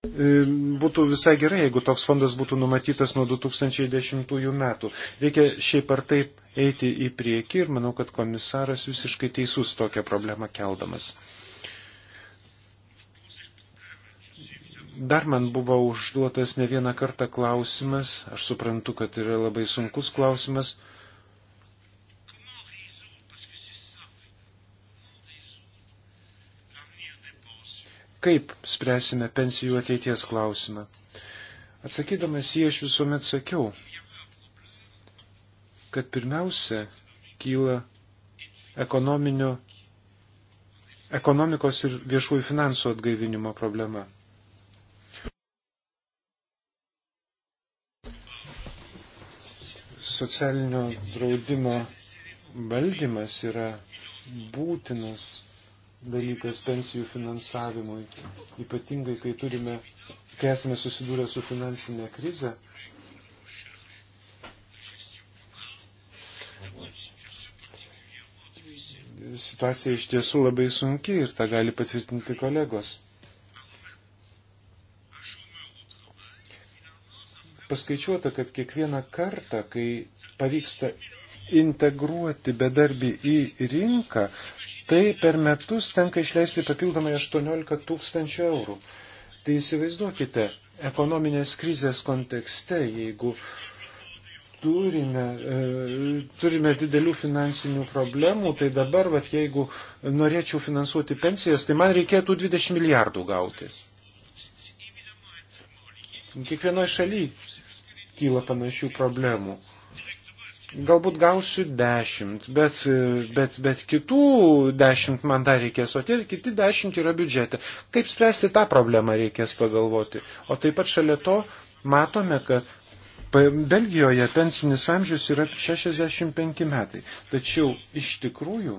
e, būtų visai gerai, jeigu toks fondas būtų numatytas nuo 2010 metų. Reikia šiaip ar taip eiti į priekį ir manau, kad komisaras visiškai teisus tokią problemą keldamas. Dar man buvo užduotas ne vieną kartą klausimas, aš suprantu, kad yra labai sunkus klausimas. Kaip spręsime pensijų ateities klausimą? Atsakydamas jį aš visuomet sakiau, kad pirmiausia kyla ekonominio, ekonomikos ir viešųjų finansų atgaivinimo problema. Socialinio draudimo valdymas yra būtinas dalykas pensijų finansavimui, ypatingai kai turime, kai esame susidūrę su finansinė krize situacija iš tiesų labai sunki ir tą gali patvirtinti kolegos. Paskaičiuota, kad kiekvieną kartą, kai pavyksta integruoti bedarbį į rinką, tai per metus tenka išleisti papildomai 18 tūkstančių eurų. Tai įsivaizduokite, ekonominės krizės kontekste, jeigu uh, turime, e, turime didelių finansinių problemų, tai dabar, vat, jeigu norėčiau finansuoti pensijas, tai man reikėtų 20 milijardų gauti. Kiekvienoje šalyje kyla panašių problemų. Galbūt gausiu 10, bet, bet, bet kitų 10 man dar reikės, o tie kiti 10 yra biudžete. Kaip spręsti tą problemą reikės pagalvoti. O taip pat šalia to matome, kad Belgijoje pensinis amžius yra 65 metai. Tačiau iš tikrųjų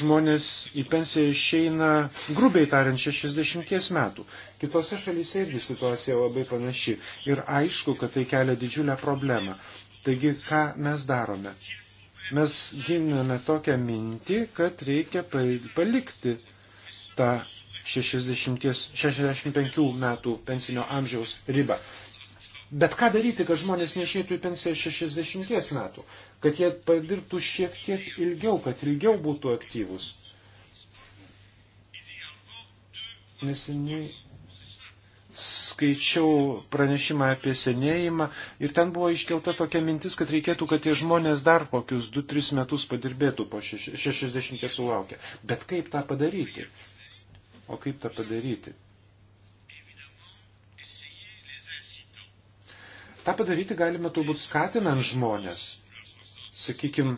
žmonės į pensiją išeina, grubiai tariant, 60 metų. Kitose šalyse irgi situacija labai panaši. Ir aišku, kad tai kelia didžiulę problemą. Taigi, ką mes darome? Mes giname tokią mintį, kad reikia palikti tą 60, 65 metų pensinio amžiaus ribą. Bet ką daryti, kad žmonės neišėtų į pensiją 60 metų, kad jie padirbtų šiek tiek ilgiau, kad ilgiau būtų aktyvus. Neseniai skaičiau pranešimą apie senėjimą ir ten buvo iškelta tokia mintis, kad reikėtų, kad tie žmonės dar kokius 2-3 metus padirbėtų po 60 sulaukę. Bet kaip tą padaryti? O kaip tą padaryti? Ta padaryti galime turbūt skatinant žmonės, sakykime,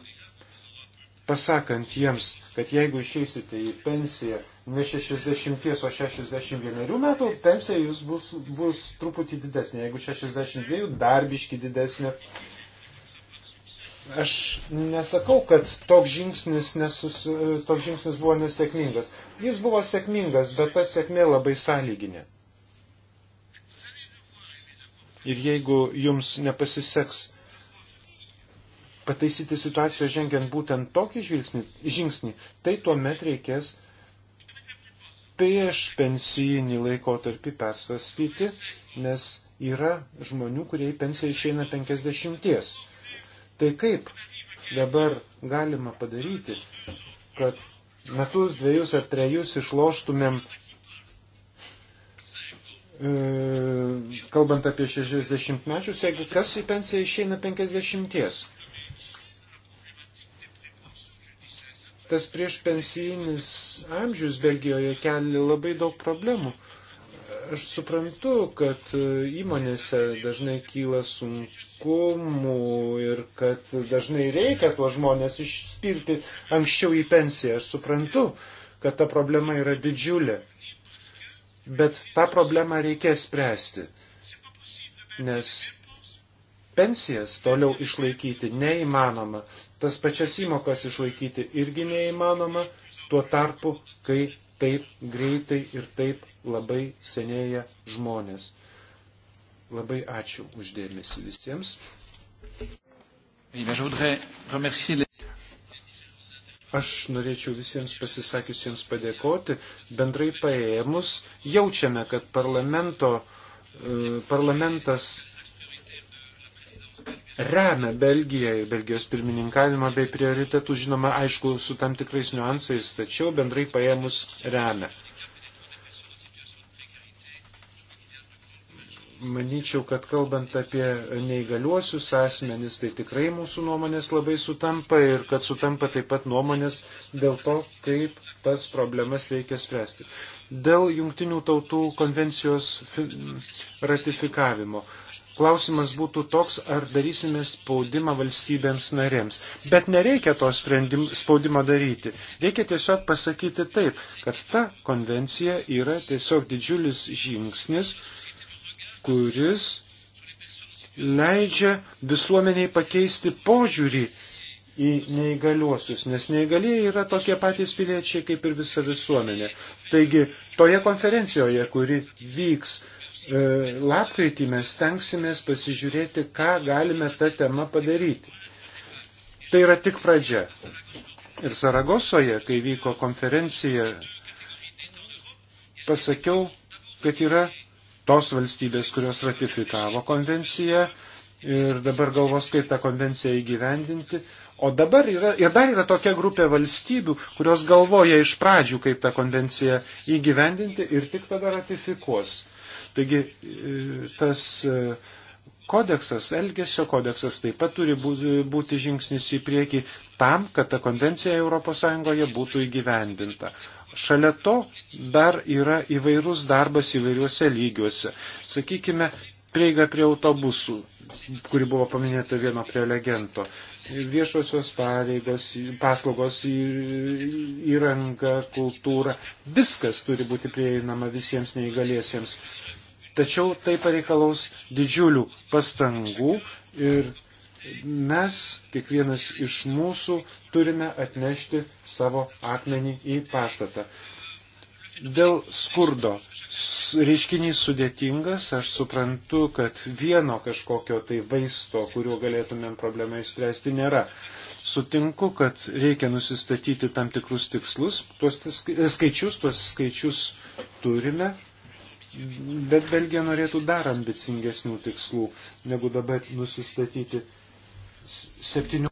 pasakant jiems, kad jeigu išeisite į pensiją ne 60, o 61 metų, pensija jūs bus, bus truputį didesnė, jeigu 62, darbiški didesnė. Aš nesakau, kad toks žingsnis, nesus, toks žingsnis buvo nesėkmingas. Jis buvo sėkmingas, bet ta sėkmė labai sąlyginė. Ir jeigu jums nepasiseks pataisyti situacijos žengiant būtent tokį žvilgsnį, žingsnį, tai tuomet reikės prieš pensijinį laikotarpį persvastyti, nes yra žmonių, kurie į pensiją išeina 50. Tai kaip dabar galima padaryti, kad metus, dviejus ar trejus išloštumėm E, kalbant apie 60 mečius, jeigu kas į pensiją išeina 50. Tas prieš pensijinis amžius Belgijoje kelia labai daug problemų. Aš suprantu, kad e, įmonėse dažnai kyla sunkumų ir kad dažnai reikia tuos žmonės išspirti anksčiau į pensiją. Aš suprantu, kad ta problema yra didžiulė. Bet tą problemą reikės spręsti, nes pensijas toliau išlaikyti neįmanoma, tas pačias įmokas išlaikyti irgi neįmanoma, tuo tarpu, kai taip greitai ir taip labai senėja žmonės. Labai ačiū uždėmesi visiems. Aš norėčiau visiems pasisakiusiems padėkoti. Bendrai paėmus, jaučiame, kad parlamento, e, parlamentas remia Belgiją, Belgijos pirmininkavimą bei prioritetų, žinoma, aišku, su tam tikrais niuansais, tačiau bendrai paėmus remia. manyčiau, kad kalbant apie neįgaliuosius asmenis, tai tikrai mūsų nuomonės labai sutampa ir kad sutampa taip pat nuomonės dėl to, kaip tas problemas reikia spręsti. Dėl jungtinių tautų konvencijos ratifikavimo. Klausimas būtų toks, ar darysime spaudimą valstybėms narėms. Bet nereikia to sprendim, spaudimo daryti. Reikia tiesiog pasakyti taip, kad ta konvencija yra tiesiog didžiulis žingsnis, kuris leidžia visuomeniai pakeisti požiūrį į neįgaliuosius, nes neįgalieji yra tokie patys piliečiai kaip ir visa visuomenė. Taigi toje konferencijoje, kuri vyks e, lapkritį, mes tenksimės pasižiūrėti, ką galime tą temą padaryti. Tai yra tik pradžia. Ir Saragosoje, kai vyko konferencija, pasakiau, kad yra tos valstybės, kurios ratifikavo konvenciją ir dabar galvos, kaip tą konvenciją įgyvendinti. O dabar yra, ir dar yra tokia grupė valstybių, kurios galvoja iš pradžių, kaip tą konvenciją įgyvendinti ir tik tada ratifikuos. Taigi e, tas e, kodeksas, Elgesio kodeksas taip pat turi būti žingsnis į priekį tam, kad ta konvencija ES būtų įgyvendinta. Šalia to dar yra įvairus darbas įvairiuose lygiuose. Sakykime, prieiga prie autobusų, kuri buvo paminėta vieno prelegento. Viešosios pareigos, paslaugos, įranga, kultūra, viskas turi būti prieinama visiems neįgaliesiems. Tačiau tai pareikalaus didžiulių pastangų ir mes, kiekvienas iš mūsų, turime atnešti savo akmenį į pastatą. Dėl skurdo. Reiškinys sudėtingas, aš suprantu, kad vieno kažkokio tai vaisto, kuriuo galėtumėm problemą išspręsti, nėra. Sutinku, kad reikia nusistatyti tam tikrus tikslus, tuos e, skaičius, tuos skaičius turime, bet Belgija norėtų dar ambicingesnių tikslų, negu dabar nusistatyti septynių.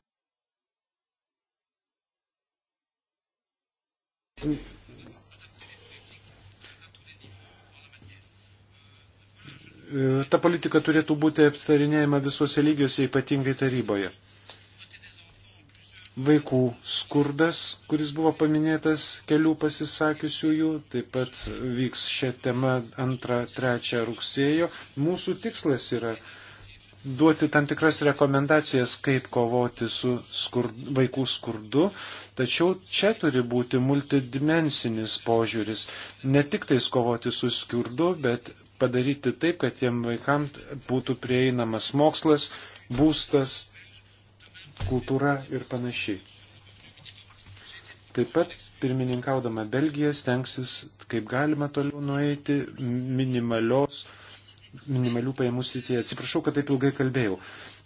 Ta politika turėtų būti aptarinėjama visuose lygiuose, ypatingai taryboje. Vaikų skurdas, kuris buvo paminėtas kelių pasisakiusiųjų, taip pat vyks šią temą 2-3 rugsėjo. Mūsų tikslas yra uh, duoti tam tikras rekomendacijas, kaip kovoti su skurd, vaikų skurdu, tačiau čia turi būti multidimensinis požiūris. Ne tik tais kovoti su skurdu, bet padaryti taip, kad tiem vaikams būtų prieinamas mokslas, būstas, kultūra ir panašiai. Taip pat pirmininkaudama Belgija stengsis, kaip galima toliau nueiti, minimalios minimalių pajamų srityje. Atsiprašau, kad taip ilgai kalbėjau.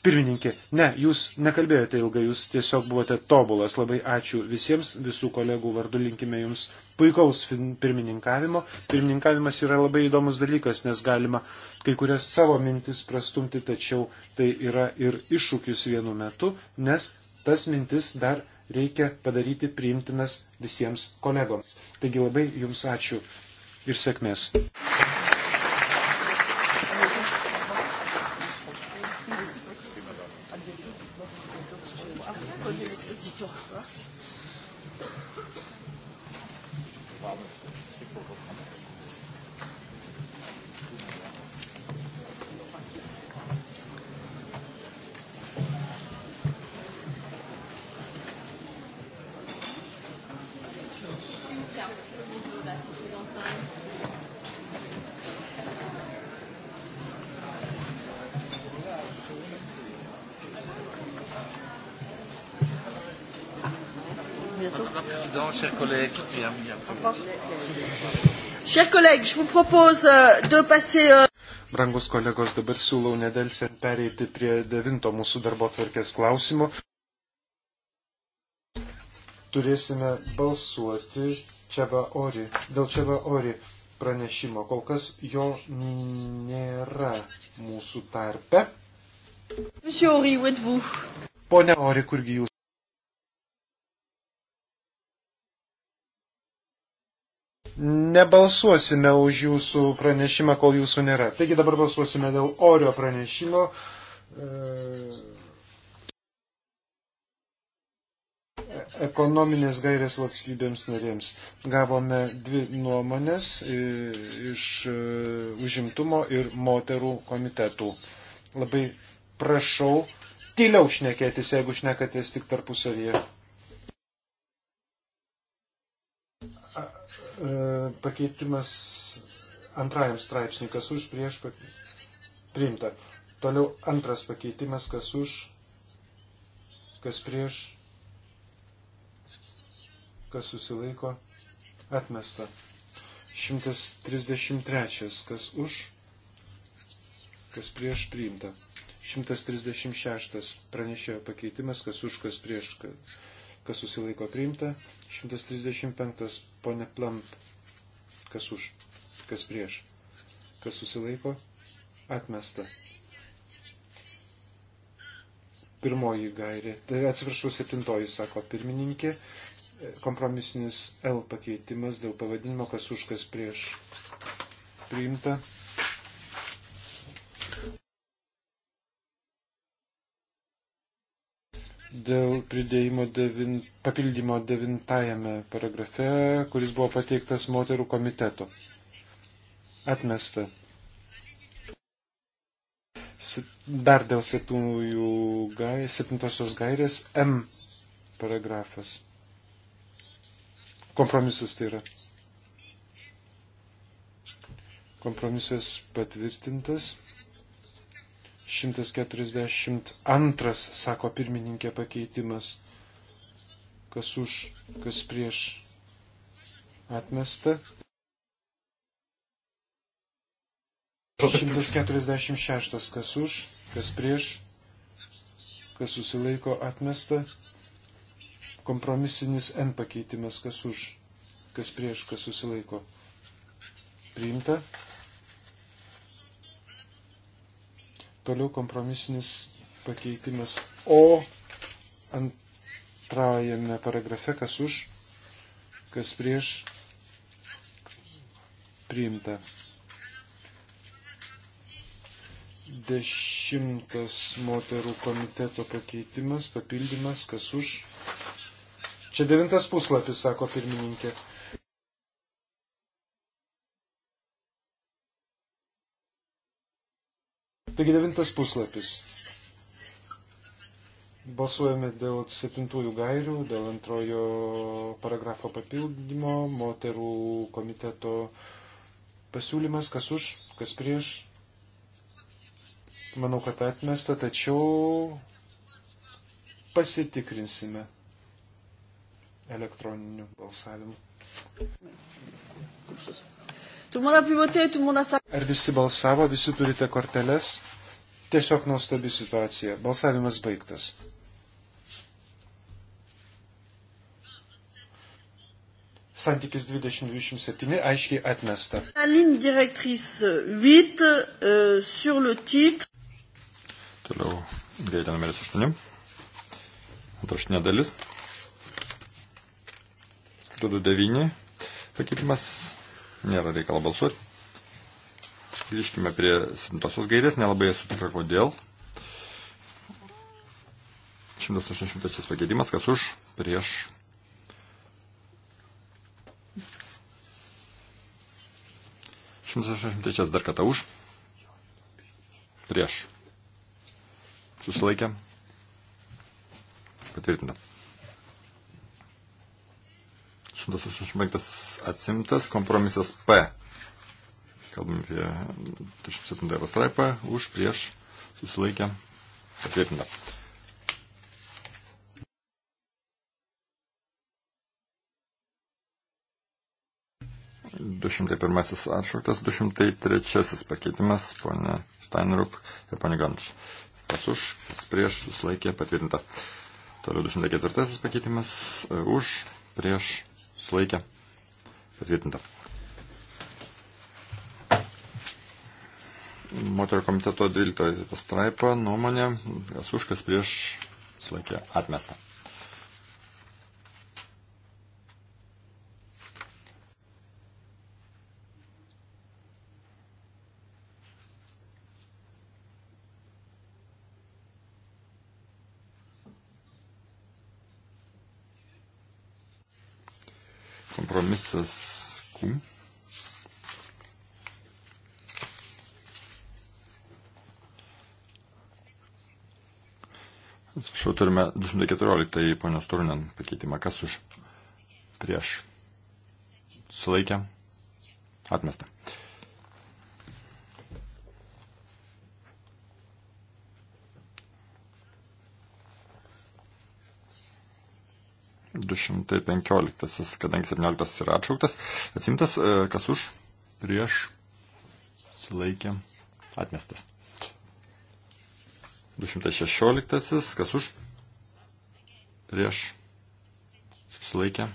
Pirmininkė, ne, jūs nekalbėjote ilgai, jūs tiesiog buvote tobulas. Labai ačiū visiems, visų kolegų vardu linkime jums puikaus pirmininkavimo. Pirmininkavimas yra labai įdomus dalykas, nes galima kai kurias savo mintis prastumti, tačiau tai yra ir iššūkis vienu metu, nes tas mintis dar reikia padaryti priimtinas visiems kolegoms. Taigi labai jums ačiū ir sėkmės. Euh, euh, Brangus kolegos, dabar siūlau nedelsiant pereiti prie devinto mūsų darbo tvarkės klausimo. Turėsime balsuoti Čeba Ori, dėl Čeba Ori pranešimo. Kol kas jo nėra mūsų tarpe. Pone Ori, kurgi jūs? nebalsuosime už jūsų pranešimą, kol jūsų nėra. Taigi dabar balsuosime dėl orio pranešimo. E, ekonominės gairės valstybėms narėms. Gavome dvi nuomonės e, iš e, užimtumo ir moterų komitetų. Labai prašau tyliau šnekėtis, jeigu šnekatės tik tarpusavyje. E, pakeitimas antrajam straipsniui, kas už prieš priimta. Toliau antras pakeitimas, kas už, kas prieš, kas susilaiko, atmesta. 133, kas už, kas prieš priimta. 136 pranešėjo pakeitimas, kas už, kas prieš, kas kas susilaiko priimta, 135 ponė Plamp, kas už, kas prieš, kas susilaiko, atmesta. Pirmoji gairė, tai atsiprašau, septintoji, sako pirmininkė, kompromisinis L pakeitimas dėl pavadinimo, kas už, kas prieš, priimta, dėl pridėjimo devin, papildymo devintajame paragrafe, kuris buvo pateiktas moterų komiteto. Atmesta. Dar dėl gai, septintosios gairės M paragrafas. Kompromisas tai yra. Kompromisas patvirtintas. 142, sako pirmininkė pakeitimas. Kas už, kas prieš atmesta. 146, kas už, kas prieš, kas susilaiko atmesta. Kompromisinis N pakeitimas, kas už, kas prieš, kas susilaiko. Priimta. Toliau kompromisinis pakeitimas O antrajame paragrafe, kas už, kas prieš priimta. Dešimtas moterų komiteto pakeitimas, papildymas, kas už. Čia devintas puslapis, sako pirmininkė. Taigi devintas puslapis. Balsuojame dėl septintųjų gairių, dėl antrojo paragrafo papildymo, moterų komiteto pasiūlymas, kas už, kas prieš. Manau, kad atmesta, tačiau pasitikrinsime elektroniniu balsavimu. Kursus. Ar visi balsavo, visi turite korteles? Tiesiog nuostabi situacija. Balsavimas baigtas. Santykis 20-27 aiškiai atmesta. La ligne directrice 8 euh, sur le titre. Toliau gaidė numeris 8. Antraštinė dalis. 229. Pakeitimas nėra reikalo balsuoti. Grįžkime prie septintosios gairės, nelabai esu tikra kodėl. 180 pakeitimas, kas už, prieš. Šimtas aštuoniasdešimt trečias dar kartą už. Prieš. Susilaikė. Patvirtinam. 188 atsimtas, kompromisas P. Kalbam apie 37 pastraipą, už prieš susilaikę patvirtinta. Du šimtai pirmasis atšauktas, du šimtai trečiasis pakeitimas, ponė Steinrup ir ponė Ganč. Kas už, kas prieš, susilaikė, patvirtinta. Toliau 204 pakeitimas, už, prieš, Sulaikė. Patvirtinta. Moterio komiteto 12 pastraipa nuomonė. Esu už, kas prieš sulaikė atmestą. Kompromisses Q. Atsiprašau, turime 214 ponios Turinen pakeitimą. Kas už? Prieš. Sulaikę. Atmesta. 215, kadangi 17 yra atšauktas, atsimtas, e, kas už, prieš, silaikė, atmestas. 216, kas už, prieš, silaikė.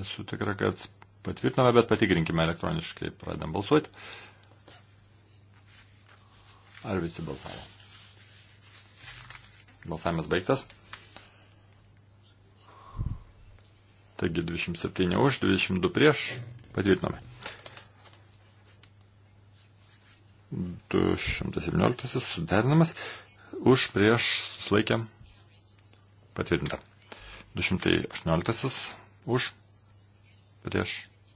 Esu tikra, kad patvirtiname, bet patikrinkime elektroniškai, pradedam balsuoti. Ar visi balsavo? Balsavimas baigtas. Taigi 27 už, 22 prieš. Patvirtinome. 217 suderinamas. Už prieš susilaikėm. Patvirtinta. 218 už prieš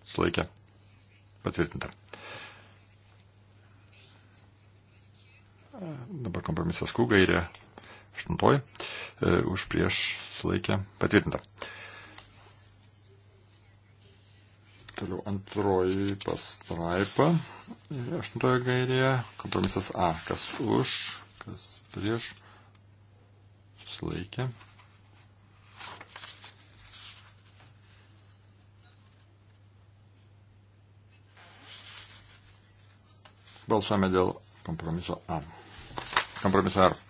susilaikė. Patvirtinta. Dabar kompromisas Q gairė 8. Už prieš susilaikė. Patvirtinta. Toliau antroji pastraipa, aštuntoje gairėje, kompromisas A. Kas už, kas prieš, susilaikė. Balsuojame dėl kompromiso A. Kompromiso R.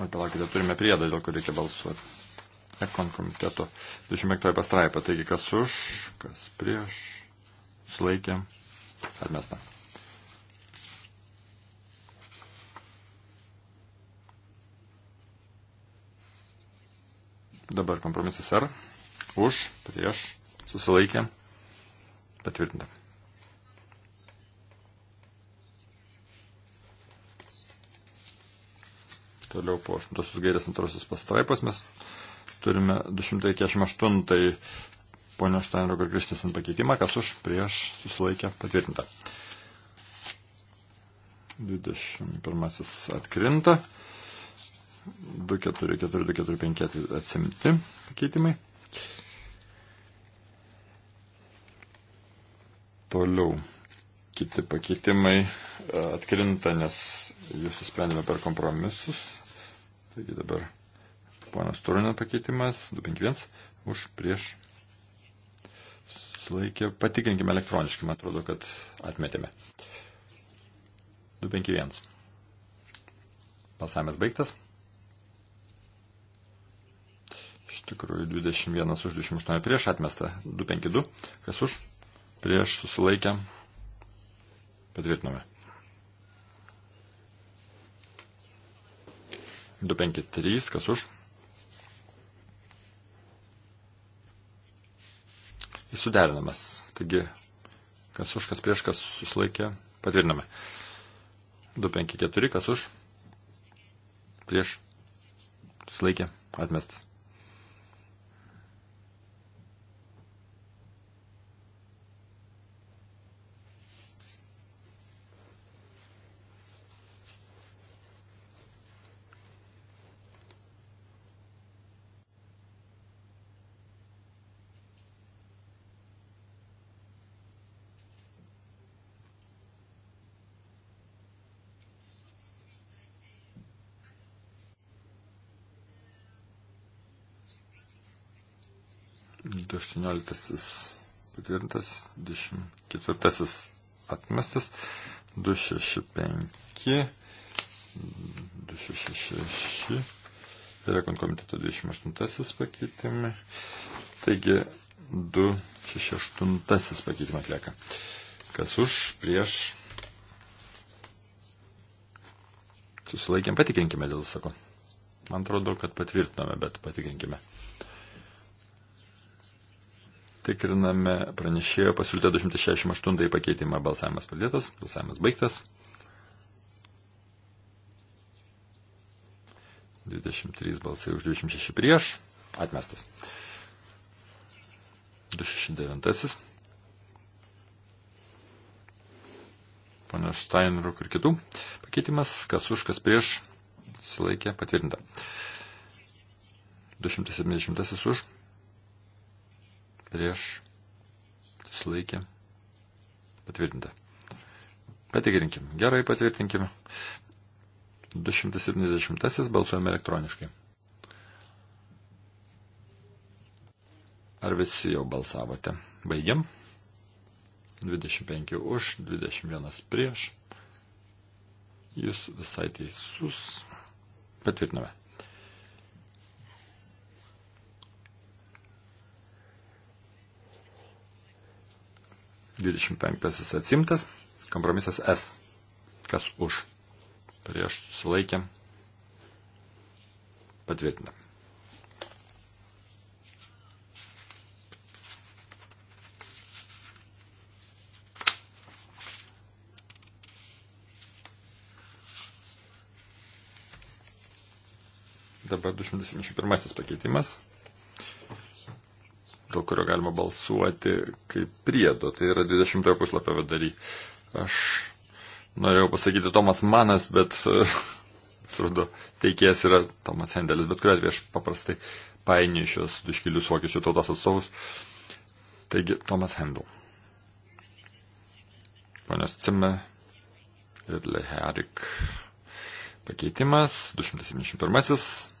O palaukite, turime priedą, dėl kur reikia balsuoti. Ekon komiteto 25 pastraipą. Taigi, kas už, kas prieš, sulaikė, atmesta. Dabar kompromisas R. Už, prieš, susilaikė, patvirtinta. Toliau po 8 gairės antrosios pastraipos mes Turime 248 ponio Štainrogo ir Kristinsen pakeitimą, kas už prieš susilaikė patvirtinta. 21 atkrinta. 244-245 atsimti pakeitimai. Toliau kiti pakeitimai e, atkrinta, nes jūs įsprendėme per kompromisus. Taigi dabar Ponas Turino pakeitimas 251 už prieš sulaikė. Patikrinkime elektroniškai, man atrodo, kad atmetėme. 251. Balsavimas baigtas. Iš tikrųjų 21 už 28 prieš atmestą. 252. Kas už? Prieš susilaikę. Patvirtinome. 253. Kas už? jis suderinamas. Taigi, kas už, kas prieš, kas susilaikė, patvirtiname. 254, kas už, prieš, susilaikė, atmestas. Imko 18 patvirtintas, 24 atmestas, 265, 266 ir komiteto 28 pakeitimai. Taigi 268 pakeitimą atlieka. Kas už, prieš. Susilaikėm, patikrinkime dėl sako. Man atrodo, kad patvirtinome, bet patikrinkime. Tikriname pranešėjo pasiūlytą 268 pakeitimą. Balsavimas pradėtas, balsavimas baigtas. 23 balsai už 26 prieš. Atmestas. 269. Pane Steinruk ir kitų pakeitimas, kas už, kas prieš, sulaikė patvirtinta. 270 už, prieš, susilaikė, patvirtinta. Patikrinkim. Gerai patvirtinkim. 270 balsuojame elektroniškai. Ar visi jau balsavote? Baigiam. 25 už, 21 prieš. Jūs visai teisus. Patvirtiname. 25 atsimtas, kompromisas S. Kas už? Prieš susilaikė. Patvirtina. Dabar 271 pakeitimas dėl kurio galima balsuoti kaip priedo. Tai yra 20 puslapio vidury. Aš norėjau pasakyti Tomas Manas, bet, surdo, teikėjas yra Tomas Hendelis, bet kuriuo atveju aš paprastai painioju šios duškilius vokiečių tautos atstovus. Taigi, Tomas Hendel. Ponios Cime ir Leherik pakeitimas, 271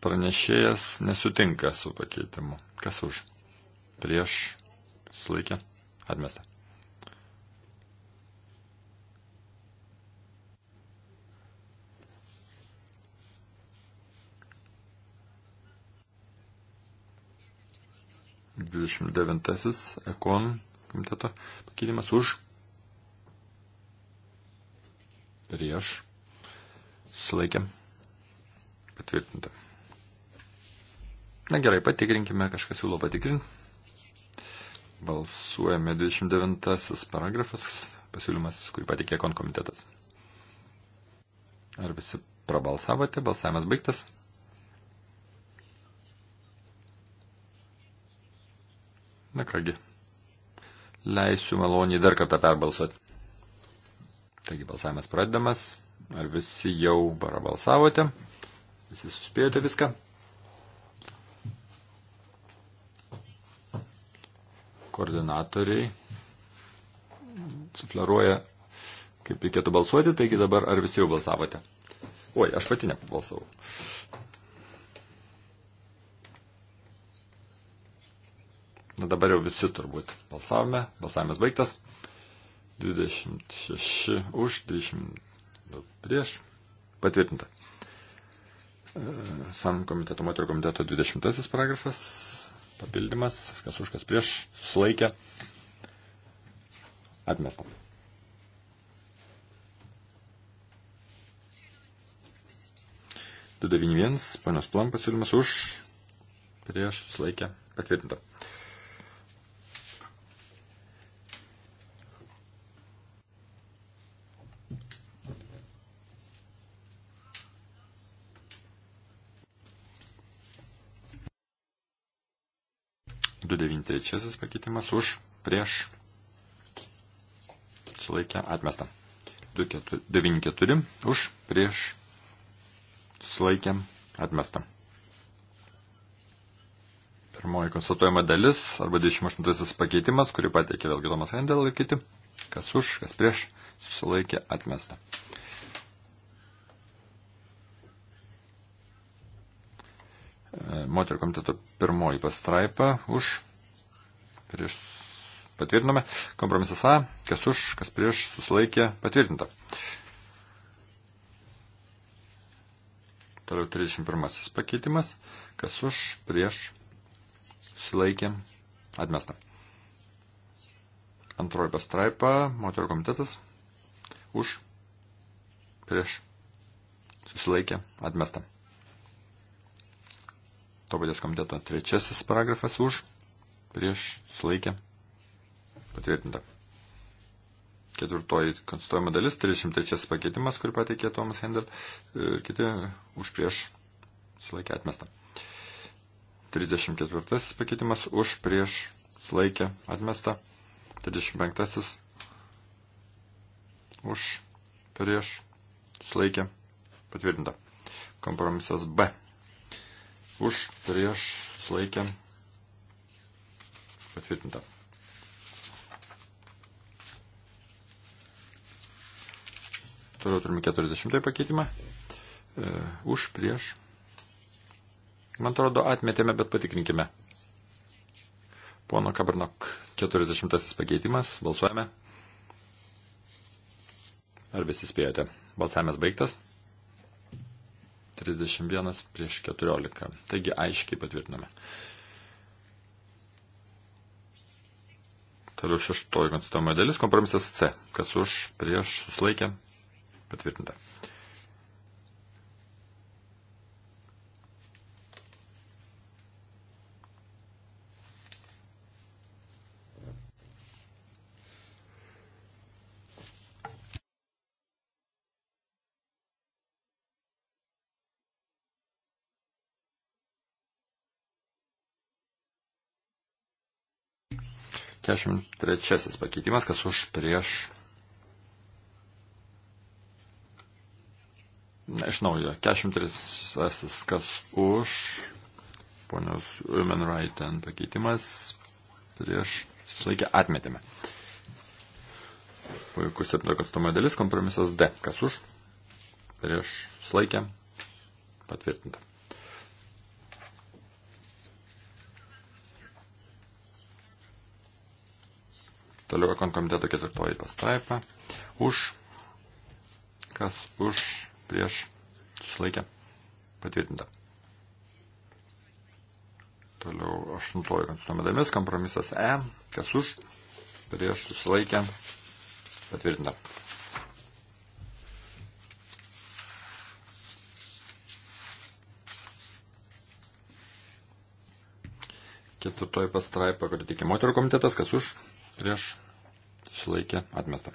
pranešėjas nesutinka su pakeitimu. Kas už? Prieš sulaikę atmestą. Dvidešimt devintasis ekon komiteto pakeitimas už prieš sulaikę patvirtinta. Na gerai, patikrinkime, kažkas siūlo patikrinti. Balsuojame 29 paragrafas, pasiūlymas, kurį patikė konkomitetas. Ar visi prabalsavote? Balsavimas baigtas. Na kągi, leisiu maloniai dar kartą perbalsuoti. Taigi balsavimas pradedamas. Ar visi jau parabalsavote? Visi suspėjote viską? koordinatoriai sufleruoja, kaip reikėtų balsuoti, taigi dabar ar visi jau balsavote? Oi, aš pati nebalsavau. Na dabar jau visi turbūt balsavome, balsavimas baigtas. 26 už, 22 prieš. Patvirtinta. E, FAM komiteto moterų komiteto 20 paragrafas papildymas, kas už kas prieš, sulaikė, atmestam. Du devyni vienas, ponios plan pasiūlymas už, prieš, sulaikė, patvirtinta. 293 pakeitimas už, prieš, sulaikę, atmestą. 294 už, prieš, sulaikę, atmestą. Pirmoji konstatuojama dalis arba 28 pakeitimas, kurį pateikė vėlgi Tomas Hendel ir kiti. Kas už, kas prieš, susilaikė atmestą. moterų komiteto pirmoji pastraipa už, prieš patvirtiname, kompromisas A, kas už, kas prieš, susilaikė, patvirtinta. Toliau 31 pakeitimas, kas už, prieš, susilaikė, atmesta. Antroji pastraipa, moterų komitetas, už, prieš, susilaikė, atmesta to paties komiteto trečiasis paragrafas už, prieš, sulaikę, patvirtinta. Ketvirtoji konstituojama dalis, 33 pakeitimas, kurį pateikė Tomas Hendel, e, kiti už prieš, sulaikę atmestą. 34 pakeitimas už prieš, sulaikę atmestą. 35 už prieš, sulaikę patvirtinta. Kompromisas B Už, prieš, sulaikę, patvirtinta. Toliau turime 40 pakeitimą. E, už, prieš. Man atrodo, atmetėme, bet patikrinkime. Pono Kabarnok, 40 pakeitimas, balsuojame. Ar visi spėjote? Balsavimas baigtas. 31 prieš 14. Taigi aiškiai patvirtiname. Toliau šeštoji konstituojama dalis, kompromisas C. Kas už, prieš, susilaikė, patvirtinta. 63 pakeitimas, kas už prieš. Na, iš naujo, 43 kas už. Ponios Women Right ten pakeitimas prieš susilaikė atmetėme. Puikus 17 atstumo dalis, kompromisas D. Kas už? Prieš susilaikė patvirtinta. Toliau ekon komiteto ketvirtoji pastraipa. Už. Kas už. Prieš. Susilaikę. Patvirtinta. Toliau aštuntoji konstitucijų dalis. Kompromisas E. Kas už. Prieš. Susilaikę. Patvirtinta. Ketvirtoji pastraipa, kur teikia moterų komitetas, kas už prieš sulaikė atmestą.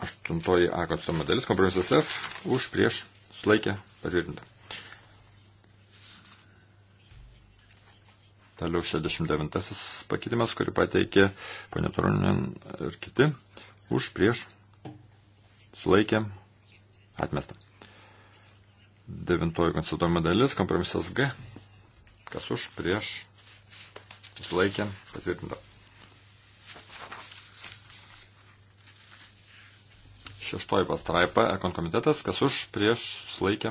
Aštuntoji A konstitucijos dalis, kompromisas F, už prieš sulaikė patvirtinta. Toliau 69 pakeitimas, kurį pateikė ponė Turunin ir kiti, už prieš sulaikė atmestą. Devintoji konstitucijos dalis, kompromisas G, kas už prieš susilaikė, patvirtinta. Šeštoji pastraipa, ekon komitetas, kas už, prieš, susilaikė,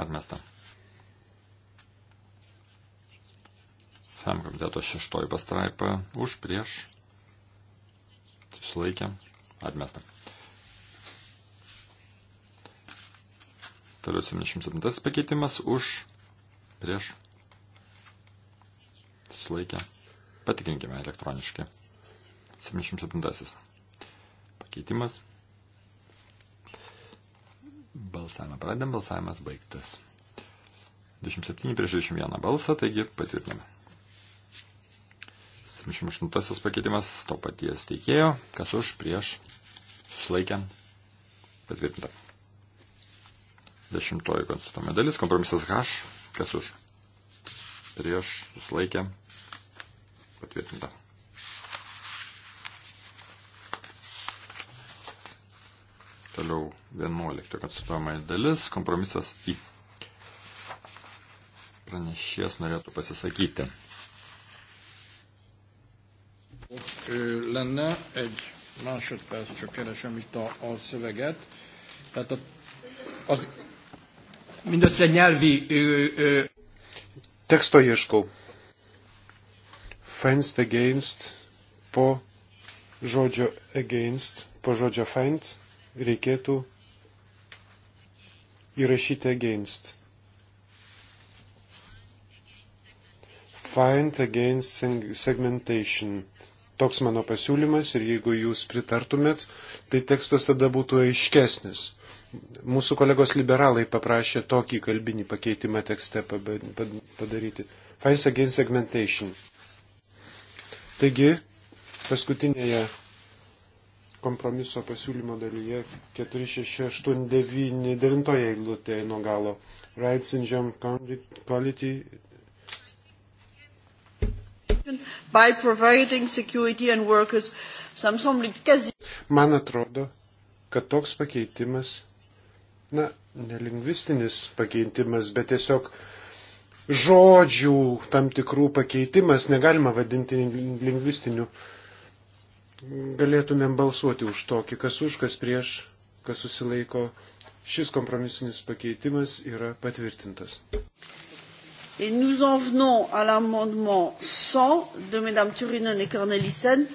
atmesta. FEM komiteto šeštoji pastraipa, už, prieš, susilaikė, atmesta. Toliau 77 pakeitimas už, prieš, susilaikė. Patikrinkime elektroniškai. 77. Pakeitimas. Balsavimą pradėm, balsavimas baigtas. 27 prieš 21 balsą, taigi patvirtiname. 78 pakeitimas to paties teikėjo, kas už prieš susilaikę patvirtinta. Dešimtoji konstitucijos dalis, kompromisas H, kas už prieš susilaikę Patvirtinta. Toliau 11 konstatuojama dalis, kompromisas į. Pranešės norėtų pasisakyti. Lenne egy másodperc, csak keresem itt a, a szöveget. Tehát a, az mindössze nyelvi... Ö, ö... Teksto ieškau fenced against po žodžio against, po žodžio find reikėtų įrašyti against. Find against segmentation. Toks mano pasiūlymas ir jeigu jūs pritartumėt, tai tekstas tada būtų aiškesnis. Mūsų kolegos liberalai paprašė tokį kalbinį pakeitimą tekste padaryti. Find against segmentation. Taigi, paskutinėje kompromiso pasiūlymo dalyje 4689 eilutėje nuo galo. Rights in Jam Quality. By providing security and workers. Man atrodo, kad toks pakeitimas, na, nelingvistinis pakeitimas, bet tiesiog uh, žodžių tam tikrų pakeitimas negalima vadinti lingvistiniu. Galėtumėm balsuoti už tokį, kas už, kas prieš, kas susilaiko. Šis kompromisinis pakeitimas yra patvirtintas. Et nous en venons à l'amendement 100 de Mme Turinen et Cornelissen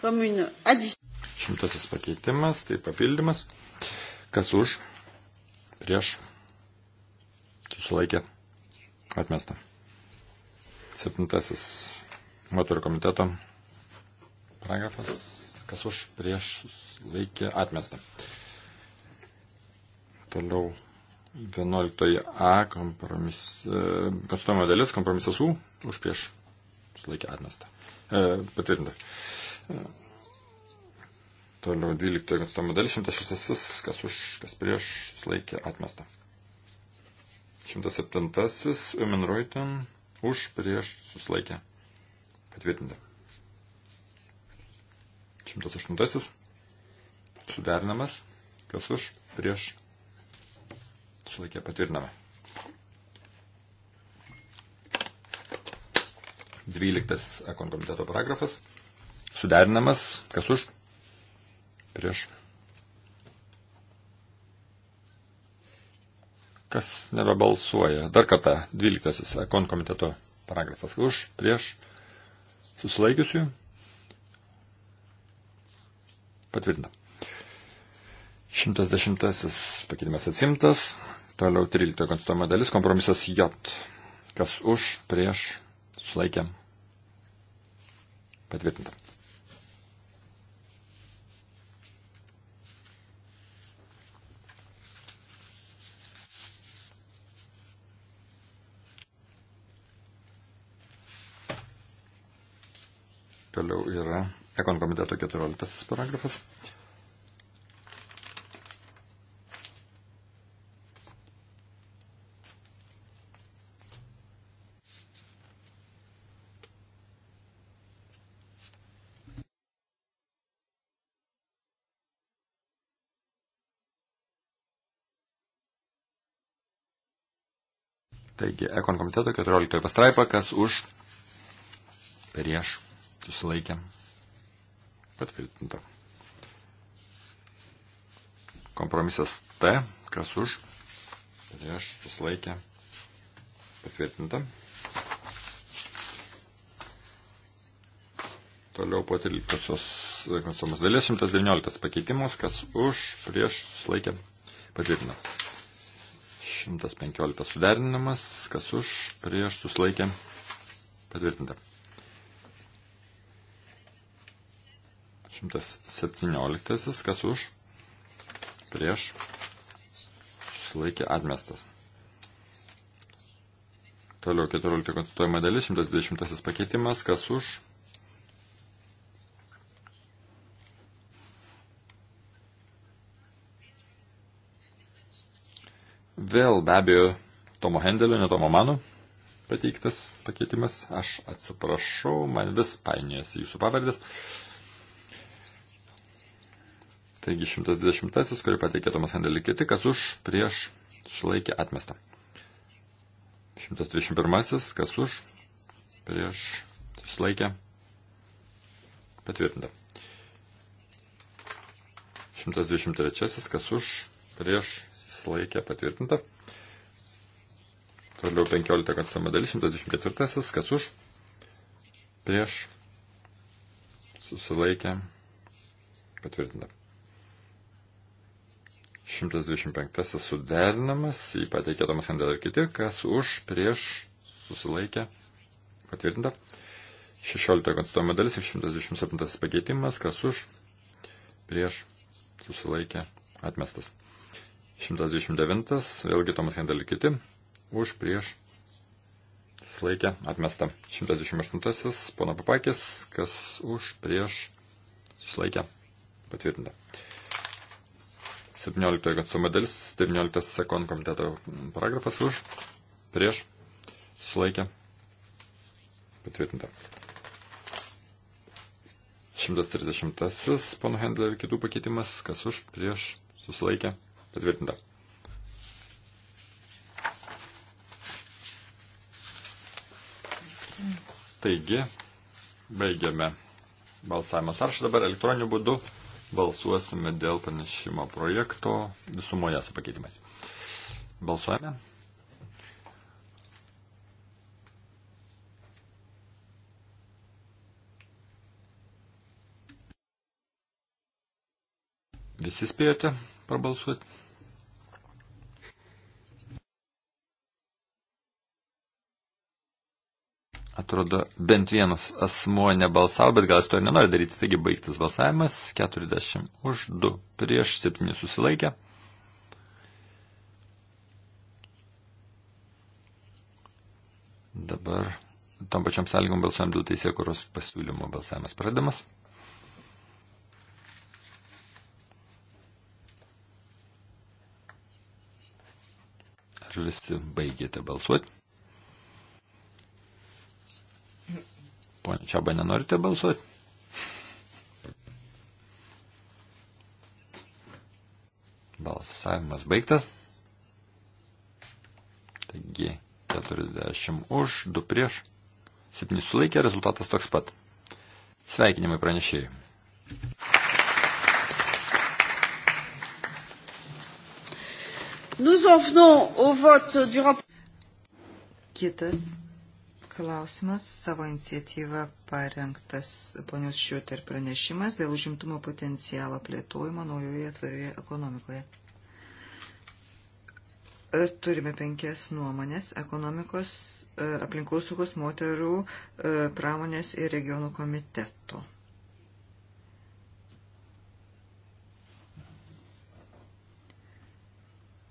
comme une addition. Šimtasis pakeitimas, tai papildymas. Kas už, prieš, susilaikė, Atmesta. Septintasis moterų komiteto paragrafas. Kas už prieš laikė atmesta. Toliau 11a kompromis, e, konstituojama dalis, kompromisas U už prieš laikė atmesta. E, patvirtinta. E, toliau 12 konstituojama dalis, 106, kas už, kas prieš laikė atmesta. 107. Umen Reuten už prieš susilaikę. Patvirtinta. 108. Suderinamas. Kas už prieš susilaikę. Patvirtinama. 12. Ekonkomiteto paragrafas. Suderinamas. Kas už prieš Kas nebebalsuoja? Dar kartą, 12. Kon komiteto paragrafas. Už, prieš, susilaikiusių. Patvirtina. 110. Pakeitimas atsimtas. Toliau 13. konstituojama dalis. Kompromisas J. Kas už, prieš, susilaikė. Patvirtinta. Toliau yra Ekon komiteto 14 paragrafas. Taigi, Ekon komiteto 14 pastraipa, kas už, prieš, susilaikė, patvirtinta. Kompromisas T, kas už, prieš, susilaikė, patvirtinta. Toliau po 13 konsumas dalies 119 pakeitimas, kas už, prieš, susilaikė, patvirtinta. 115 suderinimas, kas už, prieš, susilaikė, patvirtinta. 117. Kas už? Prieš. Susilaikė atmestas. Toliau 14 konstituojama dalis, 120 pakeitimas. Kas už? Vėl be abejo Tomo Hendelio, ne Tomo mano pateiktas pakeitimas. Aš atsiprašau, man vis painėjasi jūsų pavardės. Uh, Taigi 120, kurį pateikė Tomas Handelį kiti, kas už, prieš, sulaikė, atmesta. 121, kas už, prieš, sulaikė, patvirtinta. 123, kas už, prieš, sulaikė, patvirtinta. Toliau 15 konstatuojama dalis, 124, kas už, prieš, susilaikė, patvirtinta. 125 suderinamas, jį pateikė Tomas Hendel ir kiti, kas už, prieš, susilaikė, patvirtinta. 16 konstituojama dalis ir 127 pakeitimas, kas už, prieš, susilaikė, atmestas. 129, vėlgi Tomas Hendel ir kiti, už, prieš, susilaikė, atmesta. 128, pono papakis, kas už, prieš, susilaikė, patvirtinta. 17 konsumo dalis, 19 sekon komiteto paragrafas už, prieš, sulaikė, patvirtinta. 130 pono Hendler ir kitų pakeitimas, kas už, prieš, susilaikė, patvirtinta. Taigi, baigiame balsavimą sąrašą dabar elektroniniu būdu balsuosime dėl pranešimo projekto visumoje su pakeitimais. Balsuojame. Visi spėjote prabalsuoti? Atrodo, bent vienas asmuo nebalsavo, bet gal jis to ir nenori daryti. Taigi baigtas balsavimas. 40 už 2 prieš 7 susilaikė. Dabar tom pačiom sąlygom balsuojam dėl teisėkuros pasiūlymo balsavimas pradamas. Ar visi baigėte balsuoti? Pone Čiaba, nenorite balsuoti? Balsavimas baigtas. Taigi, 40 už, 2 prieš, 7 sulaikė, rezultatas toks pat. Sveikinimai pranešėjai. Nous en venons au vote du rapport. Kitas klausimas, savo iniciatyva parengtas ponios Šiuter pranešimas dėl užimtumo potencialo plėtojimo naujoje atvarioje ekonomikoje. E, turime penkias nuomonės - ekonomikos, e, aplinkosaugos moterų, e, pramonės ir regionų komiteto.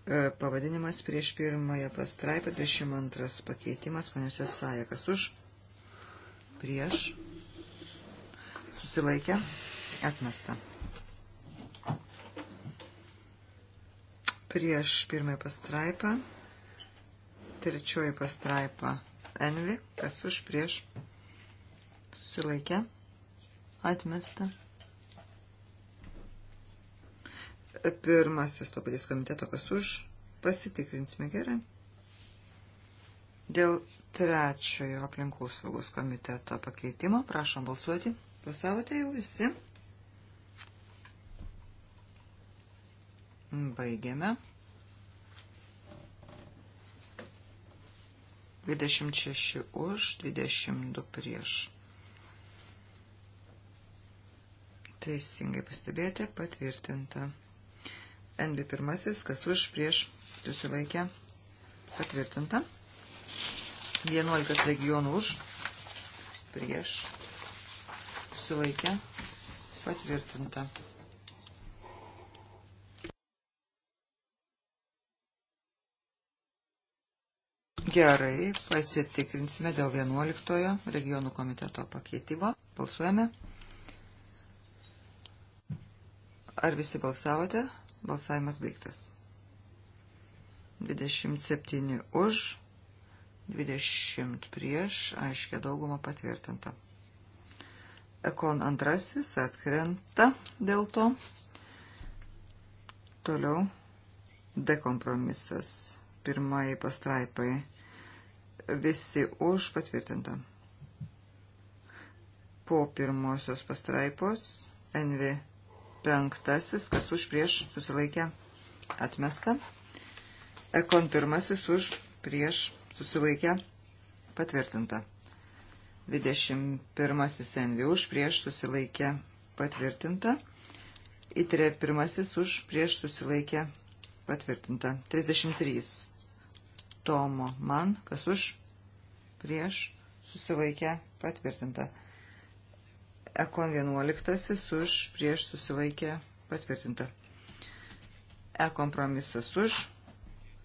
E, pavadinimas prieš pirmąją pastraipą, 22 pakeitimas, ponios Esaja, kas už, prieš, susilaikė, atmesta. Prieš pirmąją pastraipą, trečioji pastraipa, Envi, kas už, prieš, susilaikė, atmesta. Atmesta. Pirmasis to paties komiteto, kas už, pasitikrinsime gerai. Dėl trečiojo aplinkos saugos komiteto pakeitimo prašom balsuoti. Pasavote jau visi. Baigiame. 26 už, 22 prieš. Teisingai pastebėjote, patvirtinta. NB1, kas už, prieš, susilaikė, patvirtinta. 11 regionų už, prieš, susilaikė, patvirtinta. Gerai, pasitikrinsime dėl 11 regionų komiteto pakeitimo. Balsuojame. Ar visi balsavote? Balsavimas baigtas. 27 už, 20 prieš, aiškia dauguma patvirtinta. Ekon antrasis atkrenta dėl to. Toliau dekompromisas. Pirmai pastraipai. Visi už patvirtinta. Po pirmosios pastraipos NV penktasis, kas už prieš susilaikė atmesta. Ekon pirmasis už prieš susilaikė patvirtinta. 21 NV už prieš susilaikė patvirtinta. Įtrė pirmasis už prieš susilaikė patvirtinta. 33 Tomo man, kas už prieš susilaikė patvirtinta. Ekon 11 už prieš susilaikė patvirtinta. E kompromisas už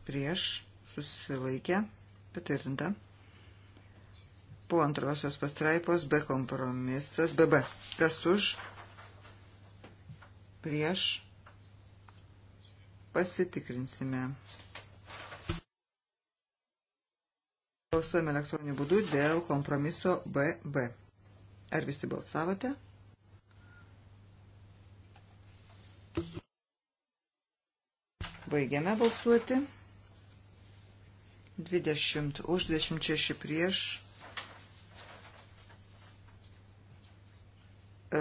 prieš susilaikė patvirtinta. Po antrosios pastraipos B kompromisas BB. Kas už prieš pasitikrinsime. Balsuojame elektroniniu būdu dėl kompromiso BB. Ar visi balsavote? Baigiame balsuoti. 20 už, 26 prieš. E,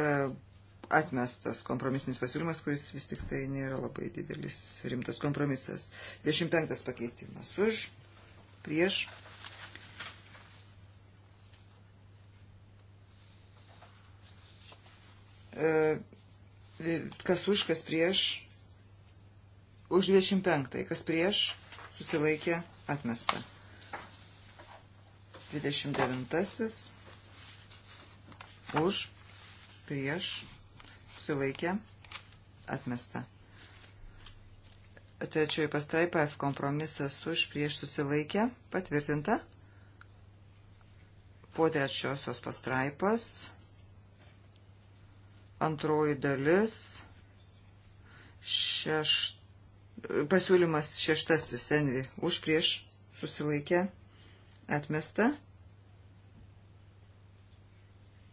atmestas kompromisinis pasiūlymas, kuris vis tik tai nėra labai didelis rimtas kompromisas. 25 pakeitimas už, prieš, prieš E, kas už, kas prieš, už 25, kas prieš, susilaikė, atmesta. 29, už, prieš, susilaikė, atmesta. Trečioji pastraipa F kompromisas už prieš susilaikę patvirtinta. Po trečiosios pastraipos Antroji dalis. Šeš... Pasiūlymas šeštasis Envi. Už prieš susilaikė atmesta.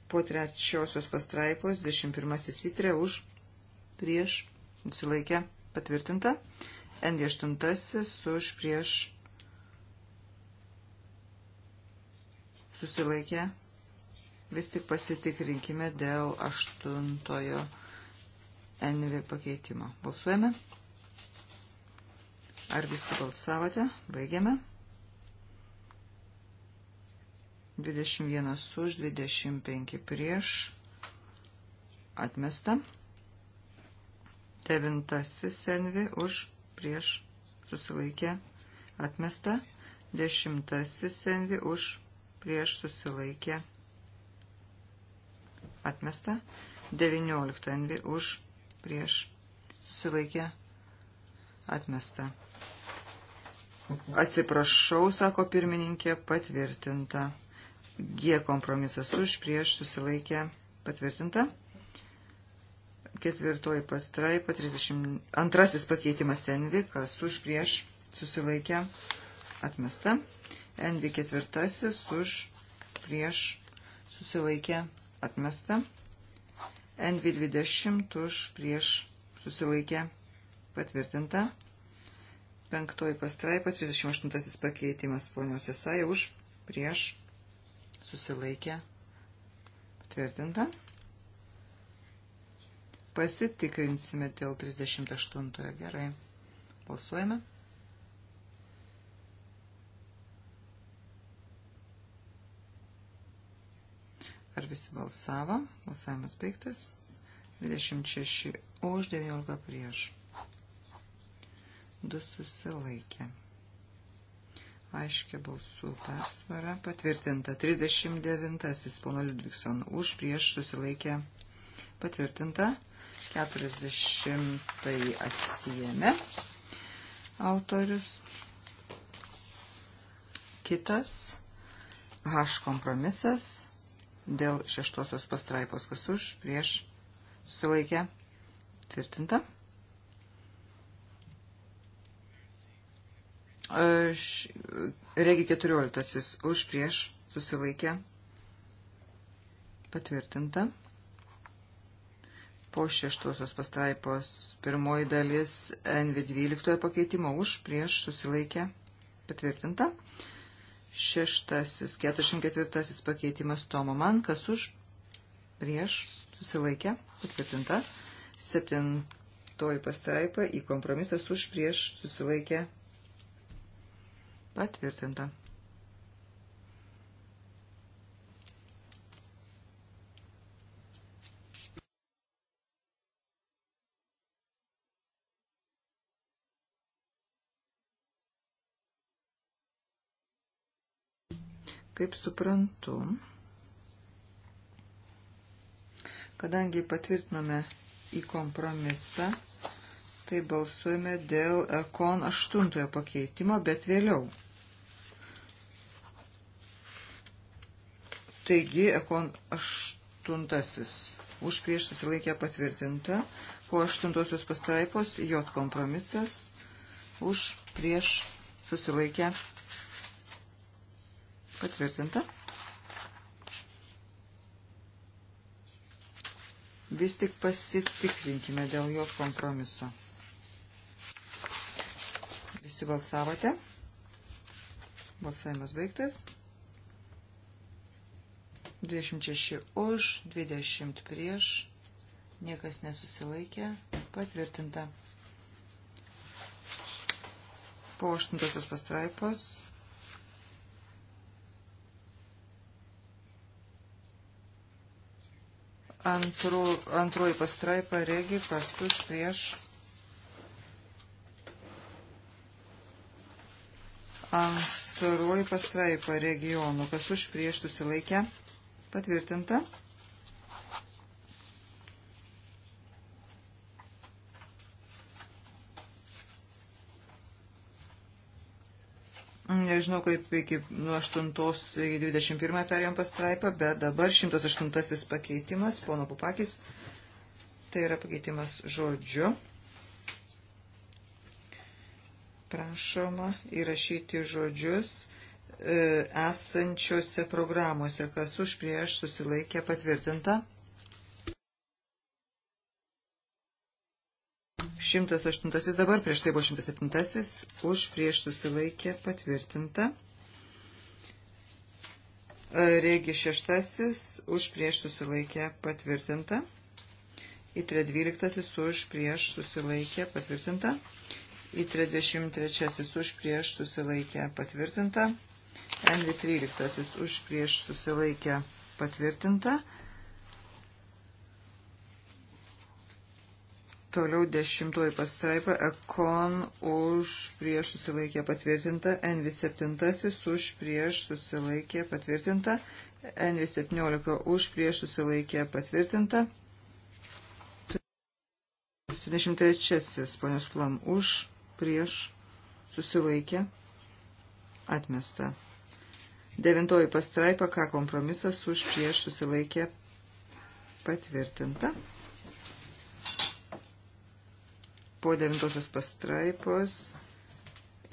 Po trečiosios pastraipos 21 įtrė už prieš susilaikė patvirtinta. N8 už prieš susilaikė atmesta vis tik pasitikrinkime dėl aštuntojo NV pakeitimo. Balsuojame. Ar visi balsavote? Baigiame. 21 už, 25 prieš. Atmesta. Devintasis envi už, prieš. Susilaikė. Atmesta. Dešimtasis envi už, prieš. Susilaikė. Atmesta atmesta, 19 envi už prieš susilaikė atmesta. Atsiprašau, sako pirmininkė, patvirtinta. G kompromisas už prieš susilaikė patvirtinta. Ketvirtoji pastraipa, 32 pakeitimas Envi, kas už prieš susilaikė atmesta. Envi ketvirtasis už prieš susilaikė atmesta. NV20 už prieš susilaikę patvirtinta. Penktoji pastraipa, 38 pakeitimas ponios Jesaja už prieš susilaikę patvirtinta. Pasitikrinsime dėl 38. Gerai. Balsuojame. Ar visi balsavo? Balsavimas baigtas. 26 už, 19 prieš. 2 susilaikė. Aiškia balsų persvara patvirtinta. 39 pono Ludvigson už, prieš susilaikė patvirtinta. 40 atsijėmė autorius. Kitas H kompromisas dėl šeštosios pastraipos, kas už, prieš, susilaikę, tvirtinta. Aš, e, regi 14 už prieš susilaikę patvirtinta. Po šeštosios pastraipos pirmoji dalis NV12 pakeitimo už prieš susilaikę patvirtinta šeštasis, 44 pakeitimas Tomo man, kas už, prieš, susilaikė, patvirtinta, septintoji pastraipa į kompromisas už, prieš, susilaikė, patvirtinta. Kaip suprantu, kadangi patvirtinome į kompromisą, tai balsuojame dėl kon aštuntojo pakeitimo, bet vėliau. Taigi, ekon aštuntasis už prieš susilaikė patvirtinta, po aštuntosios pastraipos J kompromisas už prieš susilaikę Patvirtinta. Vis tik pasitikrinkime dėl jo kompromiso. Visi balsavote. Balsavimas baigtas. 26 už, 20 prieš, niekas nesusilaikė, patvirtinta. Po aštuntosios pastraipos Antru, antroji pastraipa regi, kas už prieš antroji pastraipa regionų, kas už prieš susilaikę, patvirtinta. nežinau, kaip iki nuo 8 iki 21 perėjom pastraipą, bet dabar 108 pakeitimas, pono Pupakis, tai yra pakeitimas žodžiu. Prašoma įrašyti žodžius e, esančiose programuose, kas už prieš susilaikė patvirtinta. 108 dabar, prieš tai buvo 107, už prieš susilaikė patvirtinta. E, regi 6, už prieš susilaikė patvirtinta. Įtre 12, už prieš susilaikė patvirtinta. Įtre 23, už prieš susilaikė patvirtinta. Envi 13, už prieš susilaikė patvirtinta. Toliau dešimtoji pastraipa Ekon už prieš susilaikė patvirtinta, NV7 už prieš susilaikė patvirtinta, NV17 už prieš susilaikė patvirtinta, 73 ponios Plam už prieš susilaikė atmesta. Devintoji pastraipa K kompromisas už prieš susilaikė patvirtinta po devintosios pastraipos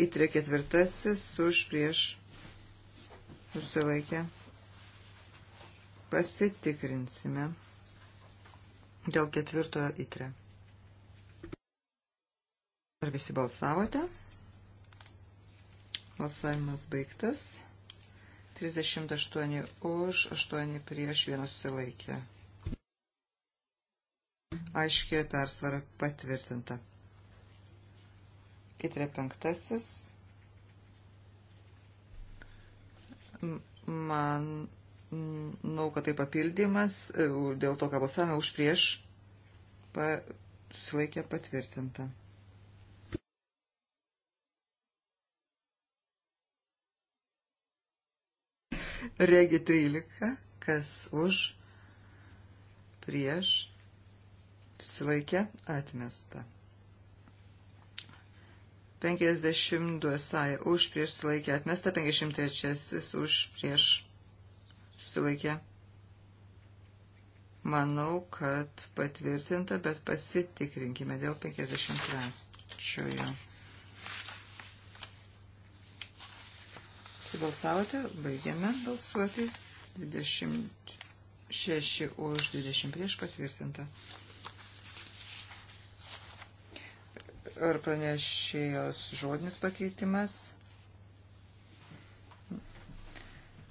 įtrė ketvirtasis už prieš susilaikę. Pasitikrinsime dėl ketvirtojo įtrė. Ar visi balsavote? Balsavimas baigtas. 38 už, 8 prieš, 1 susilaikė. Aiškiai persvara patvirtinta. Itre penktasis. Man, manau, kad tai papildymas, e, dėl to, ką balsavome už prieš, pa, susilaikė patvirtinta. Regi 13, kas už, prieš, susilaikė atmesta. 52 sai už prieš sulaikę atmesta, 53 už prieš sulaikę. Manau, kad patvirtinta, bet pasitikrinkime dėl 53-ojo. Sibalsavote, baigiame balsuoti. 26 už 20 prieš patvirtinta. ar pranešėjos žodinis pakeitimas.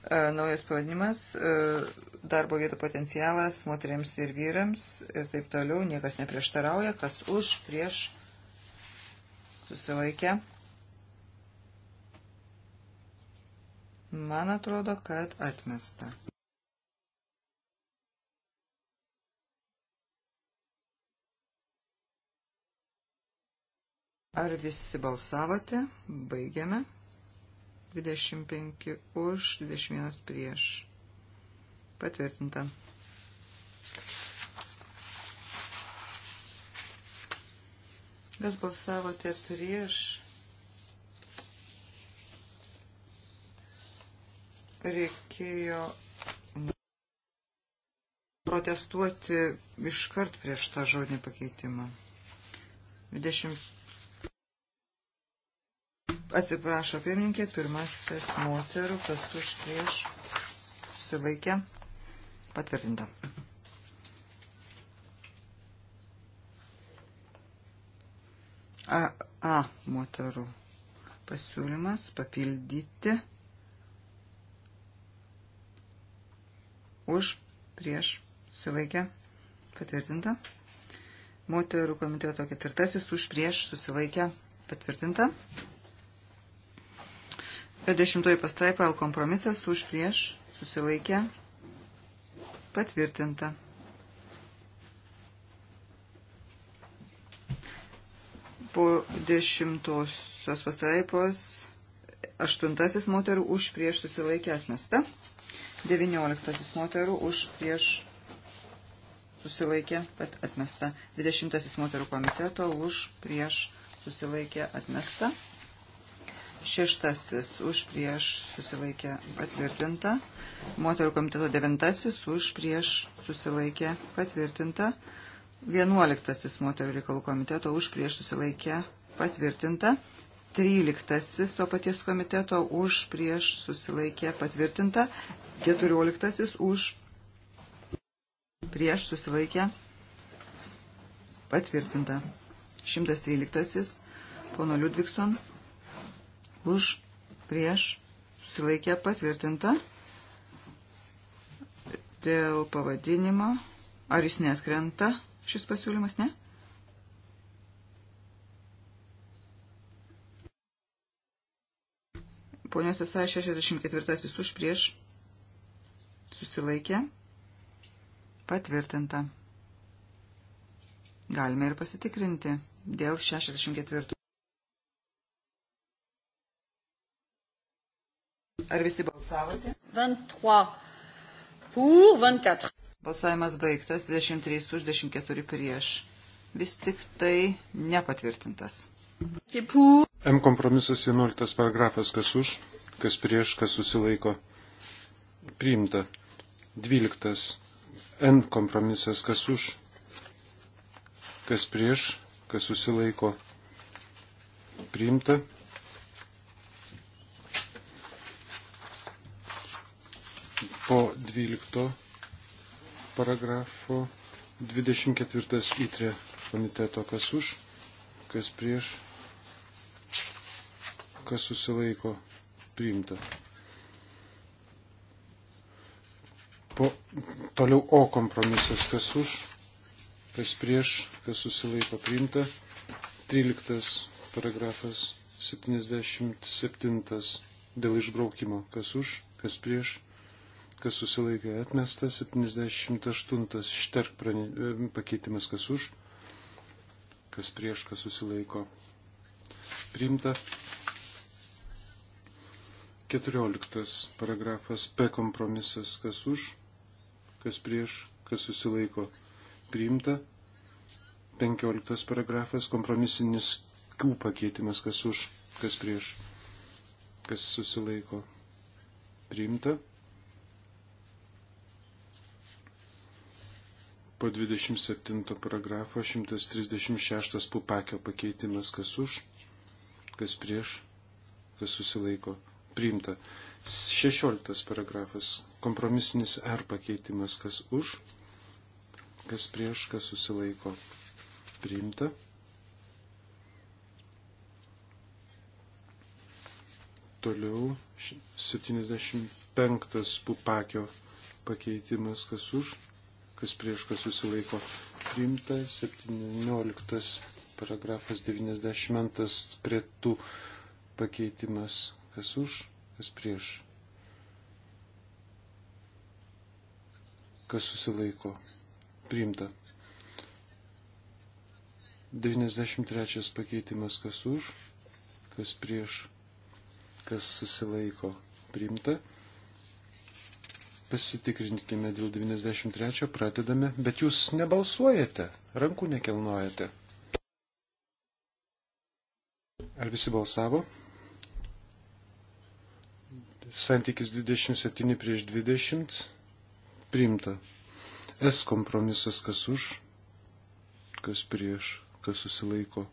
E, naujas pavadinimas e, - darbo vietų potencialas moteriams ir vyrams ir taip toliau. Niekas neprieštarauja, kas už, prieš susilaikę. Man atrodo, kad atmesta. Ar visi balsavote? Baigiame. 25 už, 21 prieš. Patvirtinta. Kas balsavote prieš? Reikėjo protestuoti iškart prieš tą žodinį pakeitimą. 25 Atsiprašo pirmininkė, pirmasis moterų, kas už prieš susilaikė, patvirtinta. A, A moterų pasiūlymas papildyti už prieš susilaikę patvirtinta. Moterų komiteto ketvirtasis už prieš susilaikę patvirtinta. Dešimtoji pastraipa L kompromisas už prieš susilaikę patvirtinta. Po dešimtosios pastraipos aštuntasis moterų už prieš susilaikę atmesta. Devynioliktasis moterų už prieš susilaikė, bet atmesta. Dvidešimtasis moterų komiteto už prieš susilaikė atmesta šeštasis už prieš susilaikė patvirtinta. Moterų komiteto devintasis už prieš susilaikė patvirtinta. Vienuoliktasis moterų reikalų komiteto už prieš susilaikė patvirtinta. Tryliktasis to paties komiteto už prieš susilaikė patvirtinta. Keturioliktasis už prieš susilaikė patvirtinta. 113. Pono Liudvikson už, prieš, susilaikė patvirtinta. Dėl pavadinimo, ar jis netkrenta šis pasiūlymas, ne? Ponios esai 64 už prieš susilaikė patvirtinta. Galime ir pasitikrinti dėl 64. Ar visi balsavote? 23 pour 24. Balsavimas baigtas, 23 už 24 prieš. Vis tik tai nepatvirtintas. M kompromisas 11 paragrafas, kas už, kas prieš, kas susilaiko. Priimta. 12. N kompromisas, kas už, kas prieš, kas susilaiko. Priimta. po 12 paragrafo 24 įtrė komiteto, kas už, kas prieš, kas susilaiko priimta. Po, toliau O kompromisas, kas už, kas prieš, kas susilaiko priimta. 13 paragrafas 77 dėl išbraukimo, kas už, kas prieš, kas susilaikė atmesta, 78 šterk prane, e, pakeitimas, kas už, kas prieš, kas susilaiko priimta. 14 paragrafas P kompromisas, kas už, kas prieš, kas susilaiko priimta. 15 paragrafas kompromisinis Q pakeitimas, kas už, kas prieš, kas susilaiko priimta. po 27 paragrafo 136 pupakio pakeitimas, kas už, kas prieš, kas susilaiko, priimta. 16 paragrafas kompromisinis R pakeitimas, kas už, kas prieš, kas susilaiko, priimta. Toliau 75 pupakio pakeitimas, kas už, kas prieš, kas susilaiko priimta. 17 paragrafas 92 prie tų pakeitimas, kas už, kas prieš, kas susilaiko, priimta. 93 pakeitimas, kas už, kas prieš, kas susilaiko, priimta. Pasitikrinkime dėl 93, pradedame, bet jūs nebalsuojate, rankų nekelnojate. Ar visi balsavo? Santykis 27 prieš 20. Primta. S kompromisas kas už, kas prieš, kas susilaiko.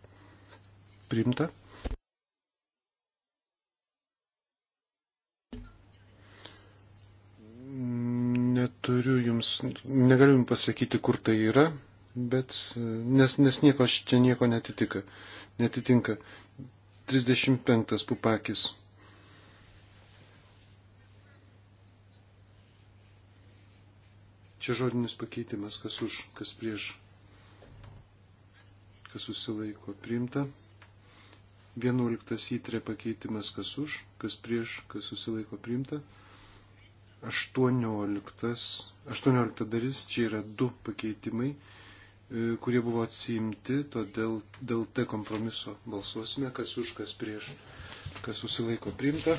Primta. neturiu jums, negaliu jums pasakyti, kur tai yra, bet, e, nes, nes nieko čia nieko netitika, netitinka. 35 pupakis. Čia žodinis pakeitimas, kas už, kas prieš, kas susilaiko priimta. 11 įtrė pakeitimas, kas už, kas prieš, kas susilaiko priimta. 18, 18 dalis, čia yra du pakeitimai, e, kurie buvo atsiimti, todėl dėl T kompromiso balsuosime, kas už, kas prieš, kas susilaiko priimta.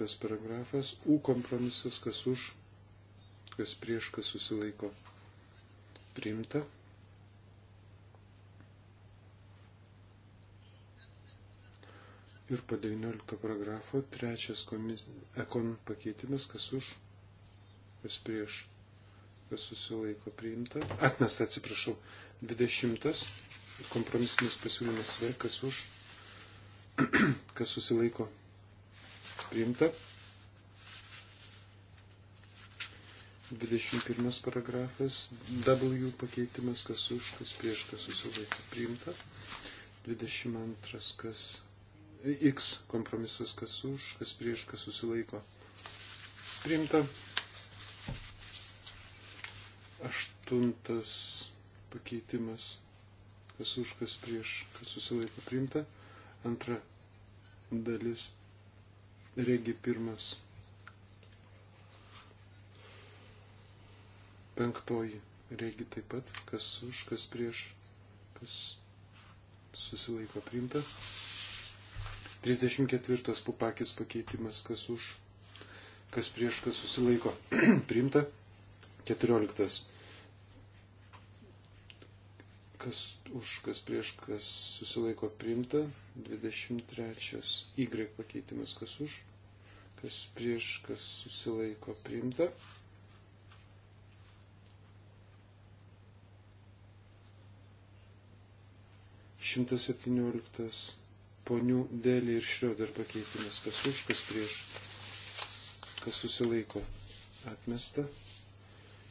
penktas paragrafas, U kompromisas, kas už, kas prieš, kas susilaiko. Primta. Ir po 19 paragrafo trečias komis, ekon pakeitimas, kas už, kas prieš, kas susilaiko priimta. Atmesta, atsiprašau, 20 kompromisinis pasiūlymas V, kas už, kas susilaiko priimta. 21 paragrafas, W pakeitimas, kas už, kas prieš, kas susilaikė priimta. 22 kas, X kompromisas, kas už, kas prieš, kas susilaiko priimta. 8 pakeitimas, kas už, kas prieš, kas susilaiko priimta. Antra dalis Regi pirmas. Penktoji. Regi taip pat. Kas už, kas prieš, kas susilaiko priimta. 34 pupakis pakeitimas. Kas už, kas prieš, kas susilaiko priimta. 14. Kas už, kas prieš, kas susilaiko priimta. 23. Y pakeitimas. Kas už kas prieš, kas susilaiko priimta. Šimtas septynioliktas ponių dėlį ir šrioder pakeitimas, kas už, kas prieš, kas susilaiko atmesta.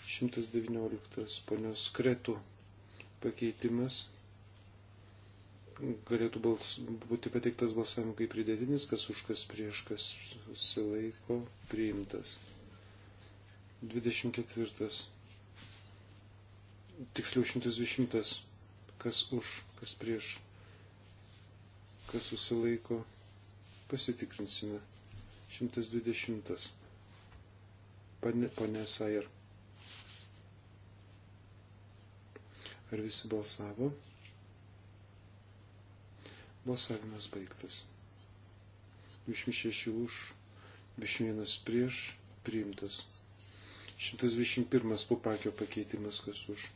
119 ponios kretų pakeitimas, galėtų bals, būti pateiktas balsavimui kaip pridėtinis, kas už kas prieš kas susilaiko priimtas. 24. Tiksliau 120. Kas už, kas prieš, kas susilaiko. Pasitikrinsime. 120. Pane, pane Sajer. Ar visi balsavo? Balsavimas baigtas. 26 už, 21 prieš, priimtas. 121 pupakio pakeitimas, kas už,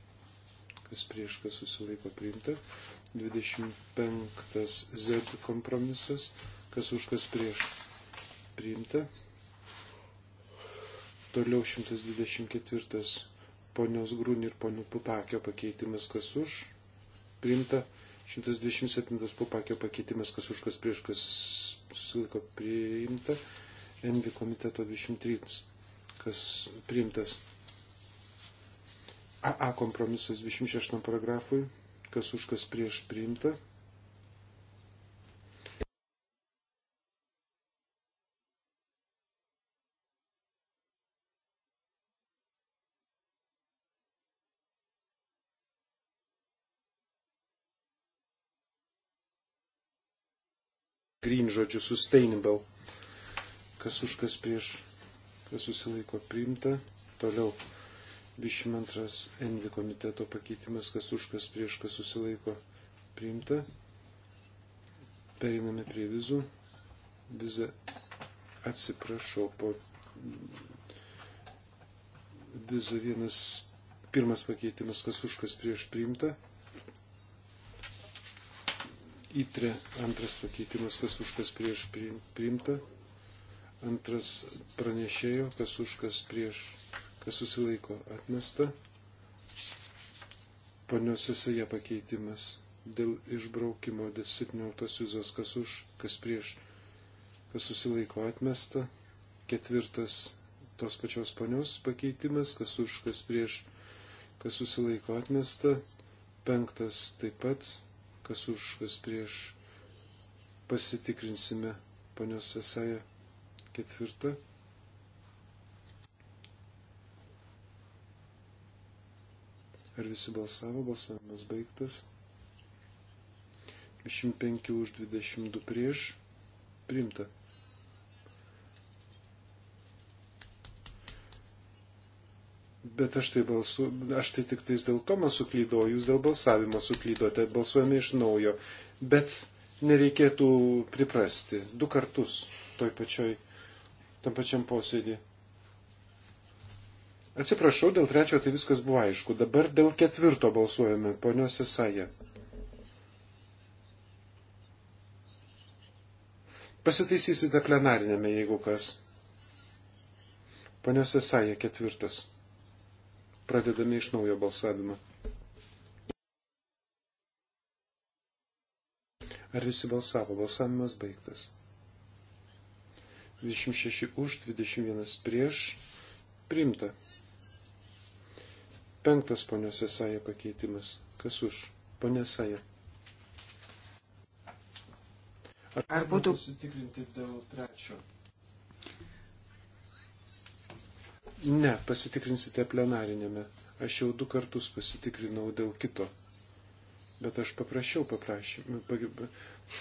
kas prieš, kas susilaiko priimta. 25 Z kompromisas, kas už, kas prieš, priimta. Toliau 124 ponios Grūn ir ponių Pupakio pakeitimas, kas už, priimta. 127 popakio pakeitimas, kas už kas prieš kas susilaiko priimta. Envi komiteto 23, kas priimtas. AA kompromisas 26 paragrafui, kas už kas prieš priimta. green žodžiu sustainable. Kas už kas prieš, kas susilaiko priimta. Toliau 22 Envi komiteto pakeitimas, kas už kas prieš, kas susilaiko priimta. Periname prie vizų. Vizą atsiprašau po vizą vienas pirmas pakeitimas, kas už kas prieš priimta. Įtre antras pakeitimas, kas už kas prieš priimta. Antras pranešėjo, kas už kas prieš, kas susilaiko atmesta. Ponios esaja pakeitimas dėl išbraukimo 17 vizos, kas už kas prieš, kas susilaiko atmesta. Ketvirtas tos pačios ponios pakeitimas, kas už kas prieš, kas susilaiko atmesta. Penktas taip pat kas už, kas prieš. Pasitikrinsime ponios esąją ketvirtą. Ar visi balsavo? Balsavimas baigtas. 25 už 22 prieš. Primta. bet aš tai, balsu, aš tai tik tais dėl to man suklydau, jūs dėl balsavimo suklydote, balsuojame iš naujo. Bet nereikėtų priprasti du kartus toj pačioj, tam pačiam posėdį. Atsiprašau, dėl trečio tai viskas buvo aišku. Dabar dėl ketvirto balsuojame, ponios Isaija. Pasitaisysite plenarinėme, jeigu kas. Ponios Isaija ketvirtas. Pradedame iš naujo balsavimą. Ar visi balsavo? Balsavimas baigtas. 26 už, 21 prieš. Primta. Penktas ponios Esaja pakeitimas. Kas už? Pone Esaja. Ar, Ar būtų pasitikrinti dėl trečio? Ne, pasitikrinsite plenarinėme. Aš jau du kartus pasitikrinau dėl kito. Bet aš paprašiau paprašym, pa,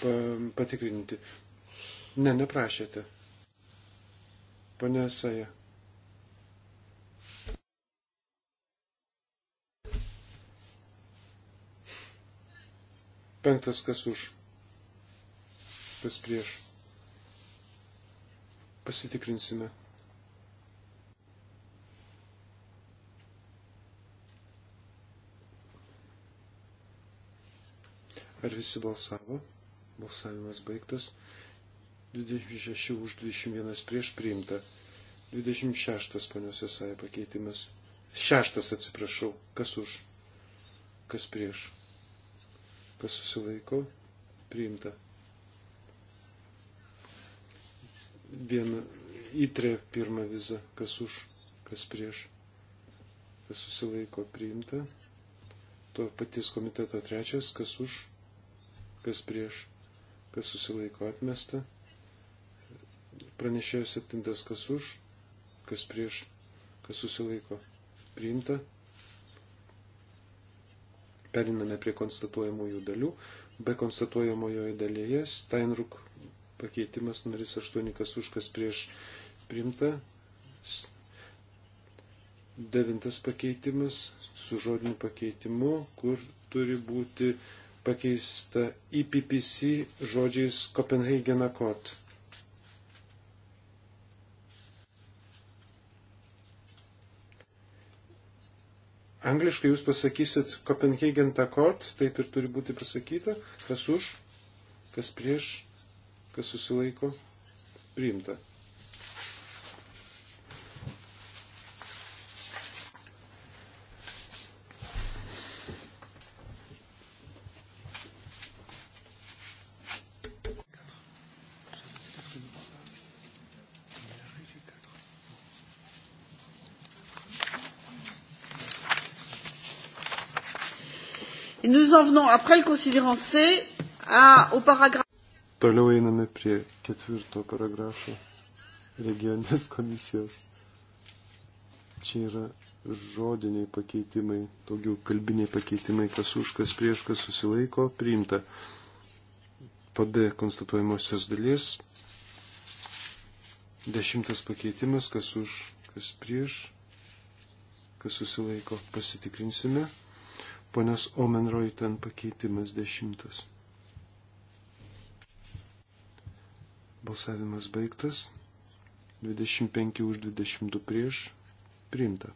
pa, patikrinti. Ne, neprašėte. Pane Saja. Penktas kas už. Kas prieš. Pasitikrinsime. Ar visi balsavo? Balsavimas baigtas. 26 už 21 prieš priimta. 26 ponios esai pakeitimas. Šeštas atsiprašau. Kas už? Kas prieš? Kas susilaiko? Priimta. Viena įtrė pirmą vizą. Kas už? Kas prieš? Kas susilaiko? Priimta. To paties komiteto trečias. Kas už? kas prieš, kas susilaiko atmesta. Pranešėjo septintas, kas už, kas prieš, kas susilaiko priimta. Periname prie konstatuojamųjų dalių. Be konstatuojamojoje dalyje Steinruk pakeitimas numeris 8, kas už, kas prieš priimta. Devintas pakeitimas su žodiniu pakeitimu, kur turi būti uh, pakeista IPPC e žodžiais Copenhagen Accord. Angliškai jūs pasakysit Copenhagen Accord, taip ir turi būti pasakyta, kas už, kas prieš, kas susilaiko, priimta. nous en venons après le considérant C à, au paragraphe. Toliau einame prie ketvirto paragrafo regioninės komisijos. Čia yra žodiniai pakeitimai, daugiau kalbiniai pakeitimai, kas už, kas prieš, kas susilaiko, priimta. PD konstatuojamosios dalies. Dešimtas pakeitimas, kas už, kas prieš, kas susilaiko, pasitikrinsime ponios Omenroj ten pakeitimas dešimtas. Balsavimas baigtas. 25 už 22 prieš. Priimta.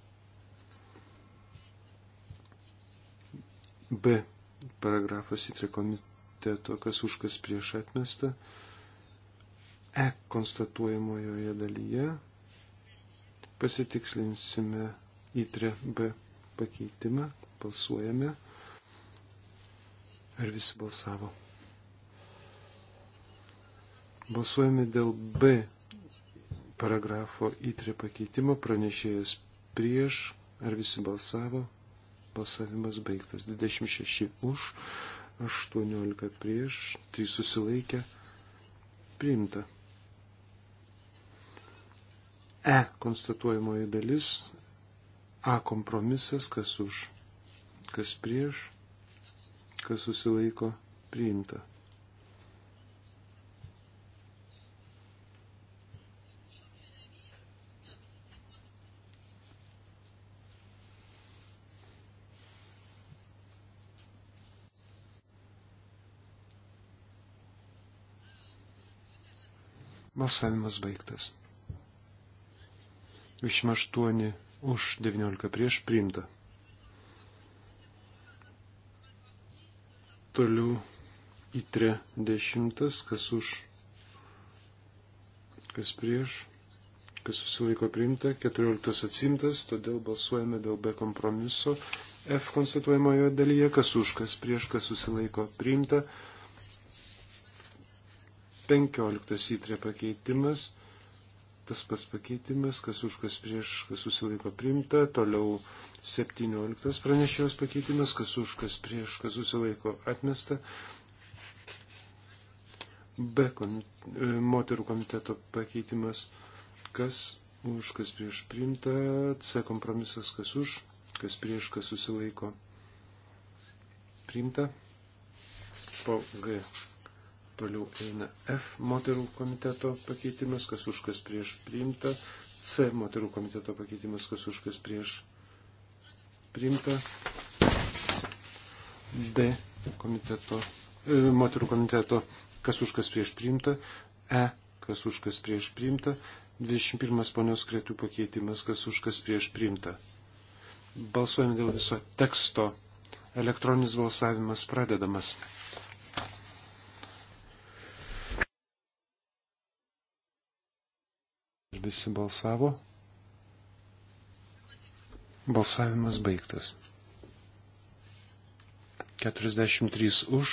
B. Paragrafas įtrė komiteto, kas už kas prieš atmesta. E. Konstatuojamojoje dalyje. Pasitikslinsime įtrė B pakeitimą, Balsuojame. Ar visi balsavo? Balsuojame dėl B paragrafo įtri pakeitimo pranešėjas prieš, ar visi balsavo, balsavimas baigtas. 26 už, 18 prieš, 3 susilaikė, priimta. E konstatuojamoji dalis, A kompromisas, kas už, kas prieš, kas susilaiko priimta. Balsavimas baigtas. 28 už 19 prieš priimta. Toliau į 30, kas už, kas prieš, kas susilaiko priimta, 14 atsimtas, todėl balsuojame dėl be kompromiso. F konstatuojamojo dalyje, kas už, kas prieš, kas susilaiko priimta. 15 įtrė pakeitimas tas pats pakeitimas, kas už, kas prieš, kas susilaiko primta. Toliau 17 pranešėjos pakeitimas, kas už, kas prieš, kas susilaiko atmesta. B komit e, moterų komiteto pakeitimas, kas už, kas prieš primta. C kompromisas, kas už, kas prieš, kas susilaiko primta. Po G Toliau eina F moterų komiteto pakeitimas, kas už kas prieš priimta. C moterų komiteto pakeitimas, kas už kas prieš priimta. D komiteto, e, moterų komiteto, kas už kas prieš priimta. E kas už kas prieš priimta. 21 ponios kretų pakeitimas, kas už kas prieš priimta. Balsuojame dėl viso teksto. Elektroninis balsavimas pradedamas. visi balsavo. Balsavimas baigtas. 43 už,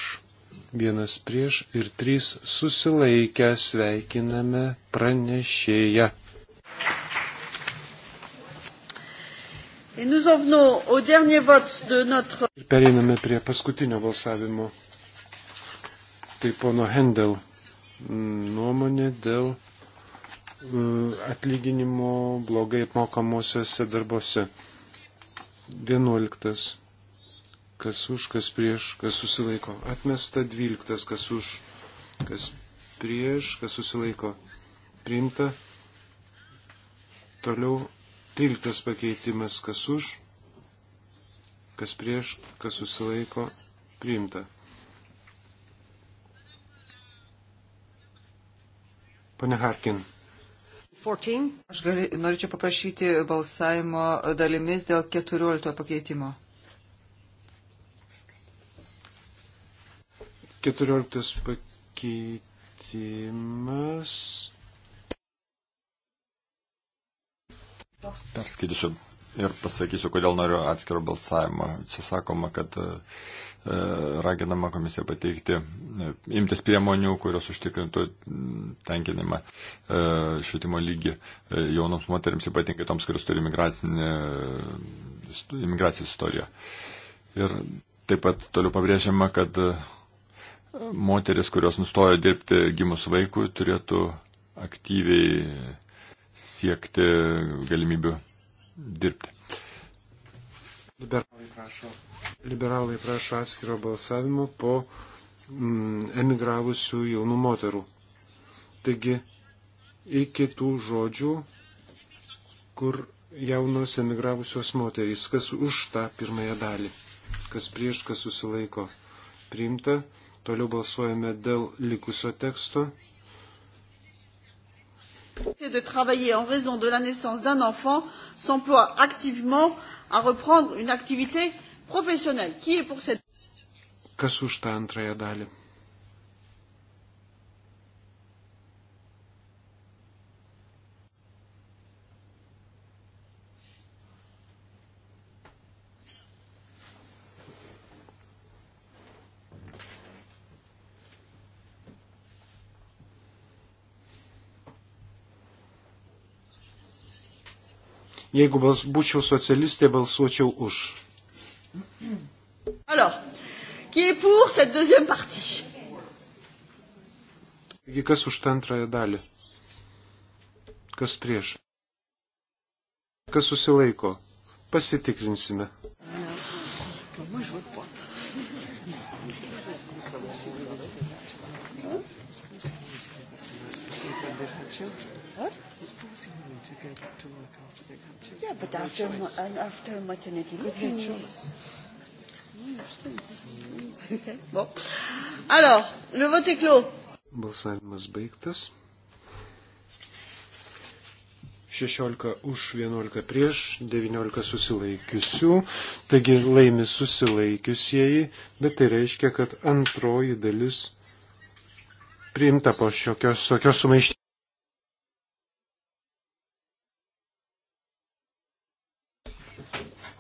vienas prieš ir trys susilaikę sveikiname pranešėją. Notre... Ir pereiname prie paskutinio balsavimo. Tai pono Hendel nuomonė dėl E, atlyginimų blogai apmokamosiose darbose. 11. Kas už, kas prieš, kas susilaiko. Atmesta 12. Kas už, kas prieš, kas susilaiko. Priimta. Toliau 13 pakeitimas. Kas už, kas prieš, kas susilaiko. Priimta. Pane Harkin. 14. Aš gali, norėčiau paprašyti balsavimo dalimis dėl 14 pakeitimo. 14 pakeitimas. Perskaitysiu ir pasakysiu, kodėl noriu atskiro balsavimo. Atsisakoma, kad E, raginama komisija pateikti, e, imtis priemonių, kurios užtikrintų tenkinimą e, švietimo lygį jaunoms moteriams, ypatingai toms, kurios turi imigracijos istoriją. Ir taip pat toliau pabrėžiama, kad moteris, kurios nustojo dirbti gimus vaikui, turėtų aktyviai siekti galimybių dirbti. Liberalai prašo liberalai prašo atskiro balsavimo po mm, emigravusių jaunų moterų. Taigi, iki tų žodžių, kur jaunos emigravusios moterys, kas už tą pirmąją dalį, kas prieš, kas susilaiko priimta. Toliau balsuojame dėl likusio teksto. de travailler en raison de la naissance d'un enfant s'emploie activement à reprendre une activité professionnel. Qui est pour cette... Kas už tą antrąją dalį? Jeigu bals, būčiau socialistė, balsuočiau už. Alors, qui est pour cette deuxième partie? Taigi kas už tą antrąją dalį? Kas prieš? Kas susilaiko? Pasitikrinsime. What? It's forcing women to go back to work after they have children. Yeah, but after, after maternity leave, you choice. Bon. Alors, le vote est clos. Balsavimas baigtas. 16 už 11 prieš, 19 susilaikiusių, taigi laimi susilaikiusieji, bet tai reiškia, kad antroji dalis priimta po šiokios tokios sumaišties.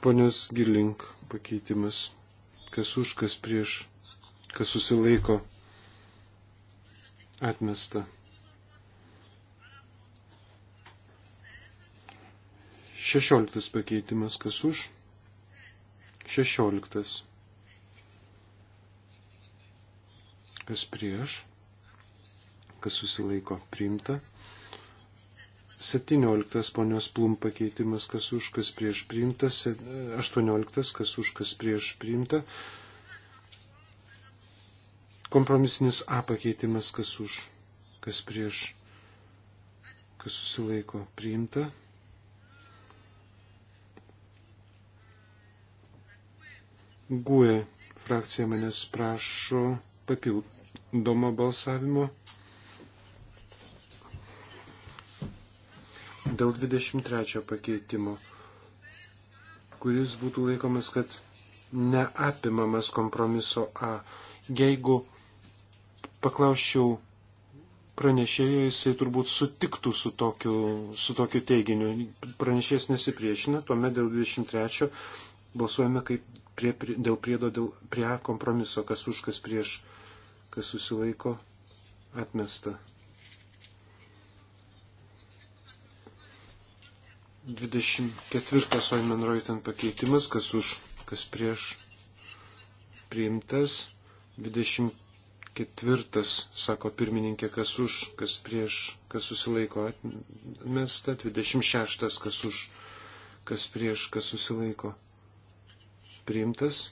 Ponios Girlink pakeitimas kas už, kas prieš, kas susilaiko atmesta. Šešioliktas pakeitimas, kas už? Šešioliktas. Kas prieš? Kas susilaiko? Priimta. 17 ponios plum pakeitimas, kas už, kas prieš priimta, 18 kas už, kas prieš priimta, kompromisinis A pakeitimas, kas už, kas prieš, kas susilaiko priimta. GUE frakcija manęs prašo papildomo balsavimo. dėl 23 pakeitimo, kuris būtų laikomas, kad neapimamas kompromiso A. Jeigu paklausčiau pranešėjo, jisai turbūt sutiktų su tokiu, su tokiu teiginiu. Pranešėjas nesipriešina, tuomet dėl 23 balsuojame kaip prie, prie, dėl priedo dėl, prie kompromiso, kas už, kas prieš, kas susilaiko, atmesta. 24 Oimen Reuten pakeitimas, kas už, kas prieš priimtas. 24, sako pirmininkė, kas už, kas prieš, kas susilaiko atmesta. 26, kas už, kas prieš, kas susilaiko priimtas.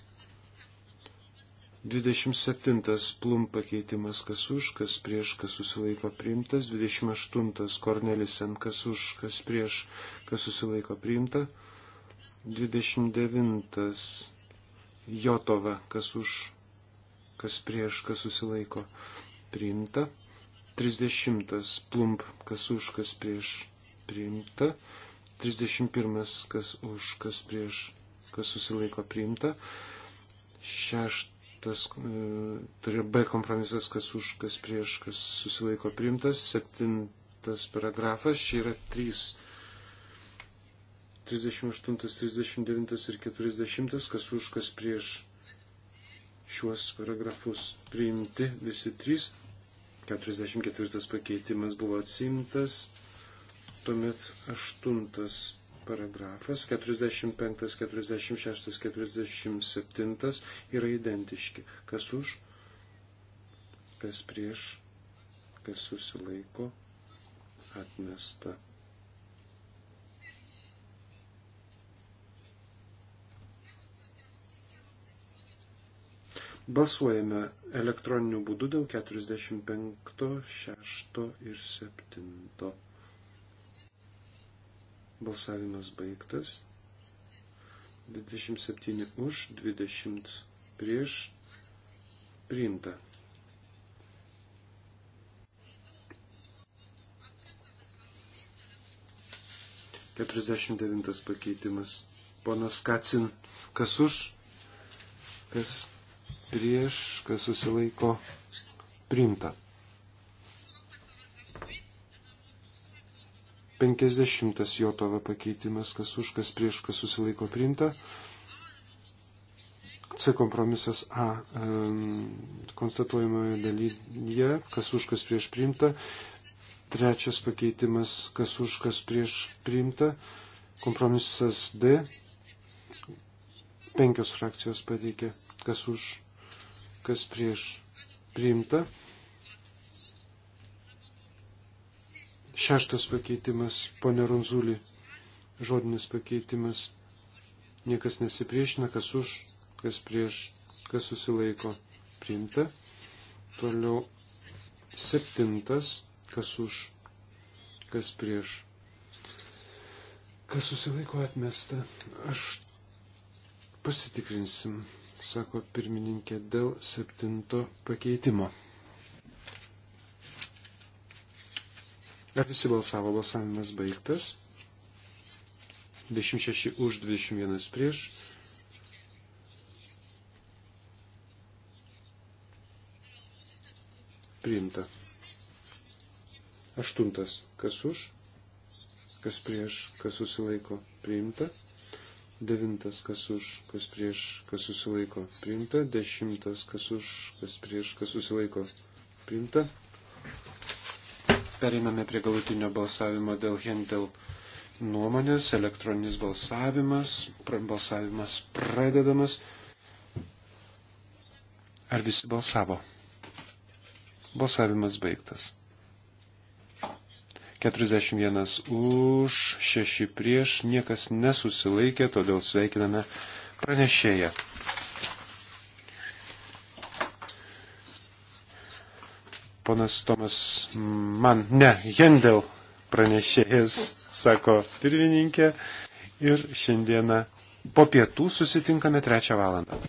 27 plum pakeitimas kas už, kas prieš, kas susilaiko priimtas. 28 kornelis ant kas už, kas prieš, kas susilaiko priimta. 29. Jotova, kas už, kas prieš, kas susilaiko priimta. 30. Plump, kas už, kas prieš priimta. 31. kas už, kas prieš, kas susilaiko priimta. 6 tas, e, tai yra B kompromisas, kas už, kas prieš, kas susilaiko primtas, septintas paragrafas, čia yra trys 38, 39 ir 40, kas už, kas prieš šiuos paragrafus priimti visi trys. 44 pakeitimas buvo atsimtas, tuomet 8 paragrafas, 45, 46, 47 yra identiški. Kas už, kas prieš, kas susilaiko, atmesta. Balsuojame elektroniniu būdu dėl 45, 6 ir 7. Balsavimas baigtas. 27 už, 20 prieš. Priimta. Keturiasdešimt devintas pakeitimas. Ponas Kacin, kas už, kas prieš, kas susilaiko priimta. 50 Jotova pakeitimas, kas už, kas prieš, kas susilaiko priimta. C kompromisas A e, konstatuojamoje dalyje, kas už, kas prieš priimta. Trečias pakeitimas, kas už, kas prieš priimta. Kompromisas D. Penkios frakcijos pateikė, kas už, kas prieš priimta. Šeštas pakeitimas, ponė Ronzulį, žodinis pakeitimas. Niekas nesipriešina, kas už, kas prieš, kas susilaiko priimta. Toliau septintas, kas už, kas prieš, kas susilaiko atmesta. Aš pasitikrinsim sako pirmininkė, dėl septinto pakeitimo. Ar visi balsavo, balsavimas baigtas. 26 už, 21 prieš. Priimta. Aštuntas. Kas už, kas prieš, kas susilaiko. Priimta. Devintas, kas už, kas prieš, kas susilaiko. Priimta. Dešimtas, kas už, kas prieš, kas susilaiko. Priimta. Periname prie galutinio balsavimo dėl Hendel nuomonės. Elektroninis balsavimas. Balsavimas pradedamas. Ar visi balsavo? Balsavimas baigtas. 41 už, 6 prieš, niekas nesusilaikė, todėl sveikiname pranešėją. Ponas Tomas man, ne, Jendel pranešėjas, sako pirmininkė, ir šiandieną po pietų susitinkame trečią valandą.